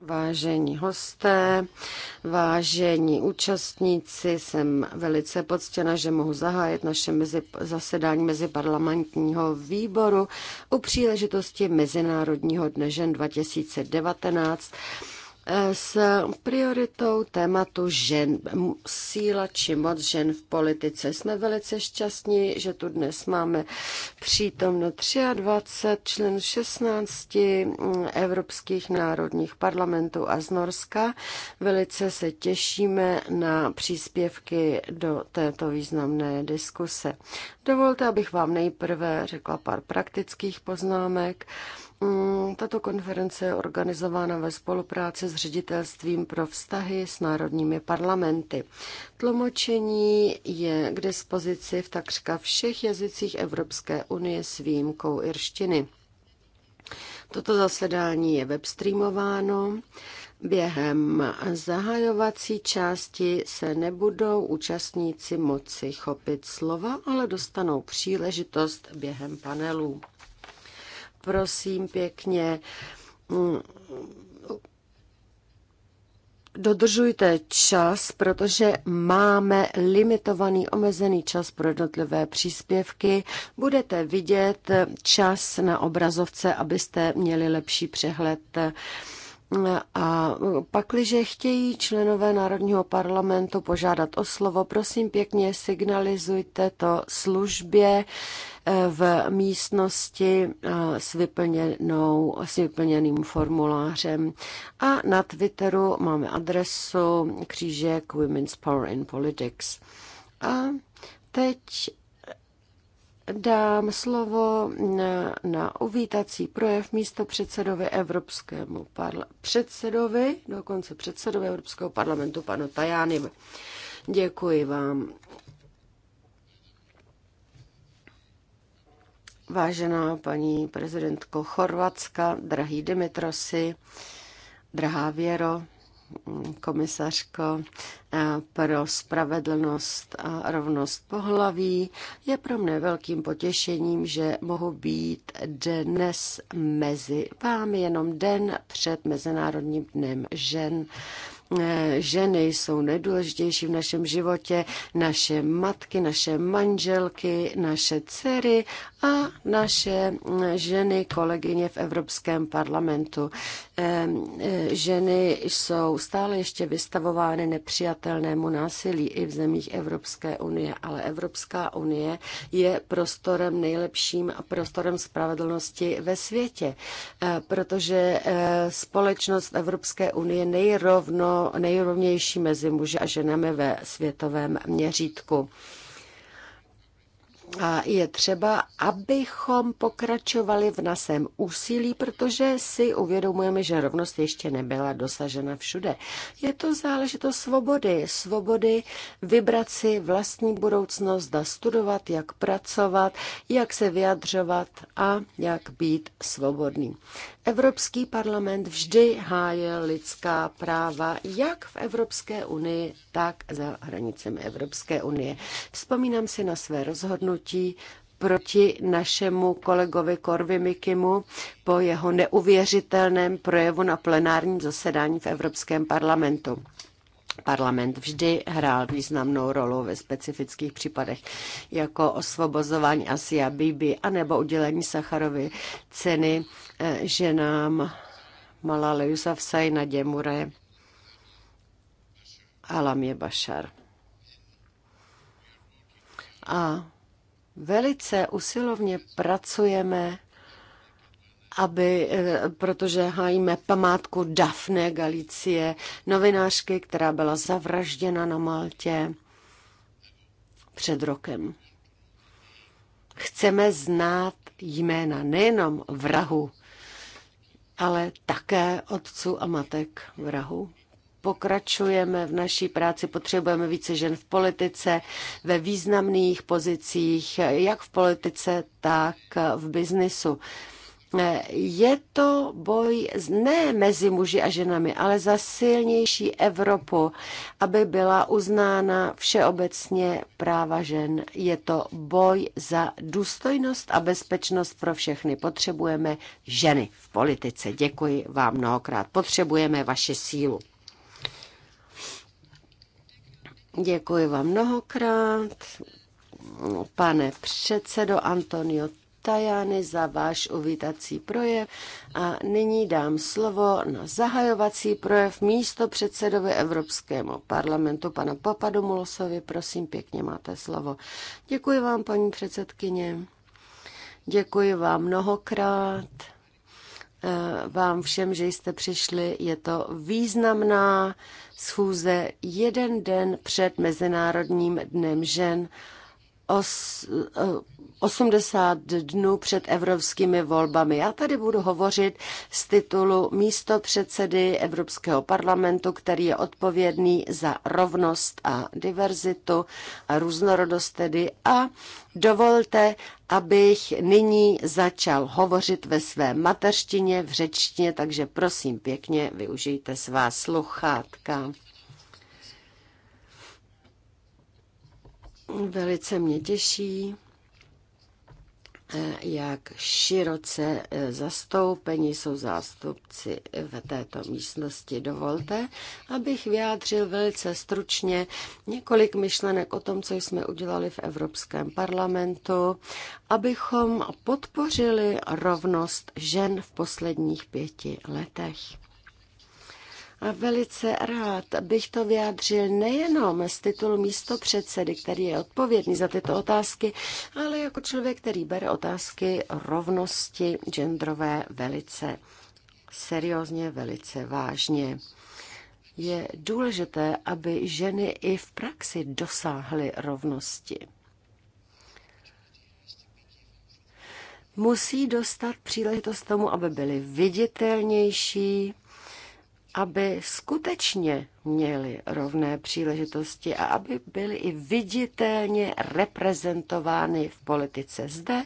Vážení hosté, vážení účastníci, jsem velice poctěna, že mohu zahájit naše mezi, zasedání meziparlamentního výboru u příležitosti Mezinárodního dne žen 2019 s prioritou tématu žen, síla či moc žen v politice. Jsme velice šťastní, že tu dnes máme přítomno 23 členů 16 evropských národních parlamentů a z Norska. Velice se těšíme na příspěvky do této významné diskuse. Dovolte, abych vám nejprve řekla pár praktických poznámek. Mm, tato konference je organizována ve spolupráci s ředitelstvím pro vztahy s národními parlamenty. Tlumočení je k dispozici v takřka všech jazycích Evropské unie s výjimkou irštiny. Toto zasedání je webstreamováno. Během zahajovací části se nebudou účastníci moci chopit slova, ale dostanou příležitost během panelů prosím pěkně, mm, dodržujte čas, protože máme limitovaný, omezený čas pro jednotlivé příspěvky. Budete vidět čas na obrazovce, abyste měli lepší přehled. A pakliže chtějí členové Národního parlamentu požádat o slovo, prosím pěkně signalizujte to službě v místnosti eh, s, vyplněnou, s vyplněným formulářem. A na Twitteru máme adresu křížek Women's Power in Politics. A teď dám slovo na, na uvítací projev místo předsedovi Evropskému parla- předsedovi, dokonce předsedovi Evropského parlamentu, panu Tajánimu. Děkuji vám Vážená paní prezidentko Chorvatska, drahý Dimitrosi, drahá Věro, komisařko pro spravedlnost a rovnost pohlaví. Je pro mne velkým potěšením, že mohu být dnes mezi vámi jenom den před Mezinárodním dnem žen Eh, ženy jsou nejdůležitější v našem životě, naše matky, naše manželky, naše dcery a naše eh, ženy, kolegyně v Evropském parlamentu. E, ženy jsou stále ještě vystavovány nepřijatelnému násilí i v zemích Evropské unie, ale Evropská unie je prostorem nejlepším prostorem spravedlnosti ve světě, e, protože e, společnost Evropské unie je nejrovno, nejrovnější mezi muži a ženami ve světovém měřítku. A je třeba, abychom pokračovali v našem úsilí, protože si uvědomujeme, že rovnost ještě nebyla dosažena všude. Je to záležitost svobody. Svobody vybrat si vlastní budoucnost, zda studovat, jak pracovat, jak se vyjadřovat a jak být svobodný. Evropský parlament vždy hájil lidská práva jak v Evropské unii, tak za hranicemi Evropské unie. Vzpomínám si na své rozhodnutí proti našemu kolegovi Korvi Mikimu po jeho neuvěřitelném projevu na plenárním zasedání v Evropském parlamentu. Parlament vždy hrál významnou rolu ve specifických případech, jako osvobozování Asia Bibi anebo udělení Sacharovi ceny ženám Malala Yousafzai, Nadě Mure a Lamě Bašar. A velice usilovně pracujeme aby, eh, protože hájíme památku Dafne Galicie, novinářky, která byla zavražděna na Maltě před rokem. Chceme znát jména nejenom vrahu, ale také otců a matek vrahu. Pokračujeme v naší práci, potřebujeme více žen v politice, ve významných pozicích, jak v politice, tak v biznisu. E, je to boj ne mezi muži a ženami, ale za silnější Evropu, aby byla uznána všeobecně práva žen. Je to boj za důstojnost a bezpečnost pro všechny. Potřebujeme ženy v politice. Děkuji vám mnohokrát. Potřebujeme vaši sílu. Děkuji vám mnohokrát, pane předsedo Antonio Tajány za váš uvítací projev a nyní dám slovo na zahajovací projev místo předsedovi Evropskému parlamentu pana Papadomulosovi. Prosím, pěkně máte slovo. Děkuji vám, paní předsedkyně. Děkuji vám mnohokrát eh, vám všem, že jste přišli. Je to významná schůze jeden den před Mezinárodním dnem žen os, 80 eh, dnů před evropskými volbami. Já tady budu hovořit z titulu místo předsedy Evropského parlamentu, který je odpovědný za rovnost a diverzitu a různorodost tedy a dovolte, abych nyní začal hovořit ve své mateřtině, v řečtině, takže prosím pěkně využijte svá sluchátka. Velice mě těší, eh, jak široce eh, zastoupení jsou zástupci v této místnosti. Dovolte, abych vyjádřil velice stručně několik myšlenek o tom, co jsme udělali v Evropském parlamentu, abychom podpořili rovnost žen v posledních pěti letech. A velice rád bych to vyjádřil nejenom z titulu místo předsedy, který je odpovědný za tyto otázky, ale jako člověk, který bere otázky rovnosti genderové velice seriózně, velice vážně. Je důležité, aby ženy i v praxi dosáhly rovnosti. Musí dostat příležitost tomu, aby byly viditelnější, aby skutečně měli rovné příležitosti a aby byly i viditelně reprezentovány v politice. Zde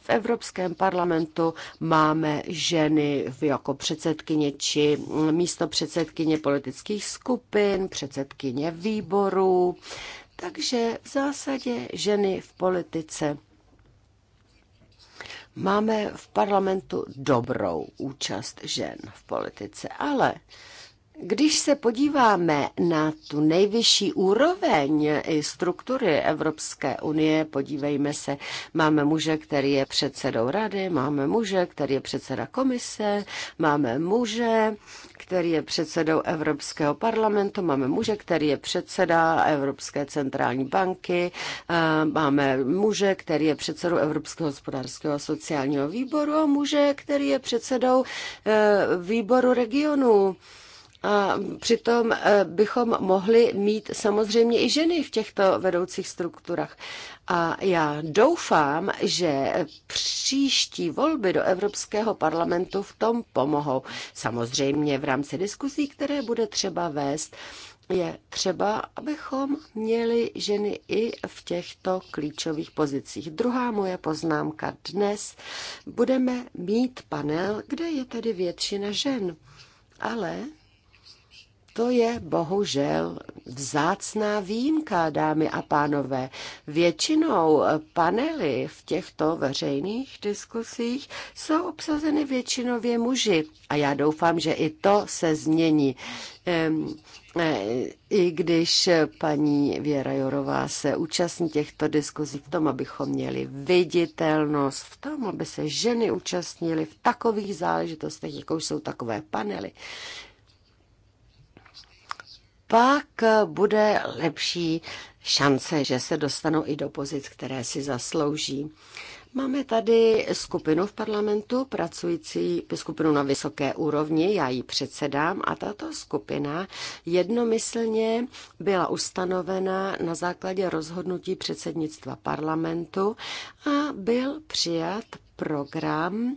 v Evropském parlamentu máme ženy jako předsedkyně či místo předsedkyně politických skupin, předsedkyně výborů, takže v zásadě ženy v politice. Máme v parlamentu dobrou účast žen v politice, ale když se podíváme na tu nejvyšší úroveň i struktury Evropské unie, podívejme se, máme muže, který je předsedou rady, máme muže, který je předseda komise, máme muže, který je předsedou Evropského parlamentu, máme muže, který je předseda Evropské centrální banky, máme muže, který je předsedou Evropského hospodářského a sociálního výboru a muže, který je předsedou e, výboru regionu a přitom eh, bychom mohli mít samozřejmě i ženy v těchto vedoucích strukturách. A já doufám, že příští volby do Evropského parlamentu v tom pomohou. Samozřejmě v rámci diskuzí, které bude třeba vést, je třeba, abychom měli ženy i v těchto klíčových pozicích. Druhá moje poznámka dnes. Budeme mít panel, kde je tedy většina žen. Ale to je bohužel vzácná výjimka, dámy a pánové. Většinou panely v těchto veřejných diskusích jsou obsazeny většinově muži a já doufám, že i to se změní. E, I když paní Věra Jorová se účastní těchto diskuzí v tom, abychom měli viditelnost, v tom, aby se ženy účastnily v takových záležitostech, jako jsou takové panely, pak bude lepší šance, že se dostanou i do pozic, které si zaslouží. Máme tady skupinu v parlamentu, pracující skupinu na vysoké úrovni, já ji předsedám a tato skupina jednomyslně byla ustanovena na základě rozhodnutí předsednictva parlamentu a byl přijat program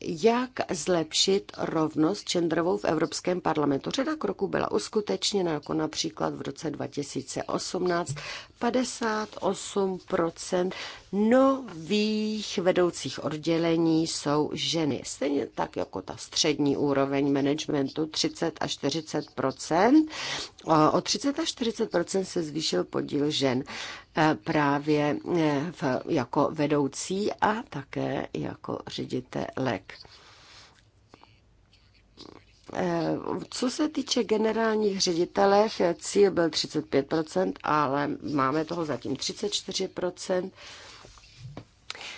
jak zlepšit rovnost genderovou v Evropském parlamentu. Řada kroků byla uskutečněna, jako například v roce 2018 58 nových vedoucích oddělení jsou ženy. Stejně tak jako ta střední úroveň managementu 30 až 40 O 30 až 40 se zvýšil podíl žen e, právě e, v, jako vedoucí a také jako ředitelek. Eh, co se týče generálních ředitelech, cíl byl 35%, ale máme toho zatím 34%.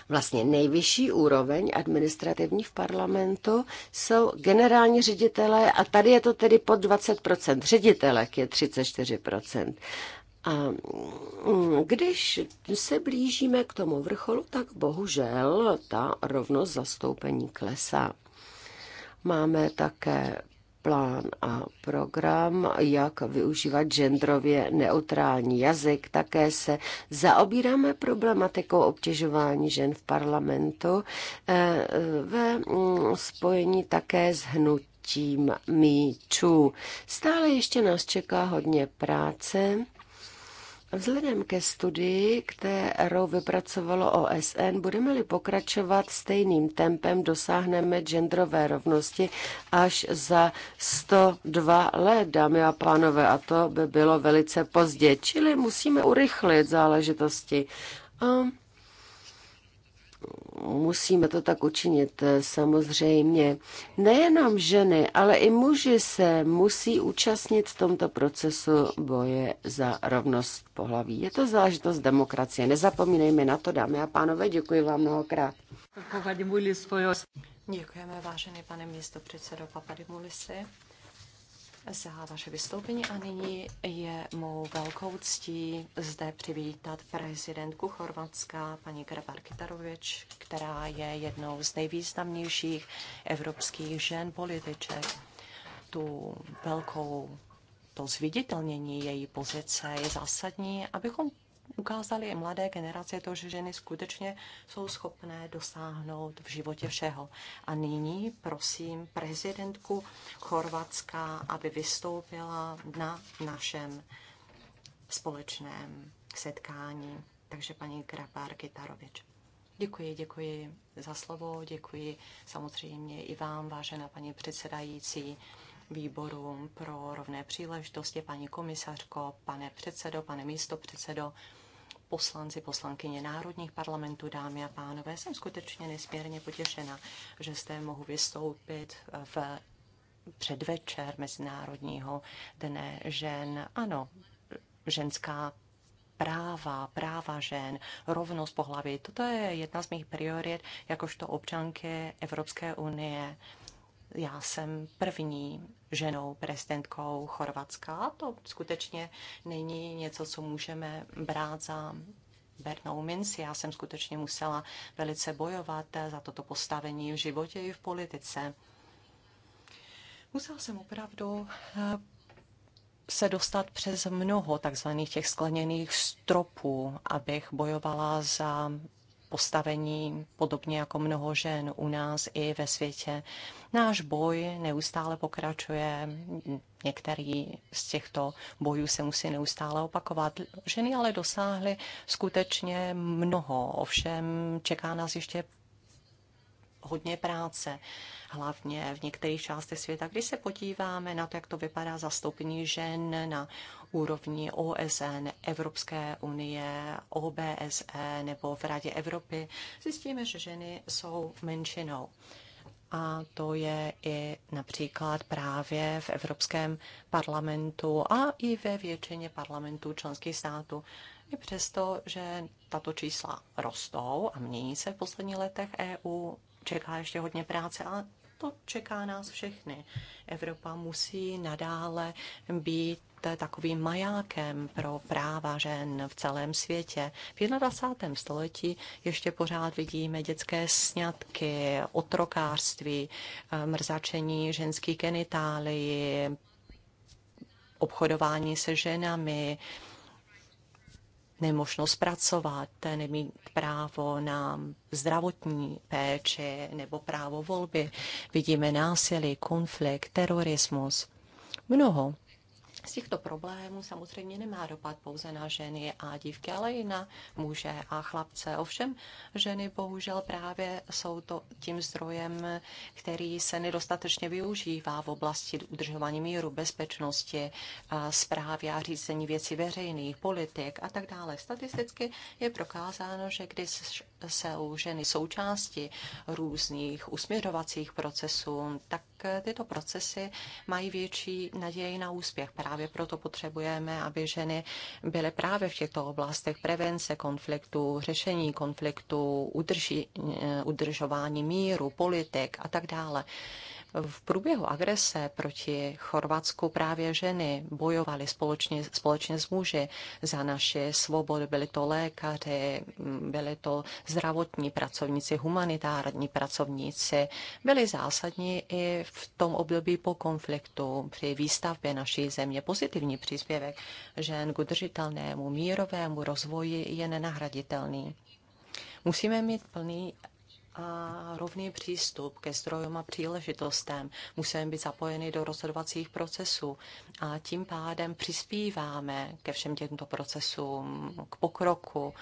Vlastně nejvyšší úroveň administrativní v parlamentu jsou generální ředitelé a tady je to tedy pod 20%, ředitelek je 34%. A mm, když se blížíme k tomu vrcholu, tak bohužel ta rovnost zastoupení klesá. Máme také plán a program, jak využívat genderově neutrální jazyk. Také se zaobíráme problematikou obtěžování žen v parlamentu eh, ve mm, spojení také s hnutím míčů. Stále ještě nás čeká hodně práce Vzhledem ke studii, kterou vypracovalo OSN, budeme-li pokračovat stejným tempem, dosáhneme genderové rovnosti až za 102 let, dámy a pánové, a to by bylo velice pozdě. Čili musíme urychlit záležitosti. A musíme to tak učinit eh, samozřejmě. Nejenom ženy, ale i muži se musí účastnit v tomto procesu boje za rovnost pohlaví. Je to zážitost demokracie. Nezapomínejme na to, dámy a pánové, děkuji vám mnohokrát. Děkujeme, vážený pane místo předsedo Papadimulisi za vaše vystoupení a nyní je mou velkou ctí zde přivítat prezidentku Chorvatska, paní Grabar Kitarovič, která je jednou z nejvýznamnějších evropských žen političek. Tu velkou to zviditelnění její pozice je zásadní, abychom ukázali i mladé generace to, že ženy skutečně jsou schopné dosáhnout v životě všeho. A nyní prosím prezidentku Chorvatska, aby vystoupila na našem společném setkání. Takže paní Krapár Gitarovič. Děkuji, děkuji za slovo, děkuji samozřejmě i vám, vážená paní předsedající výboru pro rovné příležitosti, paní komisařko, pane předsedo, pane předsedo poslanci, poslankyně národních parlamentů, dámy a pánové. Jsem skutečně nesmírně potěšena, že jste mohu vystoupit v předvečer Mezinárodního dne žen. Ano, ženská práva, práva žen, rovnost pohlaví. Toto je jedna z mých priorit jakožto občanky Evropské unie já jsem první ženou prezidentkou Chorvatska. to skutečně není něco, co můžeme brát za bernou minci. Já jsem skutečně musela velice bojovat za toto postavení v životě i v politice. Musela jsem opravdu eh, se dostat přes mnoho takzvaných těch skleněných stropů, abych bojovala za postavení, podobně jako mnoho žen u nás i ve světě. Náš boj neustále pokračuje, některý z těchto bojů se musí neustále opakovat. Ženy ale dosáhly skutečně mnoho, ovšem čeká nás ještě hodně práce, hlavně v některých částech světa. Když se podíváme na to, jak to vypadá zastoupení žen na úrovni OSN, Evropské unie, OBSE nebo v Radě Evropy, zjistíme, že ženy jsou menšinou. A to je i například právě v Evropském parlamentu a i ve většině parlamentů členských států. I přesto, že tato čísla rostou a mění se v posledních letech EU čeká ještě hodně práce, ale to čeká nás všechny. Evropa musí nadále být takovým majákem pro práva žen v celém světě. V 21. století ještě pořád vidíme dětské sňatky, otrokářství, mrzačení ženských genitálií, obchodování se ženami, nemožno zpracovat, nemít právo na zdravotní péči nebo právo volby. Vidíme násilí, konflikt, terorismus. Mnoho z těchto problémů samozřejmě nemá dopad pouze na ženy a dívky, ale i na muže a chlapce. Ovšem, ženy bohužel právě jsou to tím zdrojem, který se nedostatečně využívá v oblasti udržování míru, bezpečnosti, zprávy a řízení věcí veřejných, politik a tak dále. Statisticky je prokázáno, že když jsou ženy součásti různých usměrovacích procesů, tak tyto procesy mají větší naději na úspěch. Právě proto potřebujeme, aby ženy byly právě v těchto oblastech prevence konfliktu, řešení konfliktu, udrži, eh, udržování míru, politik a tak dále v průběhu agrese proti Chorvatsku právě ženy bojovaly společně, společně s muži za naše svobody. byly to lékaři, byly to zdravotní pracovníci, humanitární pracovníci. byly zásadní i v tom období po konfliktu při výstavbě naší země. Pozitivní příspěvek žen k udržitelnému mírovému rozvoji je nenahraditelný. Musíme mít plný a rovný přístup ke zdrojům a příležitostem. Musíme být zapojeni do rozhodovacích procesů a tím pádem přispíváme ke všem těmto procesům, k pokroku.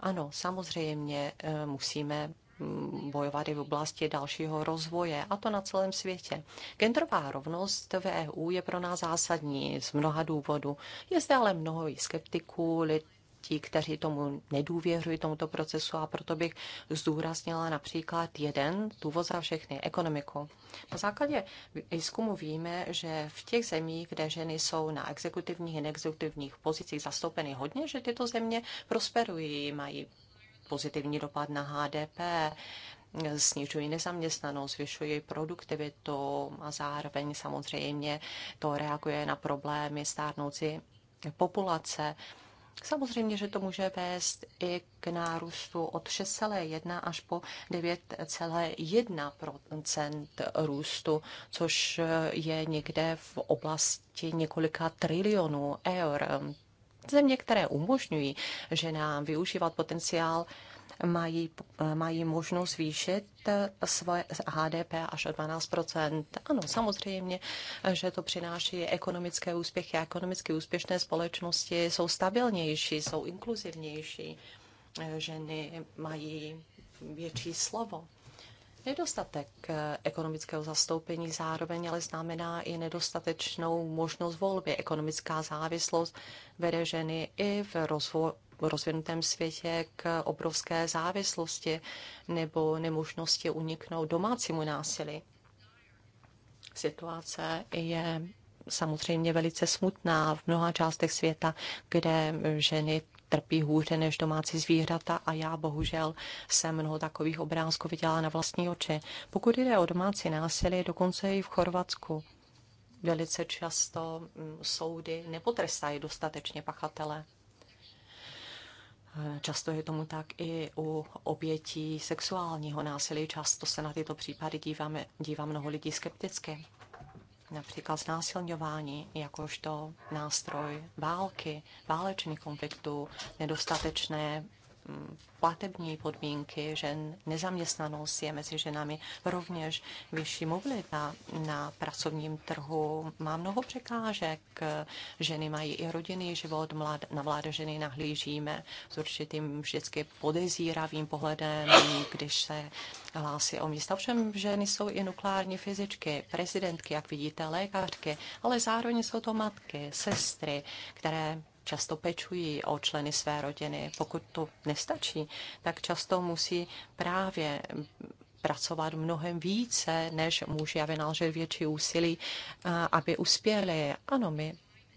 Ano, samozřejmě eh, musíme mm, bojovat i v oblasti dalšího rozvoje, a to na celém světě. Genderová rovnost v EU je pro nás zásadní z mnoha důvodů. Je zde ale mnoho i skeptiků, lid, ti, kteří tomu nedůvěřují, tomuto procesu a proto bych zdůraznila například jeden důvod za všechny, ekonomiku. Na základě výzkumu víme, že v těch zemích, kde ženy jsou na exekutivních i neexekutivních pozicích zastoupeny hodně, že tyto země prosperují, mají pozitivní dopad na HDP, snižují nezaměstnanost, zvyšují produktivitu a zároveň samozřejmě to reaguje na problémy stárnoucí populace. Samozřejmě, že to může vést i k nárůstu od 6,1 až po 9,1 růstu, což je někde v oblasti několika trilionů eur. Země, které umožňují nám využívat potenciál mají, eh, mají možnost zvýšit eh, svoje HDP až o 12 Ano, samozřejmě, že to přináší ekonomické úspěchy. Ekonomicky úspěšné společnosti jsou stabilnější, jsou inkluzivnější, eh, ženy mají větší slovo. Nedostatek ekonomického zastoupení zároveň ale znamená i nedostatečnou možnost volby. Ekonomická závislost vede ženy i v rozvo- v rozvinutém světě k obrovské závislosti nebo nemožnosti uniknout domácímu násilí. Situace je samozřejmě velice smutná v mnoha částech světa, kde ženy trpí hůře než domácí zvířata a já bohužel jsem mnoho takových obrázků viděla na vlastní oči. Pokud jde o domácí násilí, dokonce i v Chorvatsku, velice často mm, soudy nepotrestají dostatečně pachatele. Často je tomu tak i u obětí sexuálního násilí. Často se na tyto případy díváme, dívá mnoho lidí skepticky. Například znásilňování jakožto nástroj války, válečných konfliktů, nedostatečné platební podmínky žen, nezaměstnanost je mezi ženami rovněž vyšší mobilita na pracovním trhu. Má mnoho překážek. Ženy mají i rodinný život, mlad, na mladé ženy nahlížíme s určitým vždycky podezíravým pohledem, když se hlásí o místa. Všem ženy jsou i nukleární fyzičky, prezidentky, jak vidíte, lékařky, ale zároveň jsou to matky, sestry, které často pečují o členy své rodiny. Pokud to nestačí, tak často musí právě pracovat mnohem více, než muži a vynaložit větší úsilí, aby uspěli. Ano, my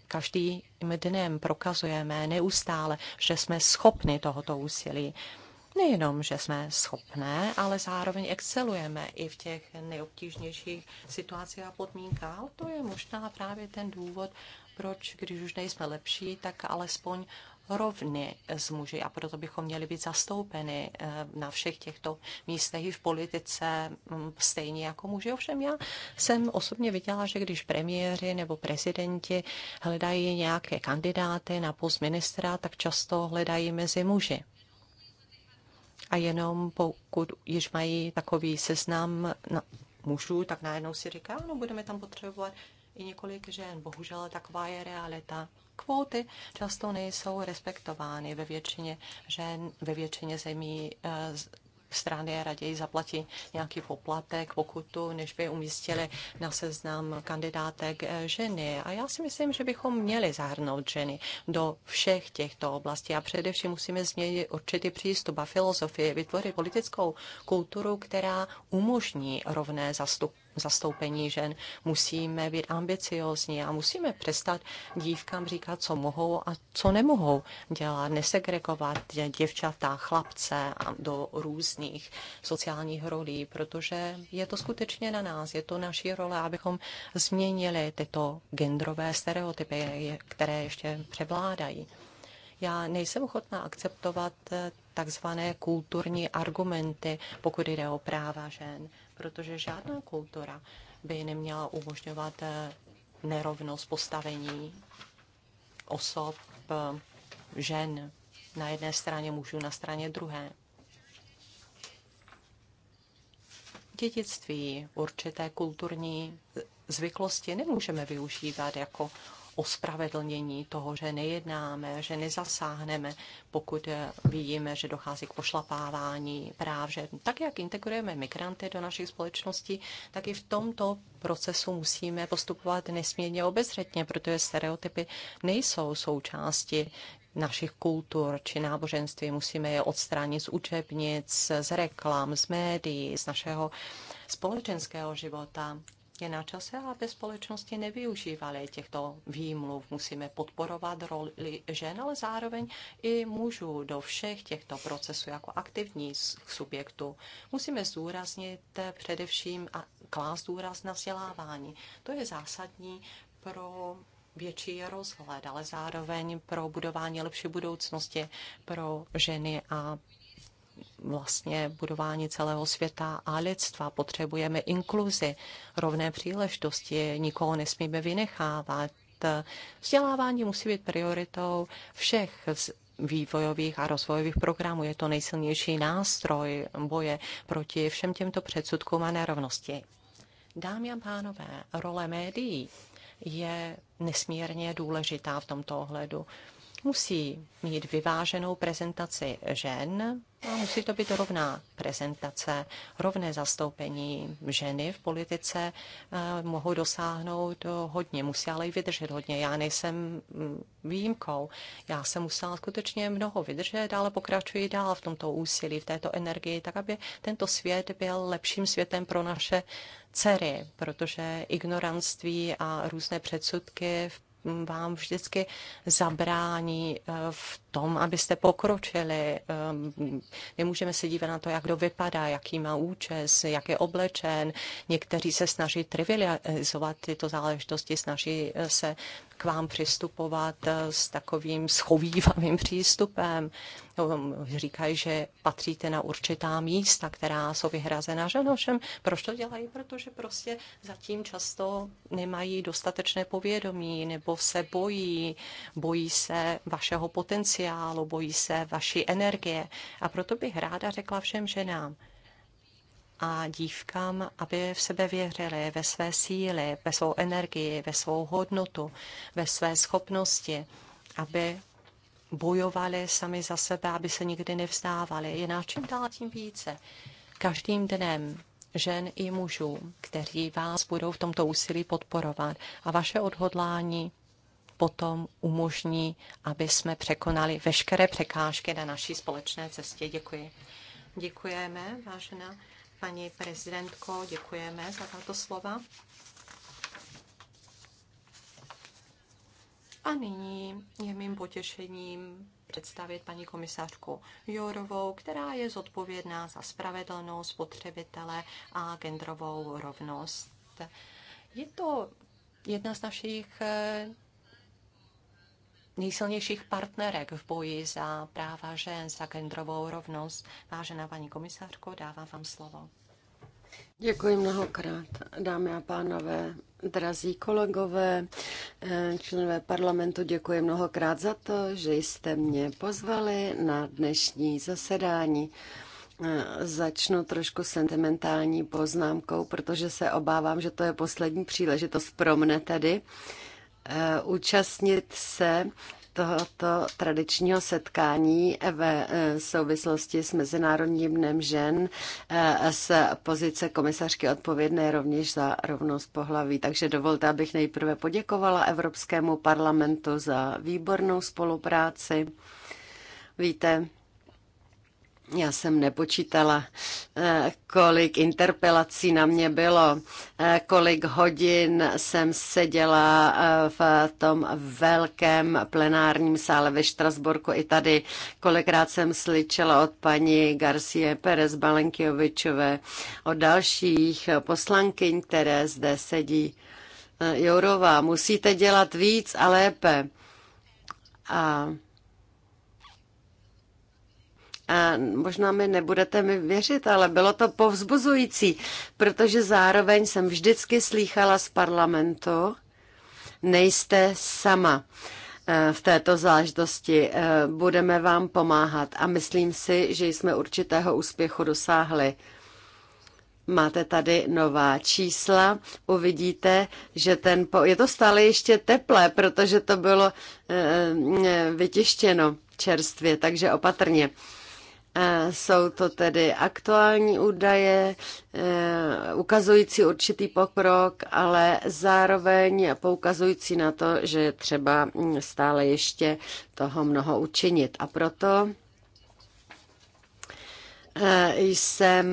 každým dnem prokazujeme neustále, že jsme schopni tohoto úsilí. Nejenom, že jsme schopné, ale zároveň excelujeme i v těch nejobtížnějších situacích a podmínkách. To je možná právě ten důvod, proč, když už nejsme lepší, tak alespoň rovny s muži a proto bychom měli být zastoupeny eh, na všech těchto místech i v politice mm, stejně jako muži. Ovšem já jsem osobně viděla, že když premiéři nebo prezidenti hledají nějaké kandidáty na post ministra, tak často hledají mezi muži. A jenom pokud již mají takový seznam mužů, tak najednou si říká, no budeme tam potřebovat i několik žen. Bohužel taková je realita. Kvóty často nejsou respektovány ve většině žen, ve většině zemí eh, strany raději zaplatí nějaký poplatek, pokutu, než by umístili na seznam kandidátek eh, ženy. A já si myslím, že bychom měli zahrnout ženy do všech těchto oblastí a především musíme změnit určitý přístup a filozofii, vytvořit politickou kulturu, která umožní rovné zastupování zastoupení žen. Musíme být ambiciozní a musíme přestat dívkám říkat, co mohou a co nemohou dělat. Nesegregovat děvčata, chlapce do různých sociálních rolí, protože je to skutečně na nás, je to naší role, abychom změnili tyto genderové stereotypy, které ještě převládají. Já nejsem ochotná akceptovat eh, takzvané kulturní argumenty, pokud jde o práva žen protože žádná kultura by neměla umožňovat eh, nerovnost postavení osob, eh, žen na jedné straně mužů, na straně druhé. Dědictví určité kulturní zvyklosti nemůžeme využívat jako ospravedlnění toho, že nejednáme, že nezasáhneme, pokud vidíme, že dochází k pošlapávání práv, že tak, jak integrujeme migranty do našich společností, tak i v tomto procesu musíme postupovat nesmírně obezřetně, protože stereotypy nejsou součástí našich kultur či náboženství. Musíme je odstranit z učebnic, z reklam, z médií, z našeho společenského života. Je na čase, aby společnosti nevyužívaly těchto výmluv. Musíme podporovat roli žen, ale zároveň i mužů do všech těchto procesů jako aktivní subjektů. Musíme zdůraznit především a klást důraz na vzdělávání. To je zásadní pro větší rozhled, ale zároveň pro budování lepší budoucnosti pro ženy a vlastně budování celého světa a lidstva. Potřebujeme inkluzi, rovné příležitosti, nikoho nesmíme vynechávat. Vzdělávání musí být prioritou všech vývojových a rozvojových programů. Je to nejsilnější nástroj boje proti všem těmto předsudkům a nerovnosti. Dámy a pánové, role médií je nesmírně důležitá v tomto ohledu musí mít vyváženou prezentaci žen a musí to být rovná prezentace, rovné zastoupení ženy v politice eh, mohou dosáhnout hodně, musí ale i vydržet hodně. Já nejsem mm, výjimkou. Já jsem musela skutečně mnoho vydržet, ale pokračuji dál v tomto úsilí, v této energii, tak aby tento svět byl lepším světem pro naše dcery, protože ignoranství a různé předsudky v vám vždycky zabrání eh, v tom, abyste pokročili. Eh, Můžeme se dívat na to, jak kdo vypadá, jaký má účes, jak je oblečen. Někteří se snaží trivializovat tyto záležitosti, snaží eh, se k vám přistupovat eh, s takovým schovývavým přístupem. No, říkají, že patříte na určitá místa, která jsou vyhrazena ženom. Proč to dělají? Protože prostě zatím často nemají dostatečné povědomí nebo se bojí. Bojí se vašeho potenciálu, bojí se vaší energie. A proto bych ráda řekla všem ženám, a dívkám, aby v sebe věřili, ve své síly, ve svou energii, ve svou hodnotu, ve své schopnosti, aby bojovali sami za sebe, aby se nikdy nevzdávali. Je na čím dál tím více. Každým dnem žen i mužů, kteří vás budou v tomto úsilí podporovat a vaše odhodlání potom umožní, aby jsme překonali veškeré překážky na naší společné cestě. Děkuji. Děkujeme, vážená paní prezidentko, děkujeme za tato slova. A nyní je mým potěšením představit paní komisařku Jourovou, která je zodpovědná za spravedlnou spotřebitele a genderovou rovnost. Je to jedna z našich nejsilnějších partnerek v boji za práva žen, za genderovou rovnost. Vážená paní komisářko, dávám vám slovo. Děkuji mnohokrát, dámy a pánové, drazí kolegové, eh, členové parlamentu, děkuji mnohokrát za to, že jste mě pozvali na dnešní zasedání. Eh, začnu trošku sentimentální poznámkou, protože se obávám, že to je poslední příležitost pro mne tedy. Eh, účastnit se tohoto tradičního setkání v eh, souvislosti s Mezinárodním dnem žen eh, z pozice komisařky odpovědné rovněž za rovnost pohlaví. Takže dovolte, abych nejprve poděkovala Evropskému parlamentu za výbornou spolupráci. Víte, já jsem nepočítala, eh, kolik interpelací na mě bylo, eh, kolik hodin jsem seděla eh, v tom velkém plenárním sále ve Štrasburku i tady, kolikrát jsem slyšela od paní Garcie Perez Balenkiovičové, od dalších poslankyň, které zde sedí. Jourová, musíte dělat víc a lépe. A a možná mi nebudete mi věřit, ale bylo to povzbuzující, protože zároveň jsem vždycky slýchala z parlamentu, nejste sama eh, v této záležitosti. Eh, budeme vám pomáhat a myslím si, že jsme určitého úspěchu dosáhli. Máte tady nová čísla, uvidíte, že ten po... je to stále ještě teplé, protože to bylo e, vytištěno čerstvě, takže opatrně. Jsou to tedy aktuální údaje, eh, ukazující určitý pokrok, ale zároveň poukazující na to, že je třeba hm, stále ještě toho mnoho učinit. A proto eh, jsem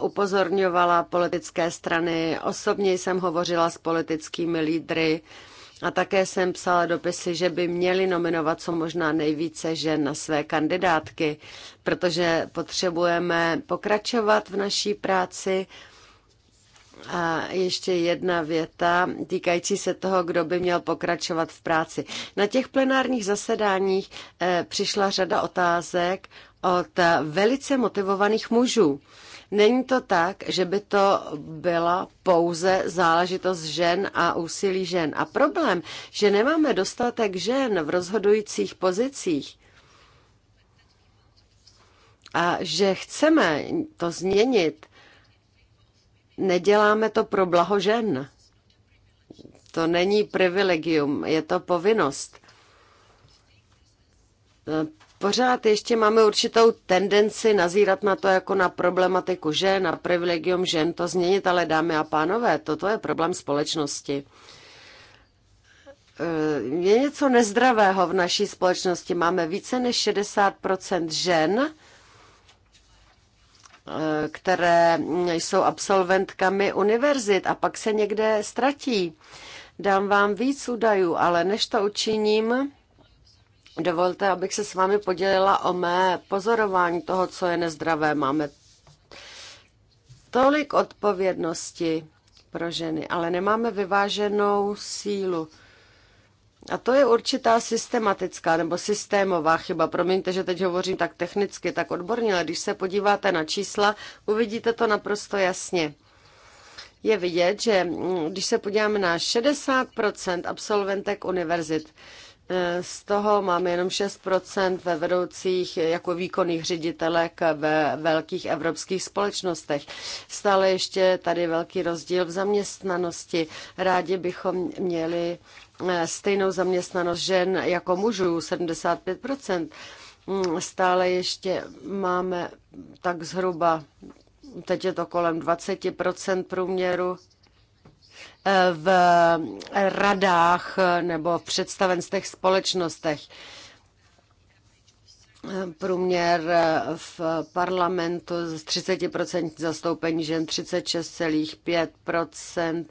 upozorňovala politické strany, osobně jsem hovořila s politickými lídry, a také jsem psala dopisy, že by měli nominovat co možná nejvíce žen na své kandidátky, protože potřebujeme pokračovat v naší práci. A ještě jedna věta týkající se toho, kdo by měl pokračovat v práci. Na těch plenárních zasedáních eh, přišla řada otázek od eh, velice motivovaných mužů Není to tak, že by to byla pouze záležitost žen a úsilí žen. A problém, že nemáme dostatek žen v rozhodujících pozicích, a že chceme to změnit, neděláme to pro blaho žen. To není privilegium, je to povinnost pořád ještě máme určitou tendenci nazírat na to jako na problematiku žen, na privilegium žen to změnit, ale dámy a pánové, toto je problém společnosti. Eh, je něco nezdravého v naší společnosti. Máme více než 60% žen, eh, které jsou absolventkami univerzit a pak se někde ztratí. Dám vám víc údajů, ale než to učiním, Dovolte, abych se s vámi podělila o mé pozorování toho, co je nezdravé. Máme tolik odpovědnosti pro ženy, ale nemáme vyváženou sílu. A to je určitá systematická nebo systémová chyba. Promiňte, že teď hovořím tak technicky, tak odborně, ale když se podíváte na čísla, uvidíte to naprosto jasně. Je vidět, že mm, když se podíváme na 60 absolventek univerzit, z toho máme jenom 6% ve vedoucích jako výkonných ředitelek ve velkých evropských společnostech. Stále ještě tady velký rozdíl v zaměstnanosti. Rádi bychom měli eh, stejnou zaměstnanost žen jako mužů, 75%. Mm, stále ještě máme tak zhruba, teď je to kolem 20% průměru v radách nebo v představenstech společnostech. Průměr v parlamentu z 30% zastoupení žen, 36,5%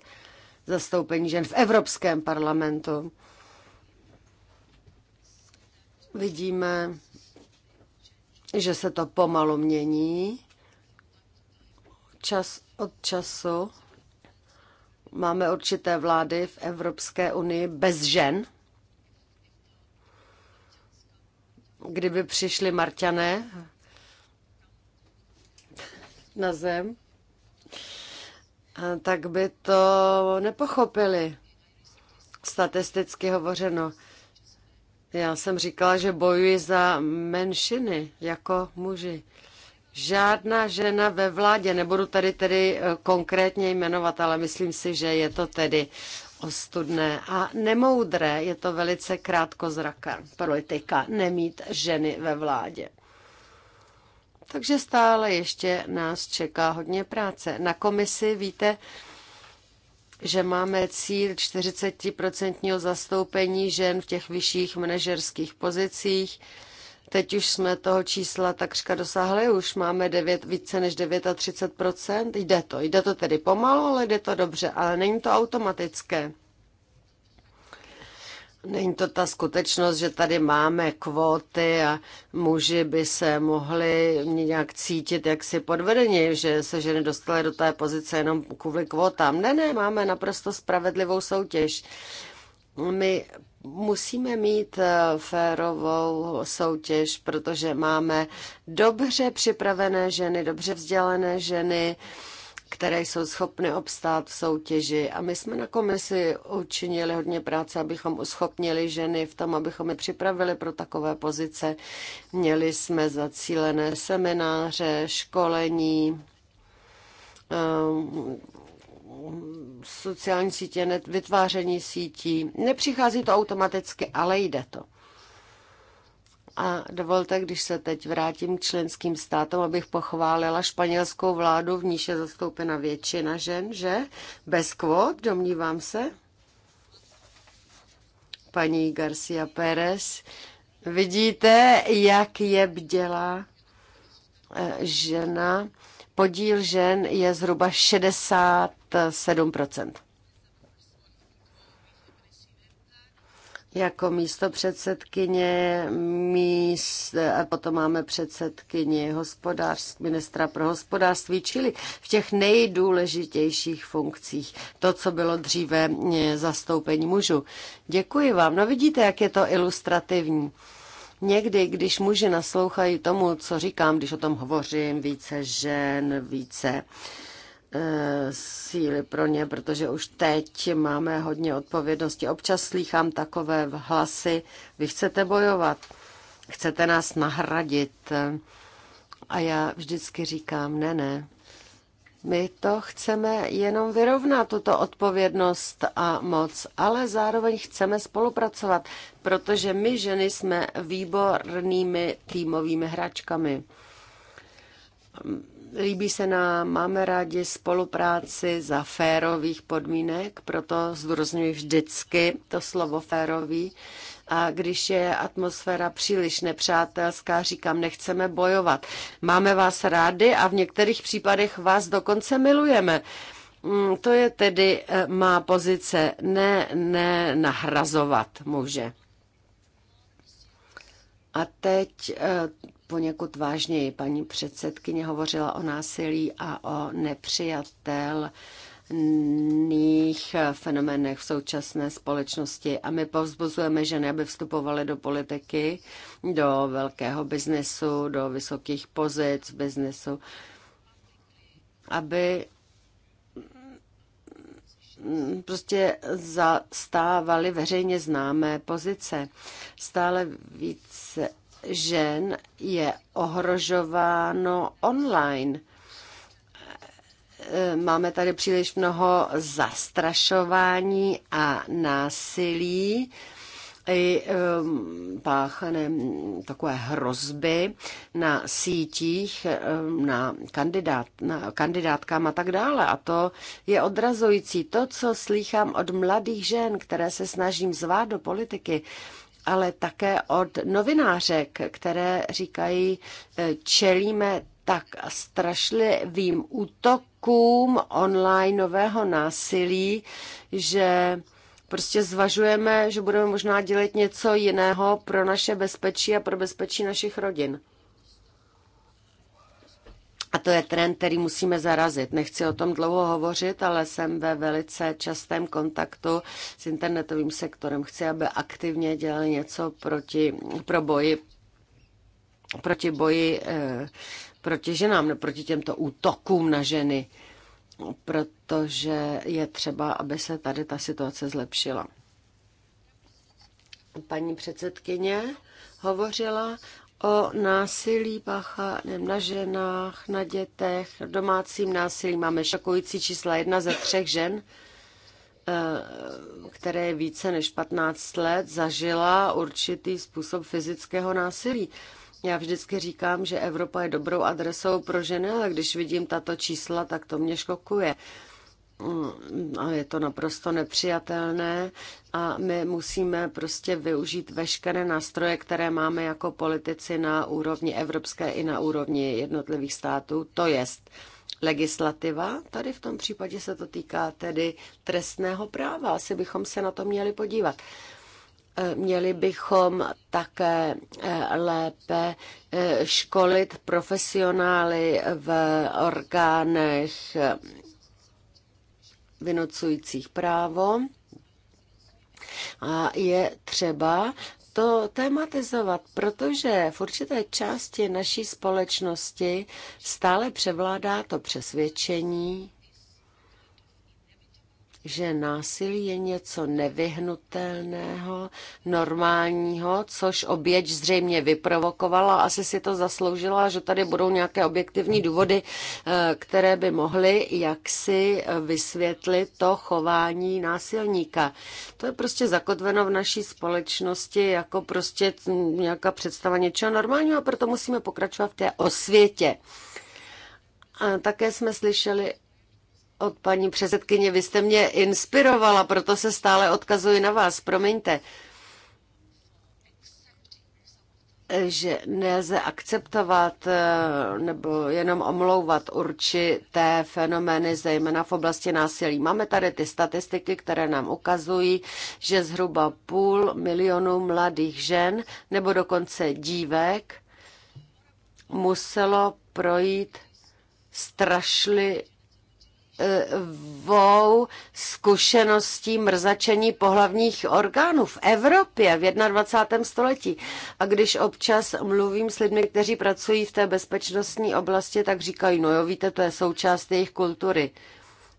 zastoupení žen v Evropském parlamentu. Vidíme, že se to pomalu mění. Čas od času máme určité vlády v Evropské unii bez žen. Kdyby přišli Marťané na zem, tak by to nepochopili, statisticky hovořeno. Já jsem říkala, že bojuji za menšiny jako muži. Žádná žena ve vládě, nebudu tady tedy eh, konkrétně jmenovat, ale myslím si, že je to tedy ostudné a nemoudré. Je to velice krátkozraká politika nemít ženy ve vládě. Takže stále ještě nás čeká hodně práce. Na komisi víte, že máme cíl 40% zastoupení žen v těch vyšších manažerských pozicích Teď už jsme toho čísla takřka dosáhli, už máme 9, více než 39%. Jde to, jde to tedy pomalu, ale jde to dobře, ale není to automatické. Není to ta skutečnost, že tady máme kvóty a muži by se mohli nějak cítit jaksi podvedeni, že se ženy dostaly do té pozice jenom kvůli kvótám. Ne, ne, máme naprosto spravedlivou soutěž. My musíme mít eh, férovou soutěž, protože máme dobře připravené ženy, dobře vzdělané ženy, které jsou schopny obstát v soutěži. A my jsme na komisi učinili hodně práce, abychom uschopnili ženy v tom, abychom je připravili pro takové pozice. Měli jsme zacílené semináře, školení, sociální sítě, vytváření sítí. Nepřichází to automaticky, ale jde to. A dovolte, když se teď vrátím k členským státům, abych pochválila španělskou vládu, v níž je zastoupena většina žen, že? Bez kvót, domnívám se. Paní Garcia Pérez, vidíte, jak je bdělá eh, žena podíl žen je zhruba 67 Jako místo předsedkyně, míst, a potom máme předsedkyně ministra pro hospodářství, čili v těch nejdůležitějších funkcích, to, co bylo dříve eh, zastoupení mužů. Děkuji vám. No vidíte, jak je to ilustrativní. Někdy, když muži naslouchají tomu, co říkám, když o tom hovořím, více žen, více eh, síly pro ně, protože už teď máme hodně odpovědnosti. Občas slýchám takové hlasy, vy chcete bojovat, chcete nás nahradit. A já vždycky říkám, ne, ne, my to chceme jenom vyrovnat, tuto odpovědnost a moc, ale zároveň chceme spolupracovat, protože my ženy jsme výbornými týmovými hračkami. Líbí se nám, máme rádi spolupráci za férových podmínek, proto zdůrazňuji vždycky to slovo férový, a když je atmosféra příliš nepřátelská, říkám, nechceme bojovat. Máme vás rádi a v některých případech vás dokonce milujeme. Mm, to je tedy e, má pozice ne, ne nahrazovat muže. A teď e, poněkud vážněji paní předsedkyně hovořila o násilí a o nepřijatel jiných eh, fenomenech v současné společnosti a my povzbuzujeme ženy, aby vstupovaly do politiky, do velkého biznesu, do vysokých pozic biznesu, aby mm, prostě zastávaly veřejně známé pozice. Stále více žen je ohrožováno online Eh, máme tady příliš mnoho zastrašování a násilí i ehm, páchané takové hrozby na sítích, ehm, na, kandidát, na kandidátkám a tak dále. A to je odrazující. To, co slýchám od mladých žen, které se snažím zvát do politiky, ale také od novinářek, které říkají, eh, čelíme tak strašlivým útok online onlineového násilí, že prostě zvažujeme, že budeme možná dělat něco jiného pro naše bezpečí a pro bezpečí našich rodin. A to je trend, který musíme zarazit. Nechci o tom dlouho hovořit, ale jsem ve velice častém kontaktu s internetovým sektorem. Chci, aby aktivně dělali něco proti, pro boji, proti boji eh, proti ženám, proti těmto útokům na ženy, protože je třeba, aby se tady ta situace zlepšila. Paní předsedkyně hovořila o násilí páchaném na ženách, na dětech, domácím násilí. Máme šokující čísla jedna ze třech žen, eh, které více než 15 let zažila určitý způsob fyzického násilí. Já vždycky říkám, že Evropa je dobrou adresou pro ženy, ale když vidím tato čísla, tak to mě šokuje. Mm, a je to naprosto nepřijatelné a my musíme prostě využít veškeré nástroje, které máme jako politici na úrovni evropské i na úrovni jednotlivých států, to jest legislativa. Tady v tom případě se to týká tedy trestného práva. Asi bychom se na to měli podívat. Měli bychom také eh, lépe eh, školit profesionály v orgánech eh, vynocujících právo. A je třeba to tematizovat, protože v určité části naší společnosti stále převládá to přesvědčení, že násilí je něco nevyhnutelného, normálního, což oběť zřejmě vyprovokovala, asi si to zasloužila, že tady budou nějaké objektivní důvody, eh, které by mohly jaksi vysvětlit to chování násilníka. To je prostě zakotveno v naší společnosti jako prostě nějaká představa něčeho normálního a proto musíme pokračovat v té osvětě. A také jsme slyšeli od paní předsedkyně, vy jste mě inspirovala, proto se stále odkazuji na vás, promiňte, že nelze akceptovat eh, nebo jenom omlouvat určité fenomény, zejména v oblasti násilí. Máme tady ty statistiky, které nám ukazují, že zhruba půl milionu mladých žen nebo dokonce dívek muselo projít strašlivým dvou eh, eh, zkušeností mrzačení pohlavních orgánů v Evropě v 21. století. A když občas mluvím s lidmi, kteří pracují v té bezpečnostní oblasti, tak říkají, no jo, víte, to je součást jejich kultury.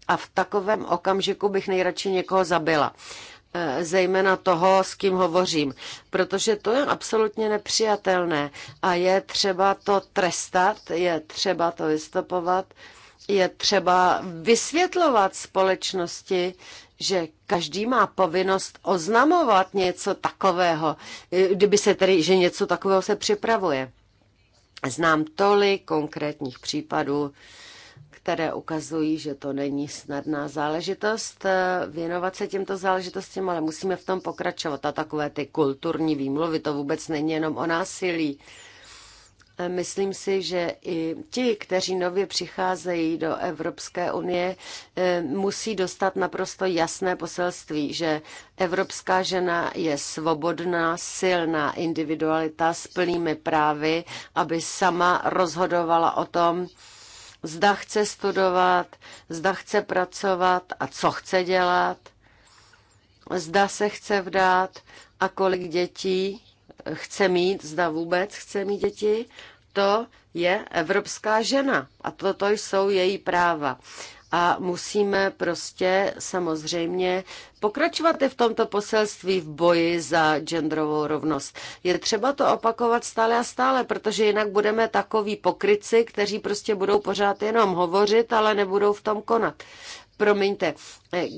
A v takovém okamžiku bych nejradši někoho zabila eh, zejména toho, s kým hovořím, protože to je absolutně nepřijatelné a je třeba to trestat, je třeba to vystopovat je třeba vysvětlovat společnosti, že každý má povinnost oznamovat něco takového, kdyby se tedy, že něco takového se připravuje. Znám tolik konkrétních případů, které ukazují, že to není snadná záležitost eh, věnovat se těmto záležitostem, ale musíme v tom pokračovat. A takové ty kulturní výmluvy, to vůbec není jenom o násilí. Myslím si, že i ti, kteří nově přicházejí do Evropské unie, eh, musí dostat naprosto jasné poselství, že evropská žena je svobodná, silná individualita s plnými právy, aby sama rozhodovala o tom, zda chce studovat, zda chce pracovat a co chce dělat, zda se chce vdát a kolik dětí chce mít, zda vůbec chce mít děti, to je evropská žena a toto jsou její práva. A musíme prostě samozřejmě pokračovat i v tomto poselství v boji za genderovou rovnost. Je třeba to opakovat stále a stále, protože jinak budeme takoví pokryci, kteří prostě budou pořád jenom hovořit, ale nebudou v tom konat promiňte,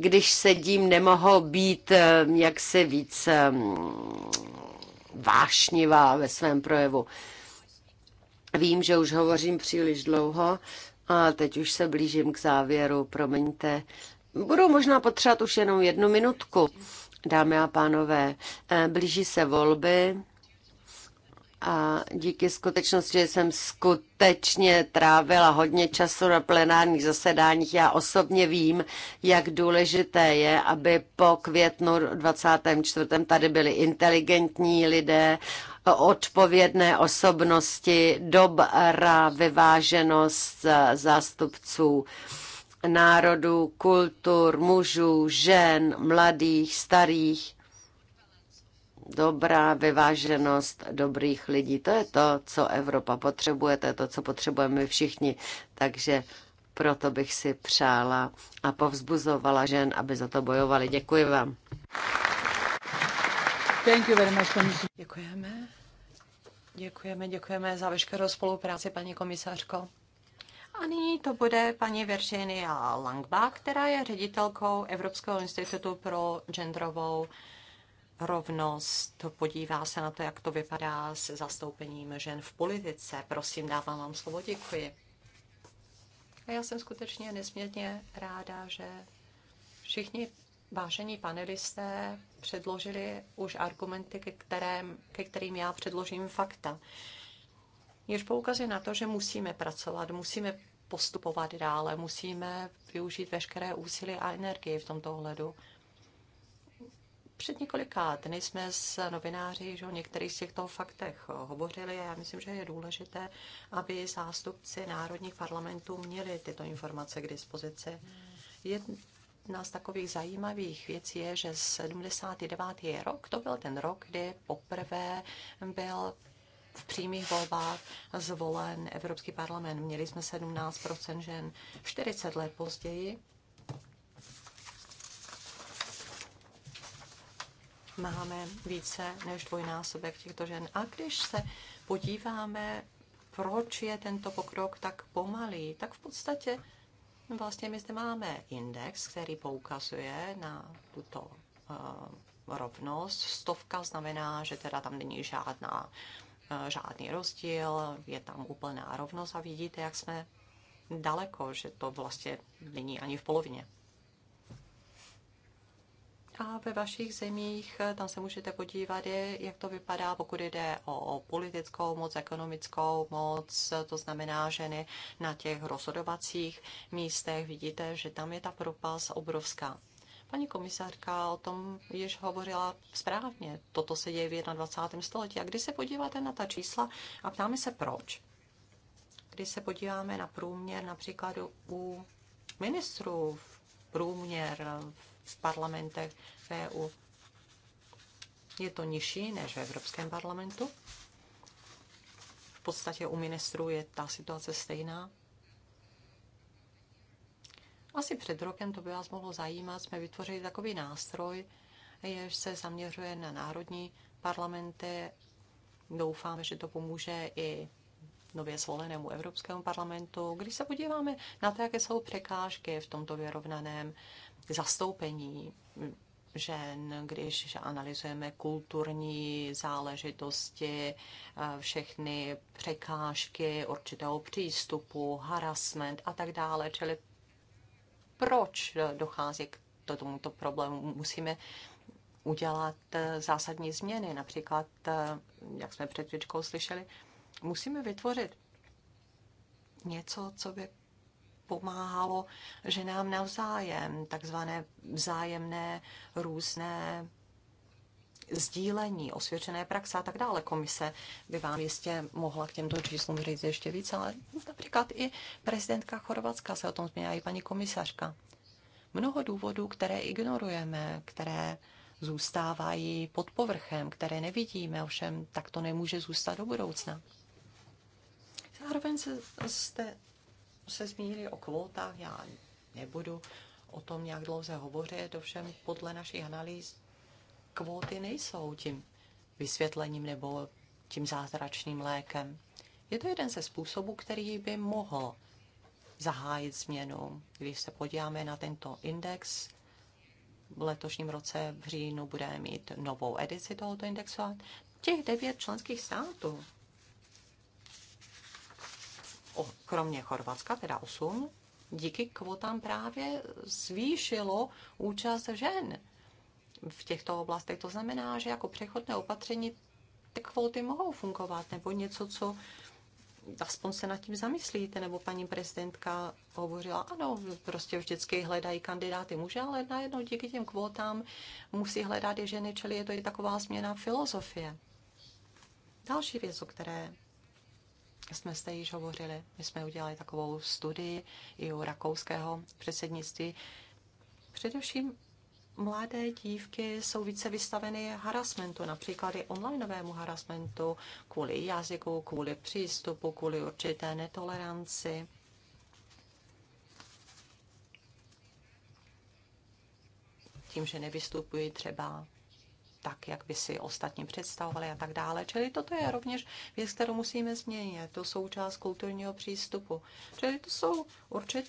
když sedím, nemohu být eh, jaksi víc eh, vášnivá ve svém projevu. Vím, že už hovořím příliš dlouho a teď už se blížím k závěru, promiňte. budu možná potřebovat už jenom jednu minutku. Dámy a pánové, eh, blíží se volby a díky skutečnosti, že jsem skutečně trávila hodně času na plenárních zasedáních, já osobně vím, jak důležité je, aby po květnu 24. tady byli inteligentní lidé, odpovědné osobnosti, dobrá vyváženost zástupců národů, kultur, mužů, žen, mladých, starých dobrá vyváženost dobrých lidí. To je to, co Evropa potřebuje, to je to, co potřebujeme my všichni. Takže proto bych si přála a povzbuzovala žen, aby za to bojovali. Děkuji vám. Thank you very much, Děkujeme. Děkujeme, děkujeme za veškerou spolupráci, paní komisařko. A nyní to bude paní Virginia Langbach, která je ředitelkou Evropského institutu pro genderovou rovnost, podívá se na to, jak to vypadá s zastoupením žen v politice. Prosím, dávám vám slovo, děkuji. A já jsem skutečně nesmírně ráda, že všichni vážení panelisté předložili už argumenty, ke, kterém, ke kterým já předložím fakta. Jež poukazuje na to, že musíme pracovat, musíme postupovat dále, musíme využít veškeré úsilí a energii v tomto ohledu. Před několika dny jsme s novináři že o některých z těchto faktech hovořili a já myslím, že je důležité, aby zástupci národních parlamentů měli tyto informace k dispozici. Jedna z takových zajímavých věcí je, že 79. rok, to byl ten rok, kdy poprvé byl v přímých volbách zvolen Evropský parlament. Měli jsme 17 žen. 40 let později máme více než dvojnásobek těchto žen. A když se podíváme, proč je tento pokrok tak pomalý, tak v podstatě vlastně my zde máme index, který poukazuje na tuto uh, rovnost. Stovka znamená, že teda tam není žádná, uh, žádný rozdíl, je tam úplná rovnost a vidíte, jak jsme daleko, že to vlastně není ani v polovině. A ve vašich zemích, eh, tam se můžete podívat, jak to vypadá, pokud jde o politickou moc, ekonomickou moc, eh, to znamená ženy na těch rozhodovacích místech. Vidíte, že tam je ta propas obrovská. Paní komisárka o tom již hovořila správně. Toto se děje v 21. století. A když se podíváte na ta čísla a ptáme se proč, když se podíváme na průměr například u ministrů, průměr v v parlamentech v EU. Je to nižší než v Evropském parlamentu. V podstatě u ministrů je ta situace stejná. Asi před rokem, to by vás mohlo zajímat, jsme vytvořili takový nástroj, jež se zaměřuje na národní parlamenty. Doufáme, že to pomůže i nově zvolenému Evropskému parlamentu. Když se podíváme na to, jaké jsou překážky v tomto vyrovnaném zastoupení žen, když analyzujeme kulturní záležitosti, eh, všechny překážky určitého přístupu, harassment a tak dále. Čili proč dochází k tomuto problému? Musíme udělat eh, zásadní změny. Například, eh, jak jsme před chvíličkou slyšeli, musíme vytvořit něco, co by pomáhalo ženám navzájem, takzvané vzájemné různé sdílení, osvědčené praxe a tak dále. Komise by vám jistě mohla k těmto číslům říct ještě víc, ale například i prezidentka Chorvatska se o tom zmínila i paní komisařka. Mnoho důvodů, které ignorujeme, které zůstávají pod povrchem, které nevidíme, ovšem tak to nemůže zůstat do budoucna. Zároveň se, jste se zmínili o kvótách, já nebudu o tom nějak dlouze hovořit, ovšem podle našich analýz kvóty nejsou tím vysvětlením nebo tím zázračným lékem. Je to jeden ze způsobů, který by mohl zahájit změnu. Když se podíváme na tento index, v letošním roce v říjnu budeme mít novou edici tohoto indexu a těch devět členských států o, kromě Chorvatska, teda 8, díky kvotám právě zvýšilo účast žen v těchto oblastech. To znamená, že jako přechodné opatření ty kvóty mohou fungovat, nebo něco, co aspoň se nad tím zamyslíte, nebo paní prezidentka hovořila, ano, prostě vždycky hledají kandidáty muže, ale najednou díky těm kvótám musí hledat i ženy, čili je to i taková změna filozofie. Další věc, o které jsme jste již hovořili, my jsme udělali takovou studii i u rakouského předsednictví. Především mladé dívky jsou více vystaveny harasmentu, například i onlineovému harasmentu, kvůli jazyku, kvůli přístupu, kvůli určité netoleranci. Tím, že nevystupují třeba tak, jak by si ostatní představovali a tak dále. Čili toto je rovněž věc, kterou musíme změnit, to součást kulturního přístupu. Čili to jsou určité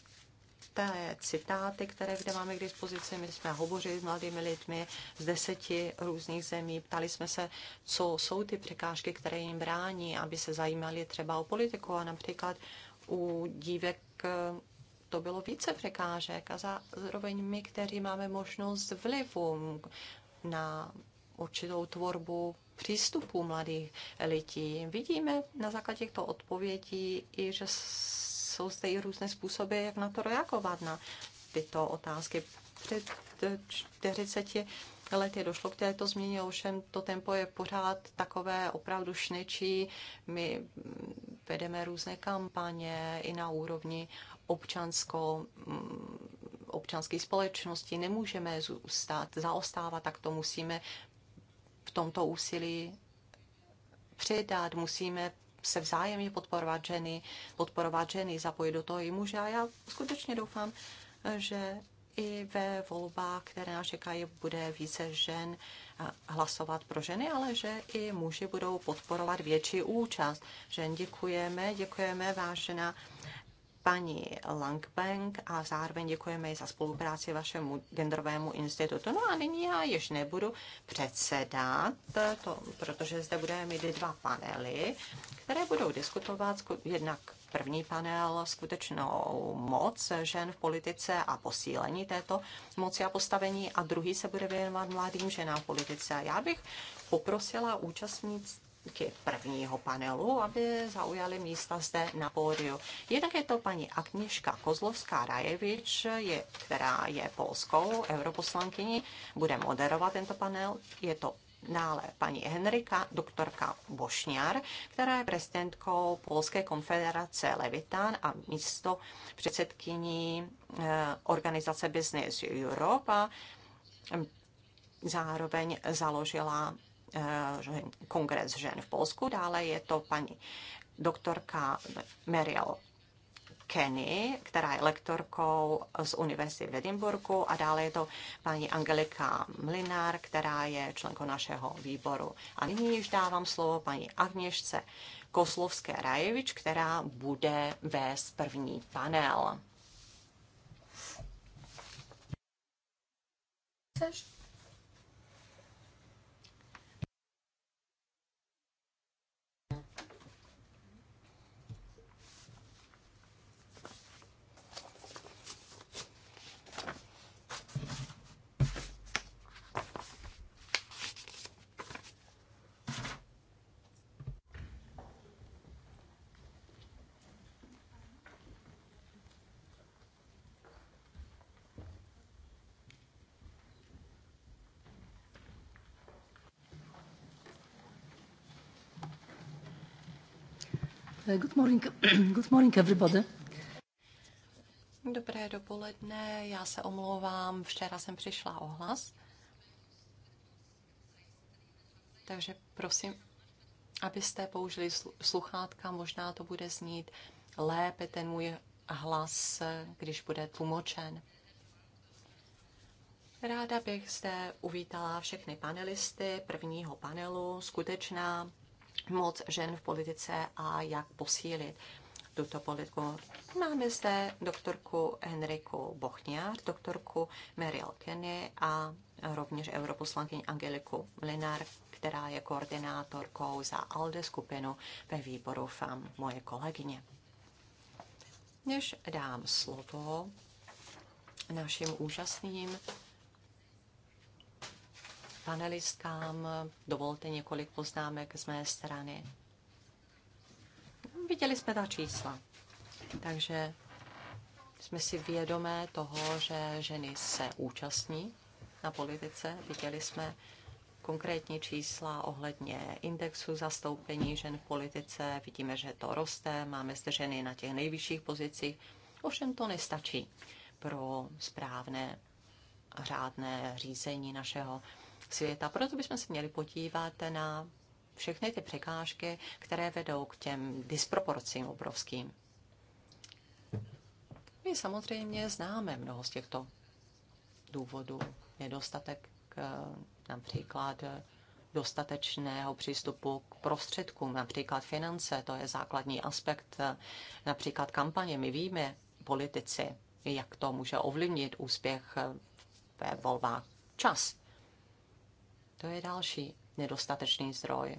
citáty, které kde máme k dispozici. My jsme hovořili s mladými lidmi z deseti různých zemí, ptali jsme se, co jsou ty překážky, které jim brání, aby se zajímali třeba o politiku a například u dívek eh, to bylo více překážek a zároveň my, kteří máme možnost vlivu na určitou tvorbu přístupu mladých lidí. Vidíme na základě těchto odpovědí i, že jsou zde i různé způsoby, jak na to reagovat na tyto otázky. Před 40 lety došlo k této změně, ovšem to tempo je pořád takové opravdu šnečí. My vedeme různé kampaně i na úrovni občansko mm, občanské společnosti. Nemůžeme zůstat, zaostávat, tak to musíme tomto úsilí přidat, musíme se vzájemně podporovat ženy, podporovat ženy, zapojit do toho i muže. A já skutečně doufám, že i ve volbách, které nás čekají, bude více žen eh, hlasovat pro ženy, ale že i muži budou podporovat větší účast. Žen děkujeme, děkujeme vážená paní Langbank a zároveň děkujeme i za spolupráci vašemu genderovému institutu. No a nyní já již nebudu předsedat, to, protože zde budeme mít dva panely, které budou diskutovat jednak první panel skutečnou moc žen v politice a posílení této moci a postavení a druhý se bude věnovat mladým ženám v politice. Já bych poprosila účastníci prvního panelu, aby zaujali místa zde na pódiu. Jednak je to paní Agněška Kozlovská-Rajevič, je, která je polskou europoslankyní, bude moderovat tento panel. Je to Dále paní Henrika, doktorka Bošňar, která je prezidentkou Polské konfederace Levitán a místo předsedkyní eh, organizace Business Europe a zároveň založila Eh, kongres žen v Polsku, dále je to paní doktorka Meriel Kenny, která je lektorkou z Univerzity v Edinburgu a dále je to paní Angelika Mlinár, která je členkou našeho výboru. A nyní již dávám slovo paní Agněšce Koslovské Rajevič, která bude vést první panel. Eh, good morning, good morning everybody. Dobré dopoledne, já se omlouvám, včera jsem přišla hlas. Takže prosím, abyste použili sluchátka, možná to bude znít lépe ten můj hlas, když bude tlumočen. Ráda bych zde uvítala všechny panelisty prvního panelu Skutečná moc žen v politice a jak posílit tuto politiku. Máme zde doktorku Henriku Bochniar, doktorku Meryl Kenny a rovněž europoslankyni Angeliku Linar, která je koordinátorkou za ALDE skupinu ve výboru FAM, moje kolegyně. Než dám slovo našim úžasným panelistkám. Dovolte několik poznámek z mé strany. Viděli jsme ta čísla, takže jsme si vědomé toho, že ženy se účastní na politice. Viděli jsme konkrétní čísla ohledně indexu zastoupení žen v politice. Vidíme, že to roste, máme zde ženy na těch nejvyšších pozicích. Ovšem to nestačí pro správné a řádné řízení našeho světa. Proto bychom se měli podívat na všechny ty překážky, které vedou k těm disproporcím obrovským. My samozřejmě známe mnoho z těchto důvodů. Nedostatek eh, například eh, dostatečného přístupu k prostředkům, například finance, to je základní aspekt eh, například kampaně. My víme, politici, jak to může ovlivnit úspěch ve volbách. Čas to je další nedostatečný zdroj.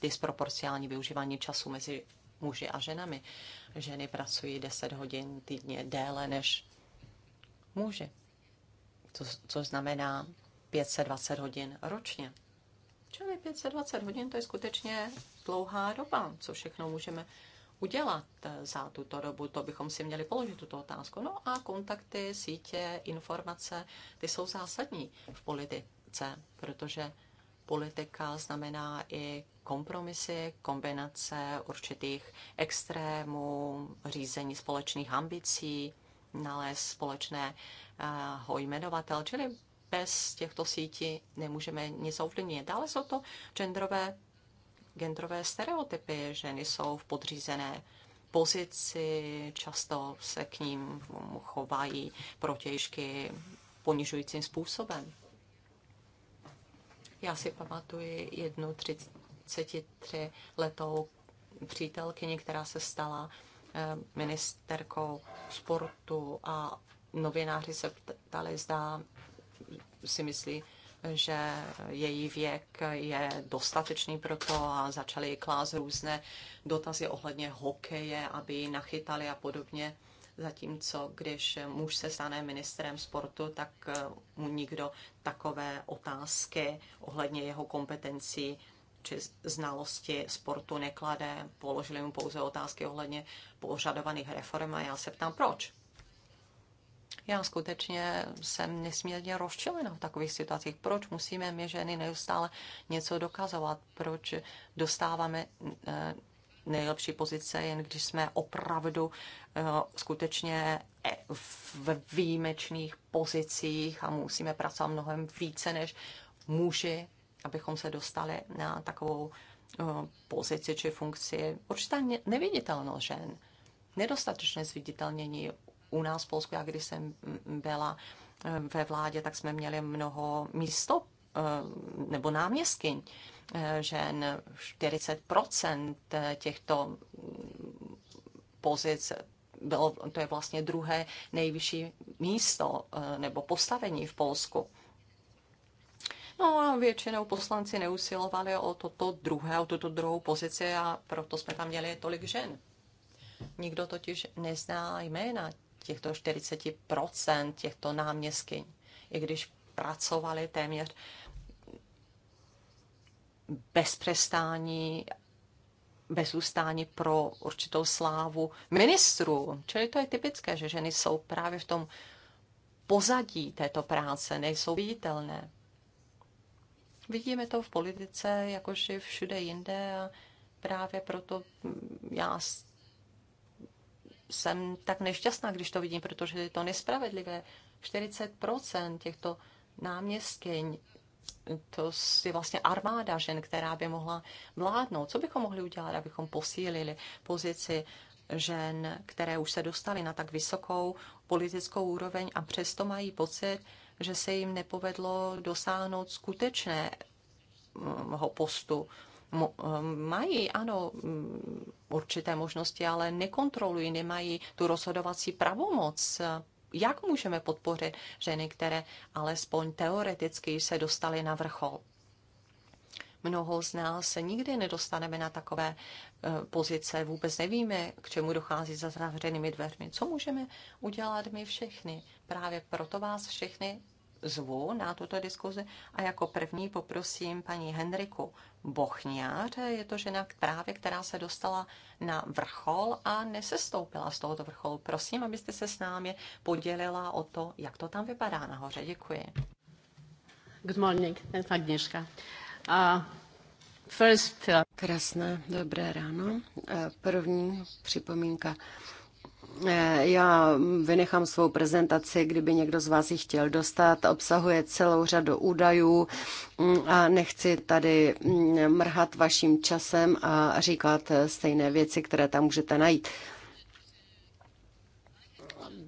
Disproporciální využívání času mezi muži a ženami. Ženy pracují 10 hodin týdně déle než muži. To, co znamená 520 hodin ročně. Čili 520 hodin to je skutečně dlouhá doba, co všechno můžeme udělat za tuto dobu. To bychom si měli položit tuto otázku. No a kontakty, sítě, informace, ty jsou zásadní v politice chce, protože politika znamená i kompromisy, kombinace určitých extrémů, řízení společných ambicí, nalézt společné uh, eh, hojmenovatel, čili bez těchto sítí nemůžeme nic ovlivnit. Dále jsou to genderové, genderové stereotypy. Ženy jsou v podřízené pozici, často se k ním chovají protějšky ponižujícím způsobem. Já si pamatuji jednu 33 letou přítelkyni, která se stala eh, ministerkou sportu a novináři se ptali, zda si myslí, že její věk je dostatečný pro to a začali klást různé dotazy ohledně hokeje, aby ji nachytali a podobně zatímco když muž se stane ministrem sportu, tak eh, mu nikdo takové otázky ohledně jeho kompetencí či znalosti sportu neklade. Položili mu pouze otázky ohledně požadovaných reform a já se ptám, proč? Já skutečně jsem nesmírně rozčilena v takových situacích. Proč musíme my ženy neustále něco dokazovat? Proč dostáváme eh, nejlepší pozice, jen když jsme opravdu eh, skutečně eh, v výjimečných pozicích a musíme pracovat mnohem více než muži, abychom se dostali na takovou eh, pozici či funkci. Určitá neviditelnost žen, nedostatečné zviditelnění u nás v Polsku, jak když jsem mm, byla ve vládě, tak jsme měli mnoho místo nebo náměstkyň žen, 40 těchto pozic bylo, to je vlastně druhé nejvyšší místo eh, nebo postavení v Polsku. No a většinou poslanci neusilovali o toto druhé, o tuto druhou pozici a proto jsme tam měli tolik žen. Nikdo totiž nezná jména těchto 40% těchto náměstkyň, i když pracovali téměř bez přestání, bez ústání pro určitou slávu ministrů. Čili to je typické, že ženy jsou právě v tom pozadí této práce, nejsou viditelné. Vidíme to v politice, jakož všude jinde a právě proto já jsem tak nešťastná, když to vidím, protože je to nespravedlivé. 40% těchto náměstkyň to je vlastně armáda žen, která by mohla vládnout. Co bychom mohli udělat, abychom posílili pozici žen, které už se dostaly na tak vysokou politickou úroveň a přesto mají pocit, že se jim nepovedlo dosáhnout skutečného postu. Mají, ano, určité možnosti, ale nekontrolují, nemají tu rozhodovací pravomoc jak můžeme podpořit ženy, které alespoň teoreticky se dostaly na vrchol. Mnoho z nás se nikdy nedostaneme na takové e, pozice, vůbec nevíme, k čemu dochází za zavřenými dveřmi. Co můžeme udělat my všechny? Právě proto vás všechny zvu na tuto diskuzi a jako první poprosím paní Henriku Bochňář. Je to žena právě, která se dostala na vrchol a nesestoupila z tohoto vrcholu. Prosím, abyste se s námi podělila o to, jak to tam vypadá nahoře. Děkuji. Good morning, Agnieszka. Uh, first... Krásné, dobré ráno. První připomínka. Eh, já vynechám svou prezentaci, kdyby někdo z vás ji chtěl dostat. Obsahuje celou řadu údajů mm, a nechci tady mm, mrhat vaším časem a říkat eh, stejné věci, které tam můžete najít.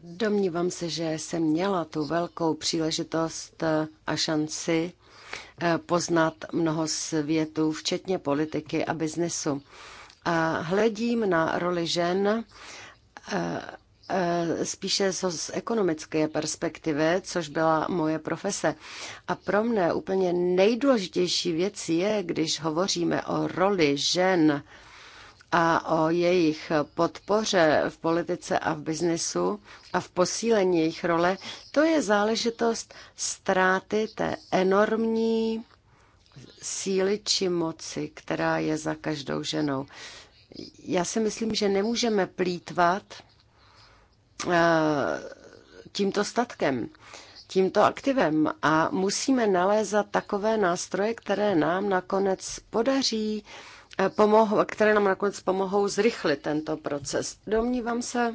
Domnívám se, že jsem měla tu velkou příležitost eh, a šanci poznat mnoho světů, včetně politiky a biznesu. A hledím na roli žen Eh, eh, spíše z ekonomické perspektivy, což byla moje profese. A pro mne úplně nejdůležitější věc je, když hovoříme o roli žen a o jejich podpoře v politice a v biznesu a v posílení jejich role, to je záležitost ztráty té enormní síly či moci, která je za každou ženou já si myslím, že nemůžeme plítvat eh, tímto statkem, tímto aktivem a musíme nalézat takové nástroje, které nám nakonec podaří, eh, pomohou, které nám nakonec pomohou zrychlit tento proces. Domnívám se,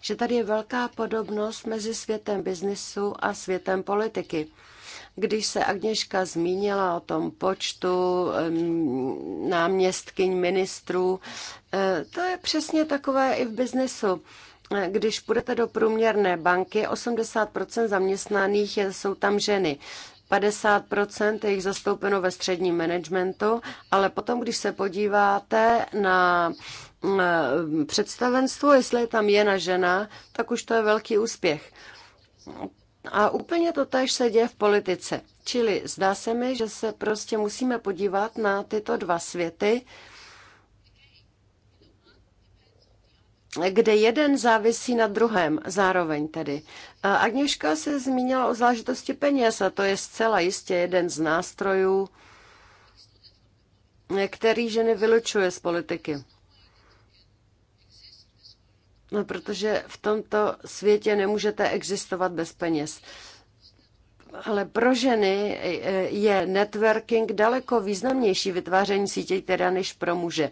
že tady je velká podobnost mezi světem biznisu a světem politiky. Když se Agněška zmínila o tom počtu náměstkyň ministrů, eh, to je přesně takové i v biznesu. Eh, když půjdete do průměrné banky, 80% zaměstnaných jsou tam ženy. 50% je jich zastoupeno ve středním managementu, ale potom, když se podíváte na mm, eh, představenstvo, jestli je tam jedna žena, tak už to je velký úspěch. A úplně to tež se děje v politice. Čili zdá se mi, že se prostě musíme podívat na tyto dva světy, kde jeden závisí na druhém zároveň tedy. Agněška se zmínila o zážitosti peněz a to je zcela jistě jeden z nástrojů, který ženy vylučuje z politiky. No protože v tomto světě nemůžete existovat bez peněz. Ale pro ženy e, e, je networking daleko významnější vytváření sítě, teda než pro muže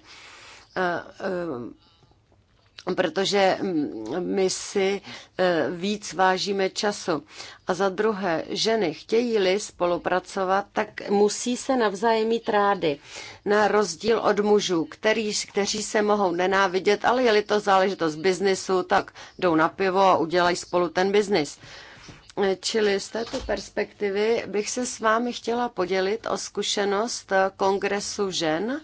protože mm, my si e, víc vážíme času. A za druhé, ženy chtějí-li spolupracovat, tak musí se navzájem mít rády. Na rozdíl od mužů, který, kteří se mohou nenávidět, ale je-li to záležitost biznisu, tak jdou na pivo a udělají spolu ten biznis. E, čili z této perspektivy bych se s vámi chtěla podělit o zkušenost e, Kongresu žen,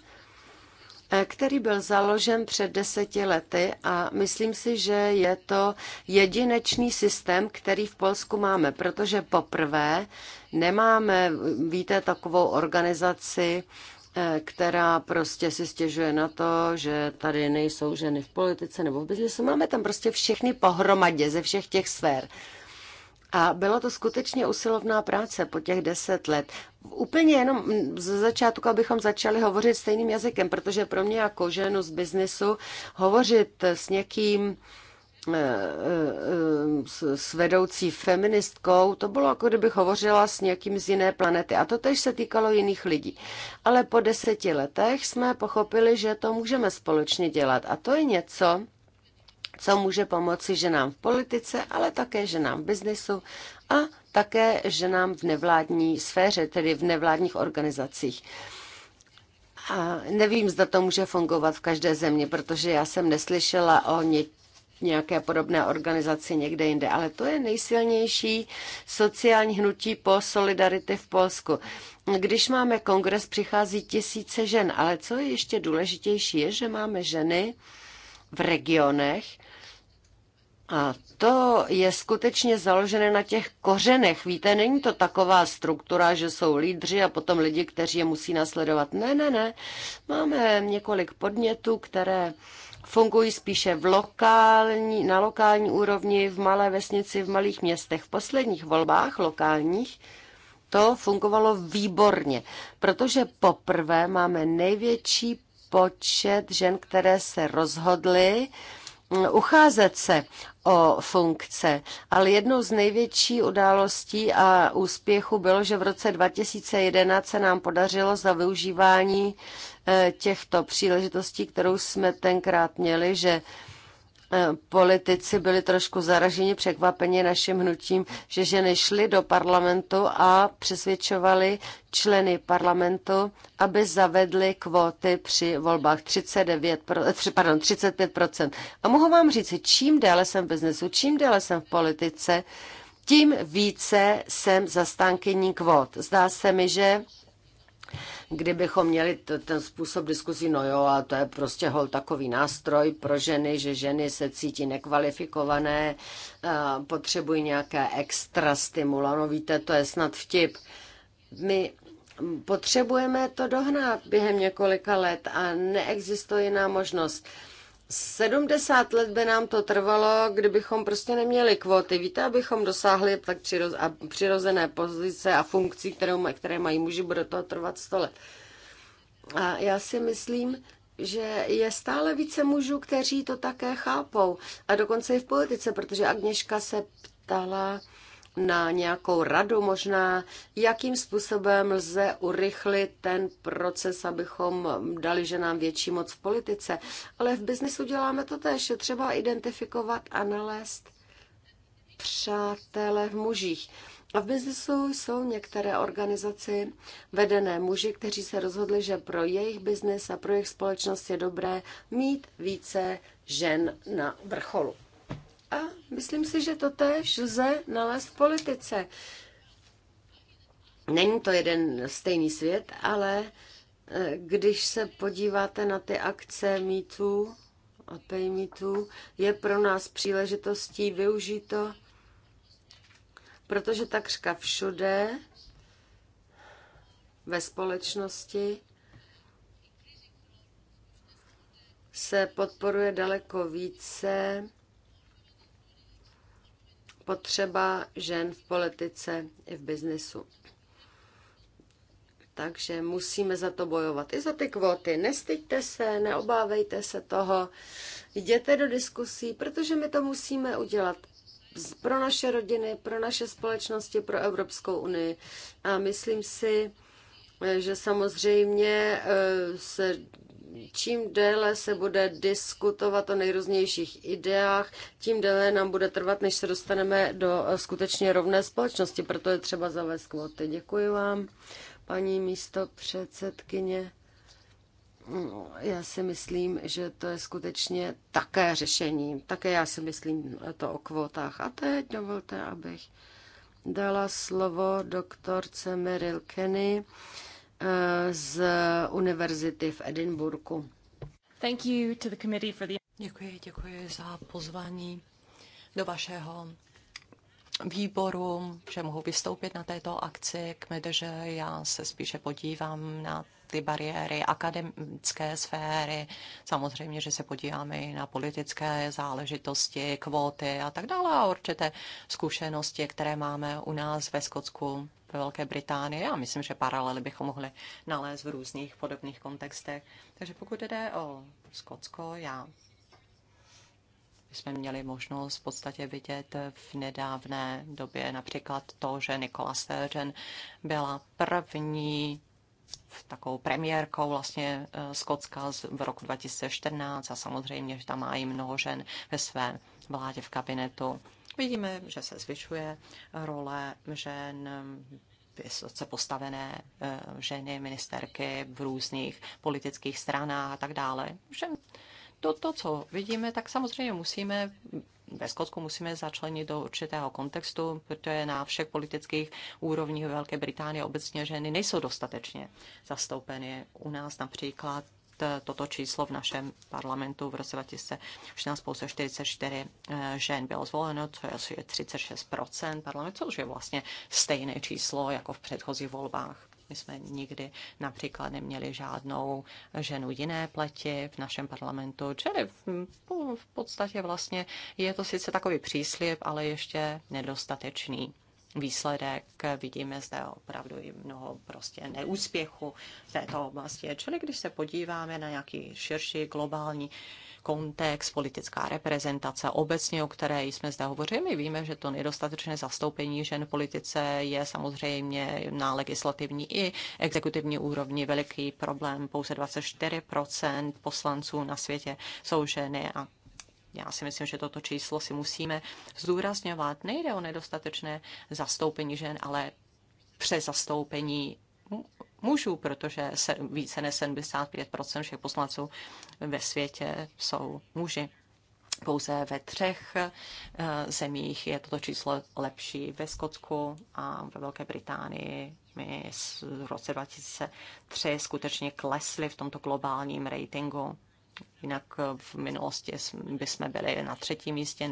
Eh, který byl založen před deseti lety a myslím si, že je to jedinečný systém, který v Polsku máme, protože poprvé nemáme, víte, takovou organizaci, eh, která prostě si stěžuje na to, že tady nejsou ženy v politice nebo v biznesu. Máme tam prostě všechny pohromadě ze všech těch sfér. A byla to skutečně usilovná práce po těch deset let. Úplně jenom ze začátku, abychom začali hovořit stejným jazykem, protože pro mě jako ženu z biznesu hovořit s někým, eh, eh, s vedoucí feministkou, to bylo jako kdybych hovořila s někým z jiné planety. A to tež se týkalo jiných lidí. Ale po deseti letech jsme pochopili, že to můžeme společně dělat. A to je něco, co může pomoci ženám v politice, ale také ženám v biznesu a také ženám v nevládní sféře, tedy v nevládních organizacích. A nevím, zda to může fungovat v každé zemi, protože já jsem neslyšela o nějaké podobné organizaci někde jinde, ale to je nejsilnější sociální hnutí po solidarity v Polsku. Když máme kongres, přichází tisíce žen, ale co je ještě důležitější, je, že máme ženy v regionech, a to je skutečně založené na těch kořenech. Víte, není to taková struktura, že jsou lídři a potom lidi, kteří je musí nasledovat. Ne, ne, ne. Máme několik podnětů, které fungují spíše v lokální, na lokální úrovni, v malé vesnici, v malých městech. V posledních volbách lokálních to fungovalo výborně, protože poprvé máme největší počet žen, které se rozhodly mm, ucházet se o funkce, ale jednou z největší událostí a úspěchu bylo, že v roce 2011 se nám podařilo za využívání eh, těchto příležitostí, kterou jsme tenkrát měli, že Eh, politici byli trošku zaraženi, překvapeni naším hnutím, že ženy šly do parlamentu a přesvědčovali členy parlamentu, aby zavedli kvóty při volbách 39, eh, pardon, 35%. A mohu vám říct, čím déle jsem v biznesu, čím déle jsem v politice, tím více jsem zastánkyní kvót. Zdá se mi, že Kdybychom měli ten způsob diskuzí, no jo, a to je prostě hol takový nástroj pro ženy, že ženy se cítí nekvalifikované, potřebují nějaké extra stimula. No víte, to je snad vtip. My potřebujeme to dohnat během několika let a neexistuje jiná možnost. 70 let by nám to trvalo, kdybychom prostě neměli kvóty. Víte, abychom dosáhli tak přirozené pozice a funkcí, kterou, které mají muži, bude to trvat 100 let. A já si myslím, že je stále více mužů, kteří to také chápou. A dokonce i v politice, protože Agněška se ptala, na nějakou radu možná, jakým způsobem lze urychlit ten proces, abychom dali ženám větší moc v politice. Ale v biznesu děláme to tež. Je třeba identifikovat a nalézt přátelé v mužích. A v biznesu jsou některé organizaci vedené muži, kteří se rozhodli, že pro jejich biznis a pro jejich společnost je dobré mít více žen na vrcholu. A myslím si, že to též lze nalézt v politice. Není to jeden stejný svět, ale e, když se podíváte na ty akce mýtů a pejmítů, je pro nás příležitostí využít to, protože takřka všude ve společnosti se podporuje daleko více potřeba žen v politice i v biznesu, Takže musíme za to bojovat. I za ty kvóty. Nestyďte se, neobávejte se toho. Jděte do diskusí, protože my to musíme udělat pro naše rodiny, pro naše společnosti, pro Evropskou unii. A myslím si, že samozřejmě eh, se čím déle se bude diskutovat o nejrůznějších ideách, tím déle nám bude trvat, než se dostaneme do eh, skutečně rovné společnosti. Proto je třeba zavést kvóty. Děkuji vám, paní místo předsedkyně. Mm, já si myslím, že to je skutečně také řešení. Také já si myslím to o kvotách. A teď dovolte, abych dala slovo doktorce Meryl Kenny Eh, z univerzity v Edinburgu. Thank you to the committee for the... Děkuji, děkuji za pozvání do vašeho výboru, že mohu vystoupit na této akci k medrže. Já se spíše podívám na ty bariéry akademické sféry. Samozřejmě, že se podíváme i na politické záležitosti, kvóty a tak dále a určité zkušenosti, které máme u nás ve Skotsku ve Velké Británii a myslím, že paralely bychom mohli nalézt v různých podobných kontextech. Takže pokud jde o Skotsko, já jsme měli možnost v podstatě vidět v nedávné době například to, že Nikola Sturgeon byla první takovou premiérkou vlastně eh, Skotska v roku 2014 a samozřejmě, že tam má i mnoho žen ve své vládě v kabinetu. Vidíme, že se zvyšuje role žen vysoce postavené eh, ženy, ministerky v různých politických stranách a tak dále. Že to, to, co vidíme, tak samozřejmě musíme ve Skotsku musíme začlenit do určitého kontextu, protože na všech politických úrovních Velké Británie obecně ženy nejsou dostatečně zastoupeny. U nás například Eh, toto číslo v našem parlamentu v roce 2016 pouze 44 eh, žen bylo zvoleno, což je asi 36 parlamentu, což je vlastně stejné číslo jako v předchozích volbách. My jsme nikdy například neměli žádnou ženu jiné pleti v našem parlamentu, čili v podstatě vlastně je to sice takový příslip, ale ještě nedostatečný výsledek. Vidíme zde opravdu i mnoho prostě neúspěchu v této oblasti. Čili když se podíváme na nějaký širší globální kontext, politická reprezentace obecně, o které jsme zde hovořili. My víme, že to nedostatečné zastoupení žen v politice je samozřejmě na legislativní i exekutivní úrovni veliký problém. Pouze 24% poslanců na světě jsou ženy a já si myslím, že toto číslo si musíme zdůrazňovat. Nejde o nedostatečné zastoupení žen, ale přes zastoupení mužů, protože se, více než 75 všech poslanců ve světě jsou muži. Pouze ve třech eh, zemích je toto číslo lepší. Ve Skotsku a ve Velké Británii my v roce 2003 skutečně klesli v tomto globálním ratingu. Jinak eh, v minulosti bychom byli na třetím místě,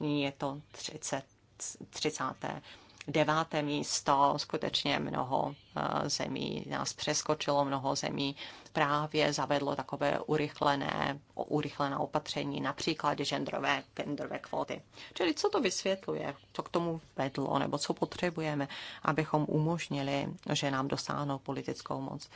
nyní je to 30, 39. místo. Skutečně mnoho eh, zemí nás přeskočilo, mnoho zemí právě zavedlo takové urychlené, urychlené opatření, například genderové, genderové kvóty. Čili co to vysvětluje, co k tomu vedlo, nebo co potřebujeme, abychom umožnili, že nám dosáhnou politickou moc.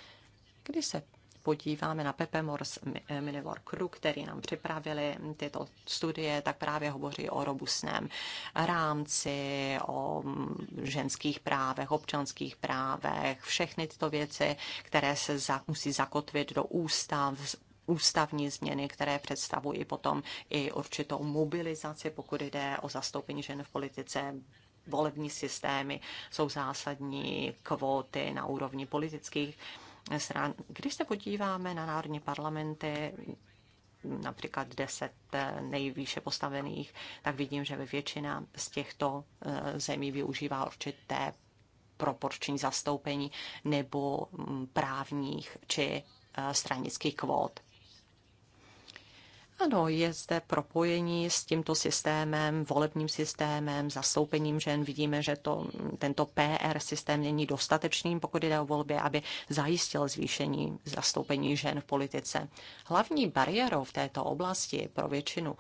Když se podíváme na Pepe Mors, eh, Minivor Kru, který nám připravili tyto studie, tak právě hovoří o robustném rámci, o mm, ženských právech, občanských právech, všechny tyto věci, které se za, musí zakotvit do ústav, ústavní změny, které představují potom i určitou mobilizaci, pokud jde o zastoupení žen v politice, volební systémy jsou zásadní, kvóty na úrovni politických když se podíváme na národní parlamenty, například deset eh, nejvýše postavených, tak vidím, že většina z těchto eh, zemí využívá určité proporční zastoupení nebo mm, právních či eh, stranických kvót. Ano, je zde propojení s tímto systémem, volebním systémem, zastoupením žen. Vidíme, že to, tento PR systém není dostatečným pokud jde o volby, aby zajistil zvýšení zastoupení žen v politice. Hlavní bariérou v této oblasti pro většinu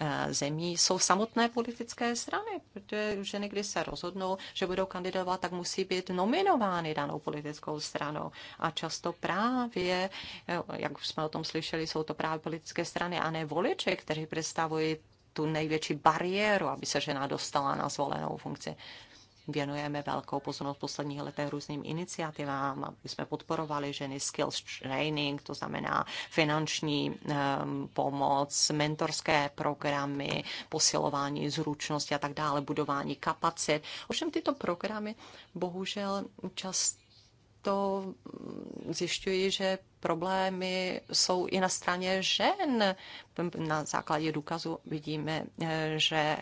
Eh, zemí jsou samotné politické strany, protože ženy, když se rozhodnou, že budou kandidovat, tak musí být nominovány danou politickou stranou. A často právě, eh, jak už jsme o tom slyšeli, jsou to právě politické strany a ne voliče, kteří představují tu největší bariéru, aby se žena dostala na zvolenou funkci věnujeme velkou pozornost posledních letech různým iniciativám, aby jsme podporovali ženy skills training, to znamená finanční um, pomoc, mentorské programy, posilování zručnosti a tak dále, budování kapacit. Ovšem tyto programy bohužel často to mm, zjišťuji, že problémy jsou i na straně žen. Na základě důkazu vidíme, eh, že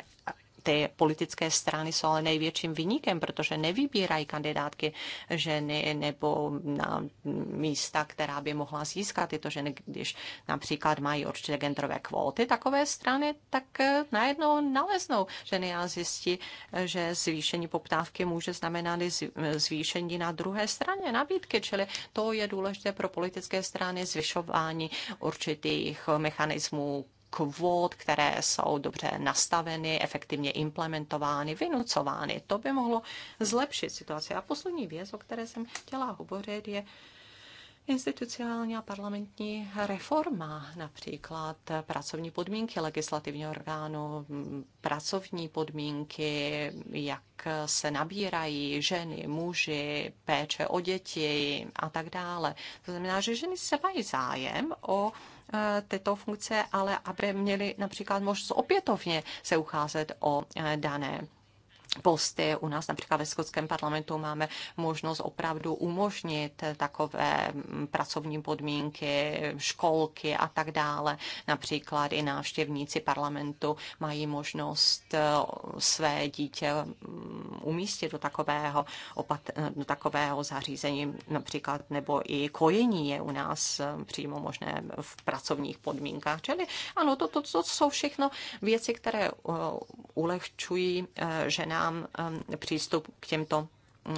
ty politické strany jsou ale největším vynikem, protože nevybírají kandidátky ženy nebo na místa, která by mohla získat tyto ženy, když například mají určité genderové kvóty takové strany, tak eh, najednou naleznou ženy a zjistí, eh, že zvýšení poptávky může znamenat eh, zvýšení na druhé straně nabídky, čili to je důležité pro politické strany zvyšování určitých mechanismů kvót, které jsou dobře nastaveny, efektivně implementovány, vynucovány. To by mohlo zlepšit situaci. A poslední věc, o které jsem chtěla hovořit, je Institucionální a parlamentní reforma, například pracovní podmínky legislativního orgánu, pracovní podmínky, jak se nabírají ženy, muži, péče o děti a tak dále. To znamená, že ženy se mají zájem o e, tyto funkce, ale aby měly například možnost opětovně se ucházet o e, dané posty. U nás například ve skotském parlamentu máme možnost opravdu umožnit takové mm, pracovní podmínky, školky a tak dále. Například i návštěvníci parlamentu mají možnost e, své dítě mm, umístit do takového, opat, e, do takového zařízení například, nebo i kojení je u nás e, přímo možné v pracovních podmínkách. Čili ano, to, to, to jsou všechno věci, které ulehčují ženám nám ehm, přístup k těmto,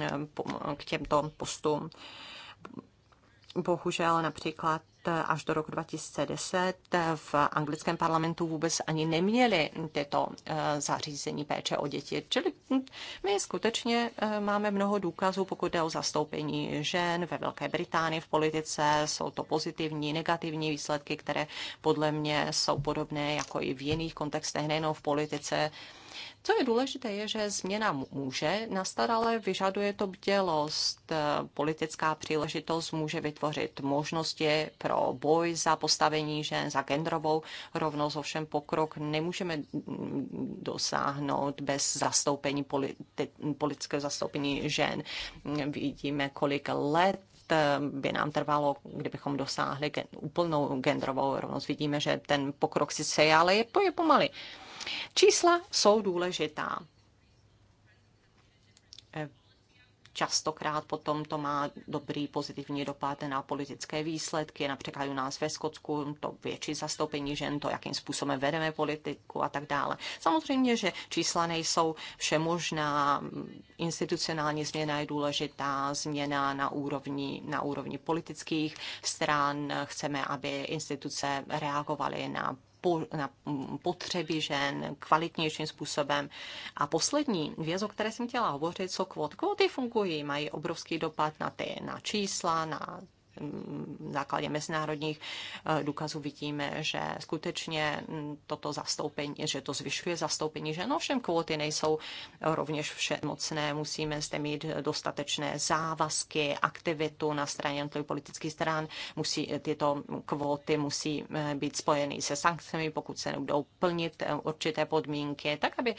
ehm, k těmto postům. Bohužel například eh, až do roku 2010 eh, v anglickém parlamentu vůbec ani neměli tyto eh, zařízení péče o děti. Čili hm, my skutečně máme mnoho důkazů, pokud jde o zastoupení žen ve Velké Británii v politice. Jsou to pozitivní, negativní výsledky, které podle mě jsou podobné jako i v jiných kontextech, nejenom v politice co je důležité, je, že změna může nastat, ale vyžaduje to bdělost. Politická příležitost může vytvořit možnosti pro boj za postavení žen, za genderovou rovnost. Ovšem pokrok nemůžeme dosáhnout bez zastoupení politi- politického zastoupení žen. Vidíme, kolik let by nám trvalo, kdybychom dosáhli gen, úplnou genderovou rovnost. Vidíme, že ten pokrok si je, ale je, je pomalý. Čísla jsou důležitá. Eh, častokrát potom to má dobrý pozitivní dopad na politické výsledky, například u nás ve Skotsku, to větší zastoupení žen, to, jakým způsobem vedeme politiku a tak dále. Samozřejmě, že čísla nejsou všemožná, institucionální změna je důležitá, změna na úrovni, na úrovni politických stran. Chceme, aby instituce reagovaly na po, na potřeby žen kvalitnějším způsobem. A poslední věc, o které jsem chtěla hovořit, jsou kvot. Kvoty fungují, mají obrovský dopad na ty, na čísla, na základě mezinárodních eh, důkazů vidíme, že skutečně mm, toto zastoupení, že to zvyšuje zastoupení žen. No, Ovšem kvóty nejsou eh, rovněž všemocné. Musíme zde mít dostatečné závazky, aktivitu na straně politických stran. Musí, eh, tyto kvóty musí být spojeny se sankcemi, pokud se nebudou plnit určité podmínky, tak aby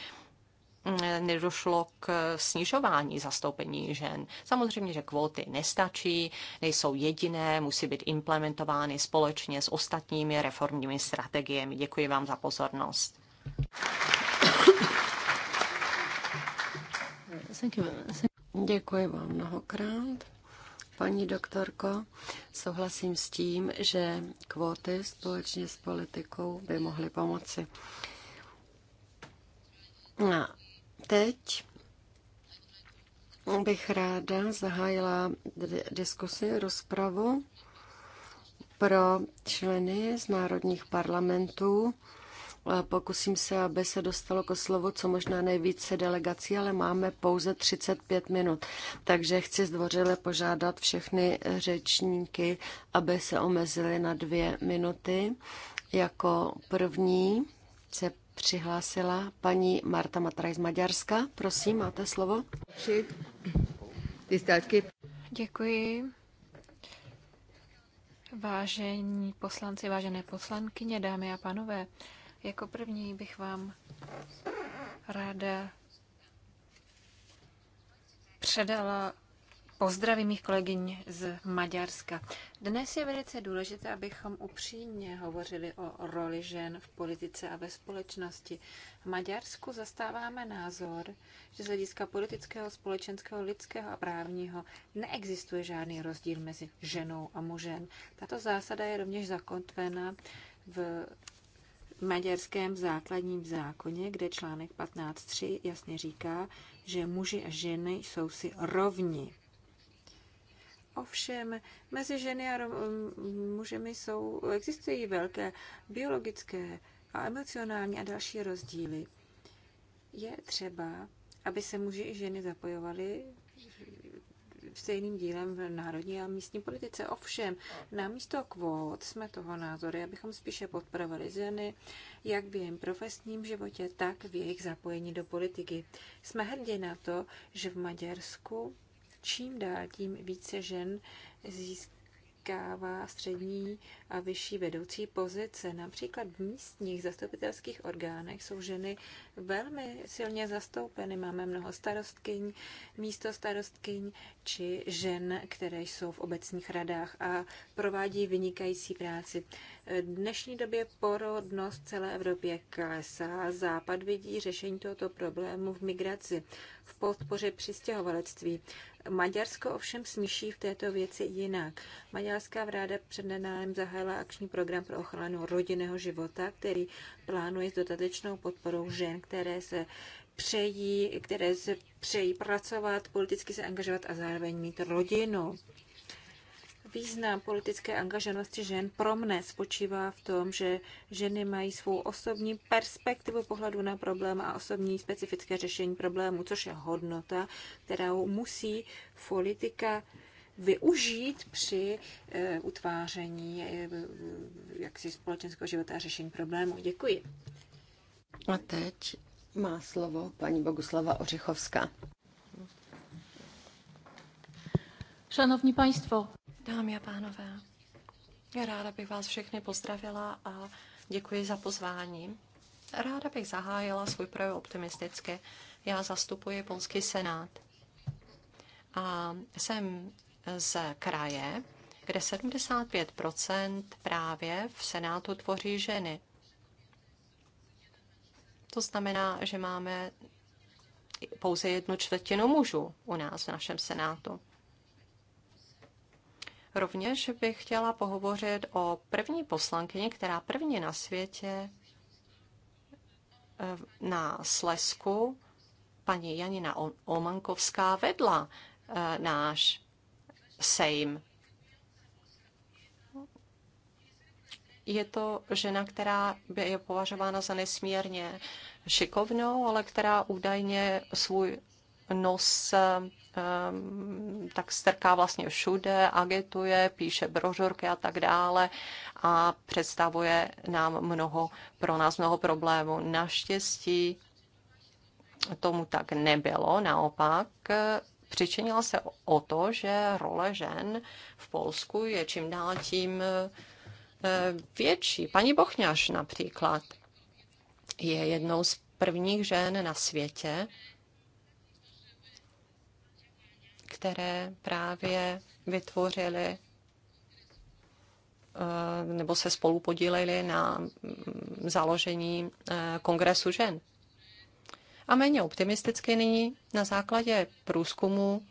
nedošlo k snižování zastoupení žen. Samozřejmě, že kvóty nestačí, nejsou jediné, musí být implementovány společně s ostatními reformními strategiemi. Děkuji vám za pozornost. Děkuji vám mnohokrát. Paní doktorko, souhlasím s tím, že kvóty společně s politikou by mohly pomoci. Teď bych ráda zahájila diskusi, rozpravu pro členy z národních parlamentů. Pokusím se, aby se dostalo k slovu co možná nejvíce delegací, ale máme pouze 35 minut. Takže chci zdvořile požádat všechny řečníky, aby se omezili na dvě minuty. Jako první se přihlásila paní Marta Matraj z Maďarska. Prosím, máte slovo. Děkuji. Vážení poslanci, vážené poslankyně, dámy a pánové, jako první bych vám ráda předala Pozdravím mých kolegyň z Maďarska. Dnes je velice důležité, abychom upřímně hovořili o roli žen v politice a ve společnosti. V Maďarsku zastáváme názor, že z hlediska politického, společenského, lidského a právního neexistuje žádný rozdíl mezi ženou a mužem. Tato zásada je rovněž zakotvena v maďarském základním zákoně, kde článek 15.3 jasně říká, že muži a ženy jsou si rovni. Ovšem, mezi ženy a mužemi jsou, existují velké biologické a emocionální a další rozdíly. Je třeba, aby se muži i ženy zapojovali stejným dílem v národní a místní politice. Ovšem, na místo kvót jsme toho názory, abychom spíše podporovali ženy, jak v jejím profesním životě, tak v jejich zapojení do politiky. Jsme hrdí na to, že v Maďarsku čím dál tím více žen získává střední a vyšší vedoucí pozice. Například v místních zastupitelských orgánech jsou ženy velmi silně zastoupeny. Máme mnoho starostkyň, místo starostkyň či žen, které jsou v obecních radách a provádí vynikající práci. V dnešní době porodnost celé Evropě klesá. Západ vidí řešení tohoto problému v migraci v podpoře přistěhovalectví. Maďarsko ovšem smíší v této věci jinak. Maďarská vláda před nedávnem zahájila akční program pro ochranu rodinného života, který plánuje s dodatečnou podporou žen, které se přejí, které se přejí pracovat, politicky se angažovat a zároveň mít rodinu. Význam politické angažovanosti žen pro mne spočívá v tom, že ženy mají svou osobní perspektivu pohledu na problém a osobní specifické řešení problému, což je hodnota, kterou musí politika využít při e, utváření e, jaksi společenského života a řešení problému. Děkuji. A teď má slovo paní Boguslava Ořichovská. Szanowni Państwo, Dámy a pánové, já ráda bych vás všechny pozdravila a děkuji za pozvání. Ráda bych zahájila svůj projev optimisticky. Já zastupuji Polský senát a jsem z kraje, kde 75 právě v Senátu tvoří ženy. To znamená, že máme pouze jednu čtvrtinu mužů u nás v našem Senátu. Rovněž bych chtěla pohovořit o první poslankyni, která první na světě eh, na Slesku, paní Janina Omankovská, vedla eh, náš sejm. Je to žena, která je považována za nesmírně šikovnou, ale která údajně svůj nos ehm, tak strká vlastně všude, agituje, píše brožurky a tak dále a představuje nám mnoho, pro nás mnoho problémů. Naštěstí tomu tak nebylo, naopak přičinila se o to, že role žen v Polsku je čím dál tím eh, větší. Paní Bochňaš například je jednou z prvních žen na světě, které právě vytvořili eh, nebo se spolu podíleli na mm, založení eh, Kongresu žen. A méně optimisticky nyní na základě průzkumu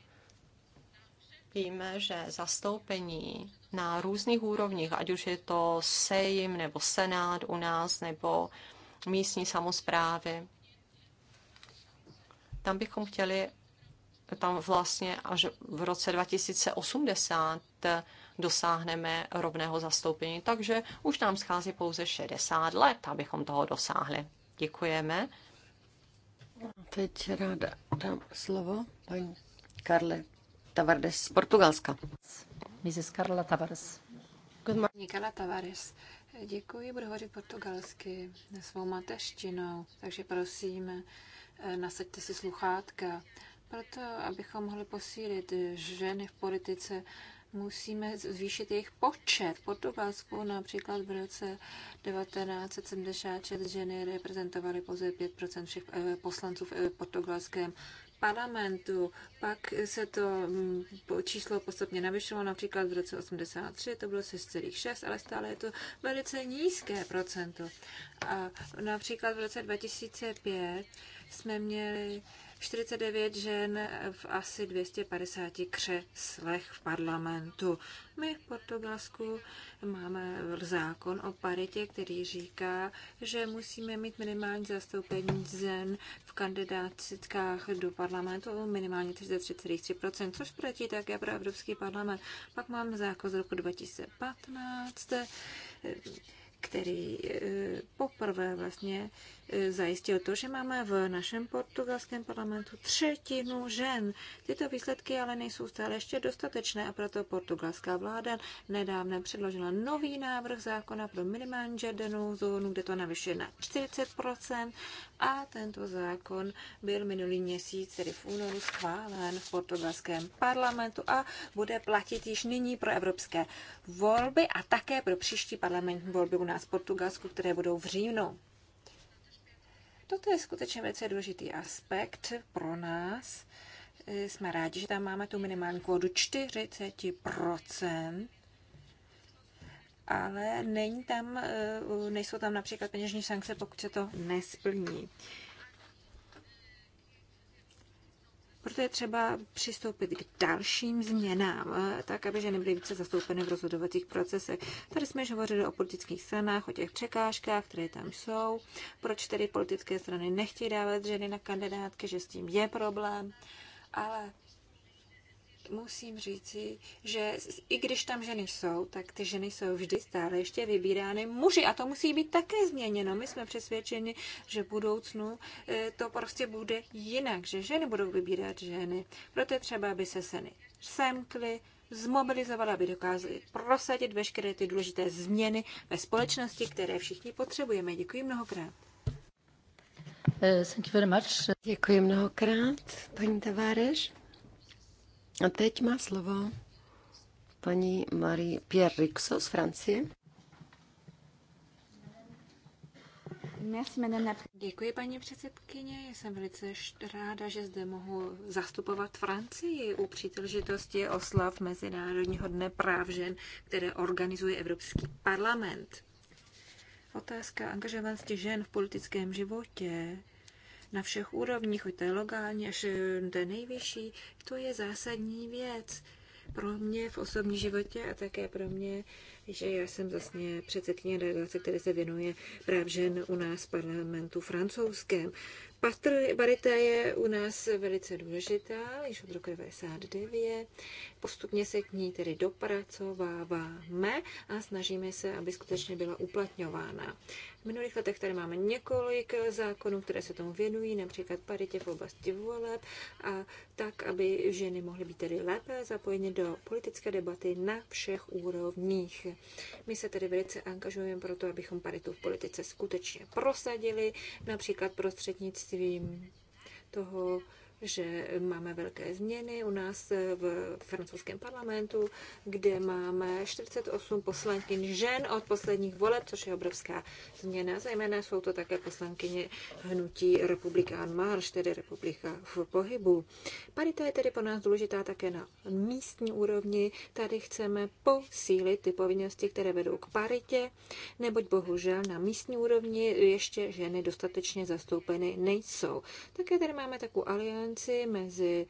víme, že zastoupení na různých úrovních, ať už je to Sejm nebo Senát u nás nebo místní samozprávy, tam bychom chtěli, tam vlastně až v roce 2080 dosáhneme rovného zastoupení. Takže už nám schází pouze 60 let, abychom toho dosáhli. Děkujeme. Teď ráda dám slovo paní Karle Tavares z Portugalska. Mrs. Karla Tavares. Good morning, Karla Tavares. Děkuji, budu hovořit portugalsky svou mateřštinou, takže prosím, eh, nasaďte si sluchátka. Proto, abychom mohli posílit eh, ženy v politice, musíme zvýšit jejich počet. V Portugalsku například v roce 1976 ženy reprezentovaly pouze 5 všech eh, poslanců v eh, portugalském parlamentu. Pak se to mm, číslo postupně navyšilo, například v roce 83 to bylo 6,6, ale stále je to velice nízké procento. A například v roce 2005 jsme měli 49 žen v asi 250 křeslech v parlamentu. My v Portugalsku máme zákon o paritě, který říká, že musíme mít minimální zastoupení žen v kandidátkách do parlamentu minimálně 33,3%, což platí také pro Evropský parlament. Pak máme zákon z roku 2015, který eh, poprvé vlastně E, zajistil to, že máme v našem portugalském parlamentu třetinu žen. Tyto výsledky ale nejsou stále ještě dostatečné a proto portugalská vláda nedávno předložila nový návrh zákona pro minimální žerdenou zónu, kde to navyšuje na 40% a tento zákon byl minulý měsíc, tedy v únoru, schválen v portugalském parlamentu a bude platit již nyní pro evropské volby a také pro příští parlamentní volby u nás v Portugalsku, které budou v říjnu. Toto je skutečně velice důležitý aspekt pro nás. E, jsme rádi, že tam máme tu minimální kvotu 40%, ale není tam, e, nejsou tam například peněžní sankce, pokud se to nesplní. Proto je třeba přistoupit k dalším změnám, eh, tak aby ženy byly více zastoupeny v rozhodovacích procesech. Tady jsme už hovořili o politických stranách, o těch překážkách, které tam jsou, proč tedy politické strany nechtějí dávat ženy na kandidátky, že s tím je problém, ale musím říci, že i když tam ženy jsou, tak ty ženy jsou vždy stále ještě vybírány muži a to musí být také změněno. My jsme přesvědčeni, že v budoucnu eh, to prostě bude jinak, že ženy budou vybírat ženy. Proto je třeba, aby se seny semkly, zmobilizovala, aby dokázali prosadit veškeré ty důležité změny ve společnosti, které všichni potřebujeme. Děkuji mnohokrát. Eh, thank you very much. Děkuji mnohokrát, paní Tavárež. A teď má slovo paní Marie Pierre Rixo z Francie. Děkuji, paní předsedkyně. Jsem velice ráda, že zde mohu zastupovat Francii u příležitosti oslav Mezinárodního dne práv žen, které organizuje Evropský parlament. Otázka angažovanosti žen v politickém životě na všech úrovních, ať to je lokálně, až to eh, je nejvyšší, to je zásadní věc pro mě v osobním životě a také pro mě že já jsem vlastně předsedkyně delegace, které se věnuje práv žen u nás v parlamentu francouzském. Patr Barita je u nás velice důležitá, již od roku 1999. Postupně se k ní tedy dopracováváme a snažíme se, aby skutečně byla uplatňována. V minulých letech tady máme několik zákonů, které se tomu věnují, například paritě v oblasti voleb a tak, aby ženy mohly být tedy lépe zapojeny do politické debaty na všech úrovních. My se tedy velice angažujeme pro to, abychom paritu v politice skutečně prosadili, například prostřednictvím toho že máme velké změny u nás v francouzském parlamentu, kde máme 48 poslankyň žen od posledních voleb, což je obrovská změna. Zejména jsou to také poslankyně hnutí Republikán Marš, tedy Republika v pohybu. Parita je tedy po nás důležitá také na místní úrovni. Tady chceme posílit ty povinnosti, které vedou k paritě, neboť bohužel na místní úrovni ještě ženy dostatečně zastoupeny nejsou. Také tady máme takovou alianci konferenci mezi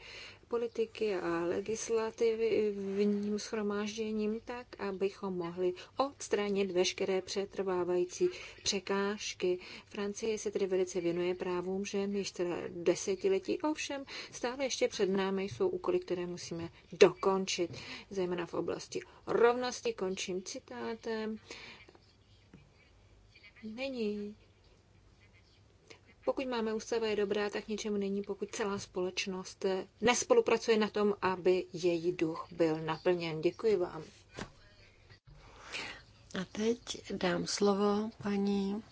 politiky a legislativním schromážděním tak, abychom mohli odstranit veškeré přetrvávající překážky. Francie se tedy velice věnuje právům žen již teda desetiletí, ovšem stále ještě před námi jsou úkoly, které musíme dokončit, zejména v oblasti rovnosti. Končím citátem. Není pokud máme ústava, je dobrá, tak ničemu není, pokud celá společnost eh, nespolupracuje na tom, aby její duch byl naplněn. Děkuji vám. A teď dám slovo paní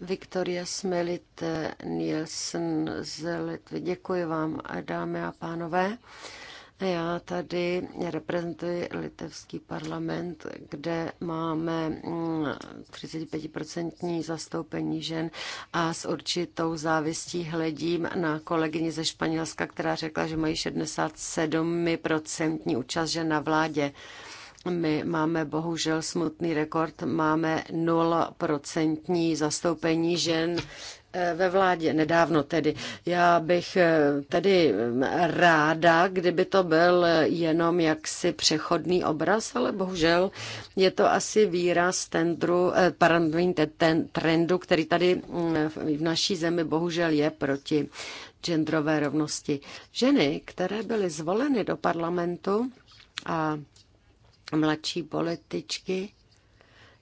Viktoria Smelit Nielsen z Litvy. Děkuji vám, dámy a pánové. Já tady reprezentuji litevský parlament, kde máme 35% mm, zastoupení žen a s určitou závistí hledím na kolegyni ze Španělska, která řekla, že mají 67% účast žen na vládě. My máme bohužel smutný rekord, máme 0% zastoupení žen ve vládě, nedávno tedy. Já bych eh, tedy mm, ráda, kdyby to byl jenom jaksi přechodný obraz, ale bohužel je to asi výraz tendru, eh, pardon, ten trendu, který tady mm, v naší zemi bohužel je proti genderové rovnosti. Ženy, které byly zvoleny do parlamentu a mladší političky,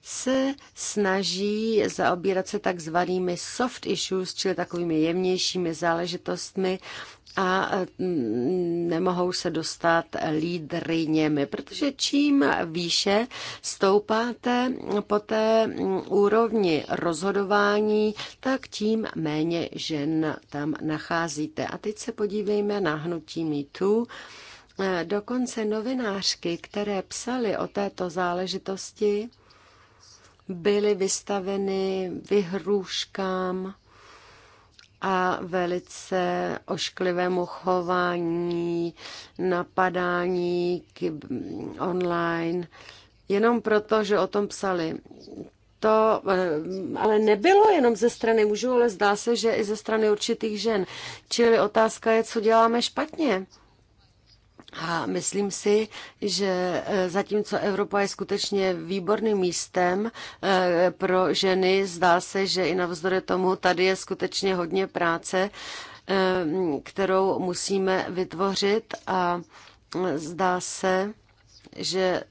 se snaží zaobírat se takzvanými soft issues, čili takovými jemnějšími záležitostmi, a mm, nemohou se dostat lídryněmi, protože čím výše stoupáte po té mm, úrovni rozhodování, tak tím méně žen tam nacházíte. A teď se podívejme na hnutí mýtu. Dokonce novinářky, které psaly o této záležitosti, byly vystaveny vyhrůškám a velice ošklivému chování, napadání online, jenom proto, že o tom psali. To eh, ale nebylo jenom ze strany mužů, ale zdá se, že i ze strany určitých žen. Čili otázka je, co děláme špatně a myslím si, že e, zatímco Evropa je skutečně výborným místem e, pro ženy, zdá se, že i navzdory tomu tady je skutečně hodně práce, e, kterou musíme vytvořit a zdá se, že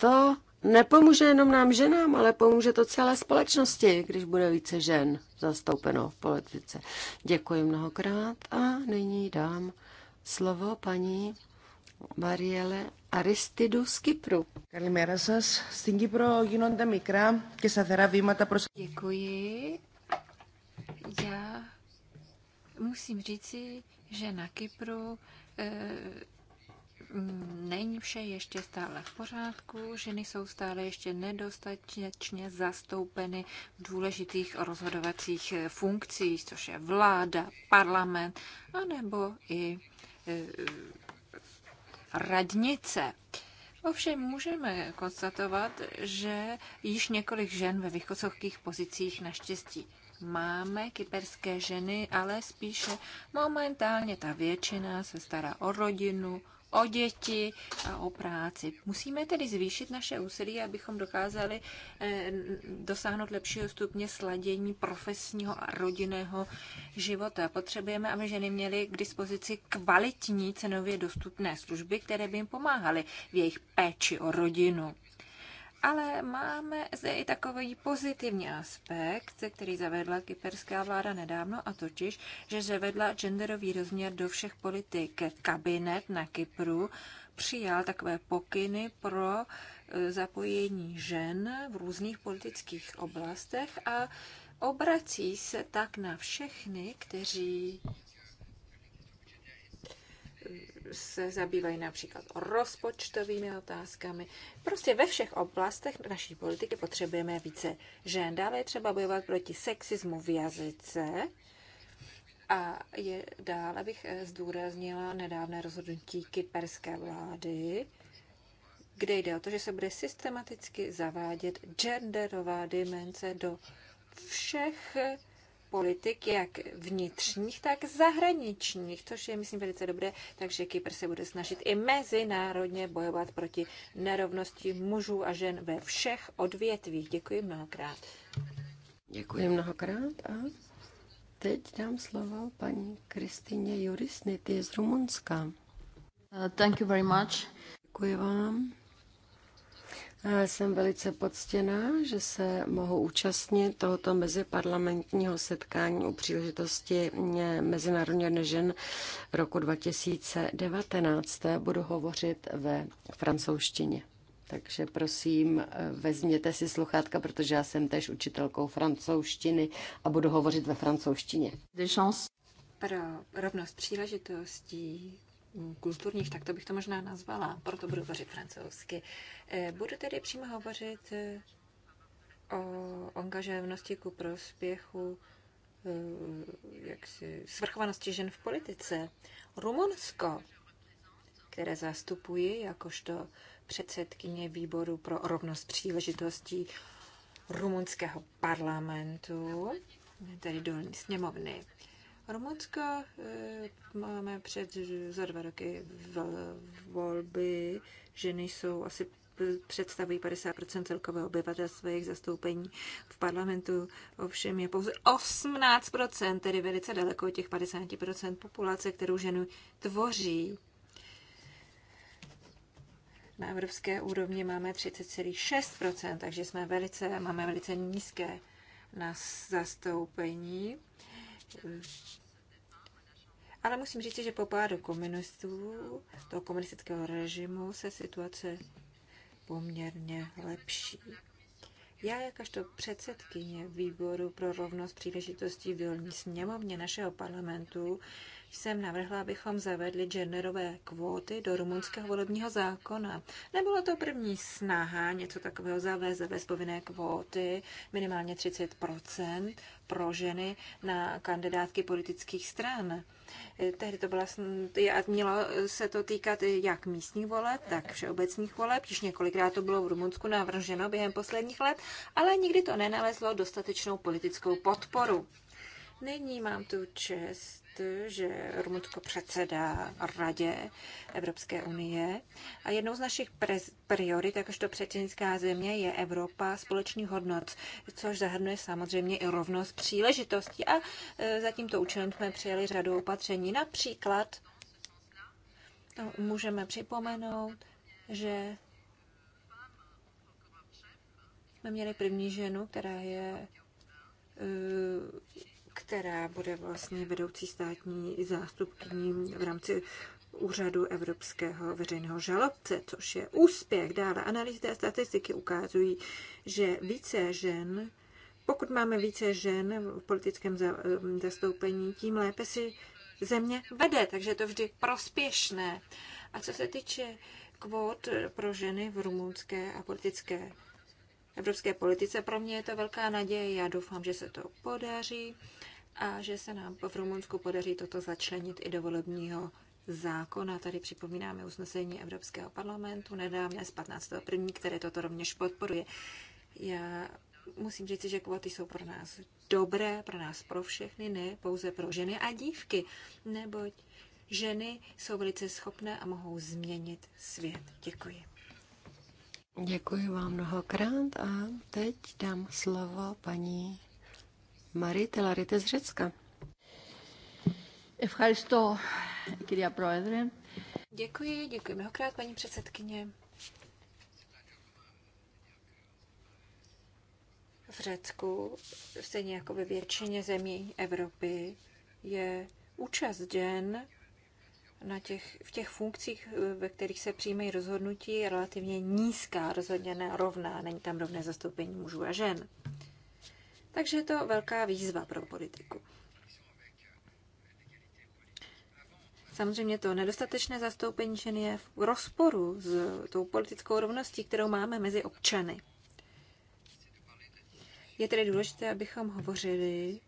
to nepomůže jenom nám ženám, ale pomůže to celé společnosti, když bude více žen zastoupeno v politice. Děkuji mnohokrát a nyní dám slovo paní Mariele Aristidu z Καλημέρα σας. Στην Κύπρο γίνονται μικρά και σταθερά βήματα προς... Děkuji. Já musím říci, že na Kypru e, není vše ještě stále v pořádku, ženy jsou stále ještě nedostatečně zastoupeny v důležitých rozhodovacích eh, funkcích, což je vláda, parlament, anebo i e, radnice. Ovšem můžeme konstatovat, že již několik žen ve vysokých pozicích naštěstí máme kyperské ženy, ale spíše momentálně ta většina se stará o rodinu, o děti a o práci. Musíme tedy zvýšit naše úsilí, abychom dokázali eh, dosáhnout lepšího stupně sladění profesního a rodinného života. Potřebujeme, aby ženy měly k dispozici kvalitní cenově dostupné služby, které by jim pomáhaly v jejich péči o rodinu. Ale máme zde i takový pozitivní aspekt, který zavedla kyperská vláda nedávno, a totiž, že zavedla genderový rozměr do všech politik. Kabinet na Kypru přijal takové pokyny pro e, zapojení žen v různých politických oblastech a obrací se tak na všechny, kteří se zabývají například rozpočtovými otázkami. Prostě ve všech oblastech naší politiky potřebujeme více žen. Dále je třeba bojovat proti sexismu v jazyce. A je, dále bych eh, zdůraznila nedávné rozhodnutí kyperské vlády, kde jde o to, že se bude systematicky zavádět genderová dimenze do všech politik, jak vnitřních, tak zahraničních, což je, myslím, velice dobré, takže Kypr se bude snažit i mezinárodně bojovat proti nerovnosti mužů a žen ve všech odvětvích. Děkuji mnohokrát. Děkuji mnohokrát a teď dám slovo paní Kristině Jurisnity z Rumunska. Uh, thank you very much. Děkuji vám. Já jsem velice poctěná, že se mohu účastnit tohoto meziparlamentního setkání u příležitosti Mezinárodního dne žen roku 2019. Budu hovořit ve francouzštině. Takže prosím, vezměte si sluchátka, protože já jsem tež učitelkou francouzštiny a budu hovořit ve francouzštině. Pro rovnost příležitostí kulturních, tak to bych to možná nazvala, proto budu hovořit francouzsky. Eh, budu tedy přímo hovořit eh, o angažovnosti ku prospěchu eh, jaksi, svrchovanosti žen v politice. Rumunsko, které zastupuji jakožto předsedkyně výboru pro rovnost příležitostí rumunského parlamentu, tedy dolní sněmovny. Rumunsko eh, máme před za dva roky volby, ženy jsou asi eh, představují 50% celkového obyvatelstva, jejich zastoupení v parlamentu ovšem je pouze 18%, tedy velice daleko od těch 50% populace, kterou ženy tvoří. Na evropské úrovni máme 30,6%, takže jsme velice, máme velice nízké na zastoupení. Ale musím říct, že po pádu komunistů, toho komunistického režimu, se situace poměrně lepší. Já jakožto předsedkyně výboru pro rovnost příležitostí v dolní sněmovně našeho parlamentu jsem navrhla, abychom zavedli genderové kvóty do rumunského volebního zákona. Nebyla to první snaha něco takového zavést, zavést povinné kvóty, minimálně 30 pro ženy na kandidátky politických stran. Tehdy to byla, mělo se to týkat jak místních voleb, tak všeobecných voleb. Již několikrát to bylo v Rumunsku navrženo během posledních let, ale nikdy to nenalezlo dostatečnou politickou podporu. Nyní mám tu čest že Rumunsko předsedá Radě Evropské unie a jednou z našich priorit, jakožto předsednická země, je Evropa společných hodnot, což zahrnuje samozřejmě i rovnost příležitostí a e, za tímto účelem jsme přijali řadu opatření. Například no, můžeme připomenout, že jsme měli první ženu, která je e, která bude vlastně vedoucí státní zástupkyní v rámci úřadu Evropského veřejného žalobce, což je úspěch. Dále analýzy a statistiky ukazují, že více žen, pokud máme více žen v politickém zastoupení, tím lépe si země vede, takže je to vždy prospěšné. A co se týče kvót pro ženy v rumunské a politické evropské politice. Pro mě je to velká naděje, já doufám, že se to podaří a že se nám v Rumunsku podaří toto začlenit i do volebního zákona. Tady připomínáme usnesení Evropského parlamentu nedávné z první, které toto rovněž podporuje. Já musím říct, že kvóty jsou pro nás dobré, pro nás pro všechny, ne pouze pro ženy a dívky, neboť ženy jsou velice schopné a mohou změnit svět. Děkuji. Děkuji vám mnohokrát a teď dám slovo paní Marie Telarite z Řecka. Děkuji, děkuji mnohokrát, paní předsedkyně. V Řecku, stejně jako ve většině zemí Evropy, je účast žen na těch, v těch funkcích, eh, ve kterých se přijímají rozhodnutí, je relativně nízká, rozhodně nerovná, není tam rovné zastoupení mužů a žen. Takže je to velká výzva pro politiku. Samozřejmě to nedostatečné zastoupení žen je v rozporu s tou politickou rovností, kterou máme mezi občany. Je tedy důležité, abychom hovořili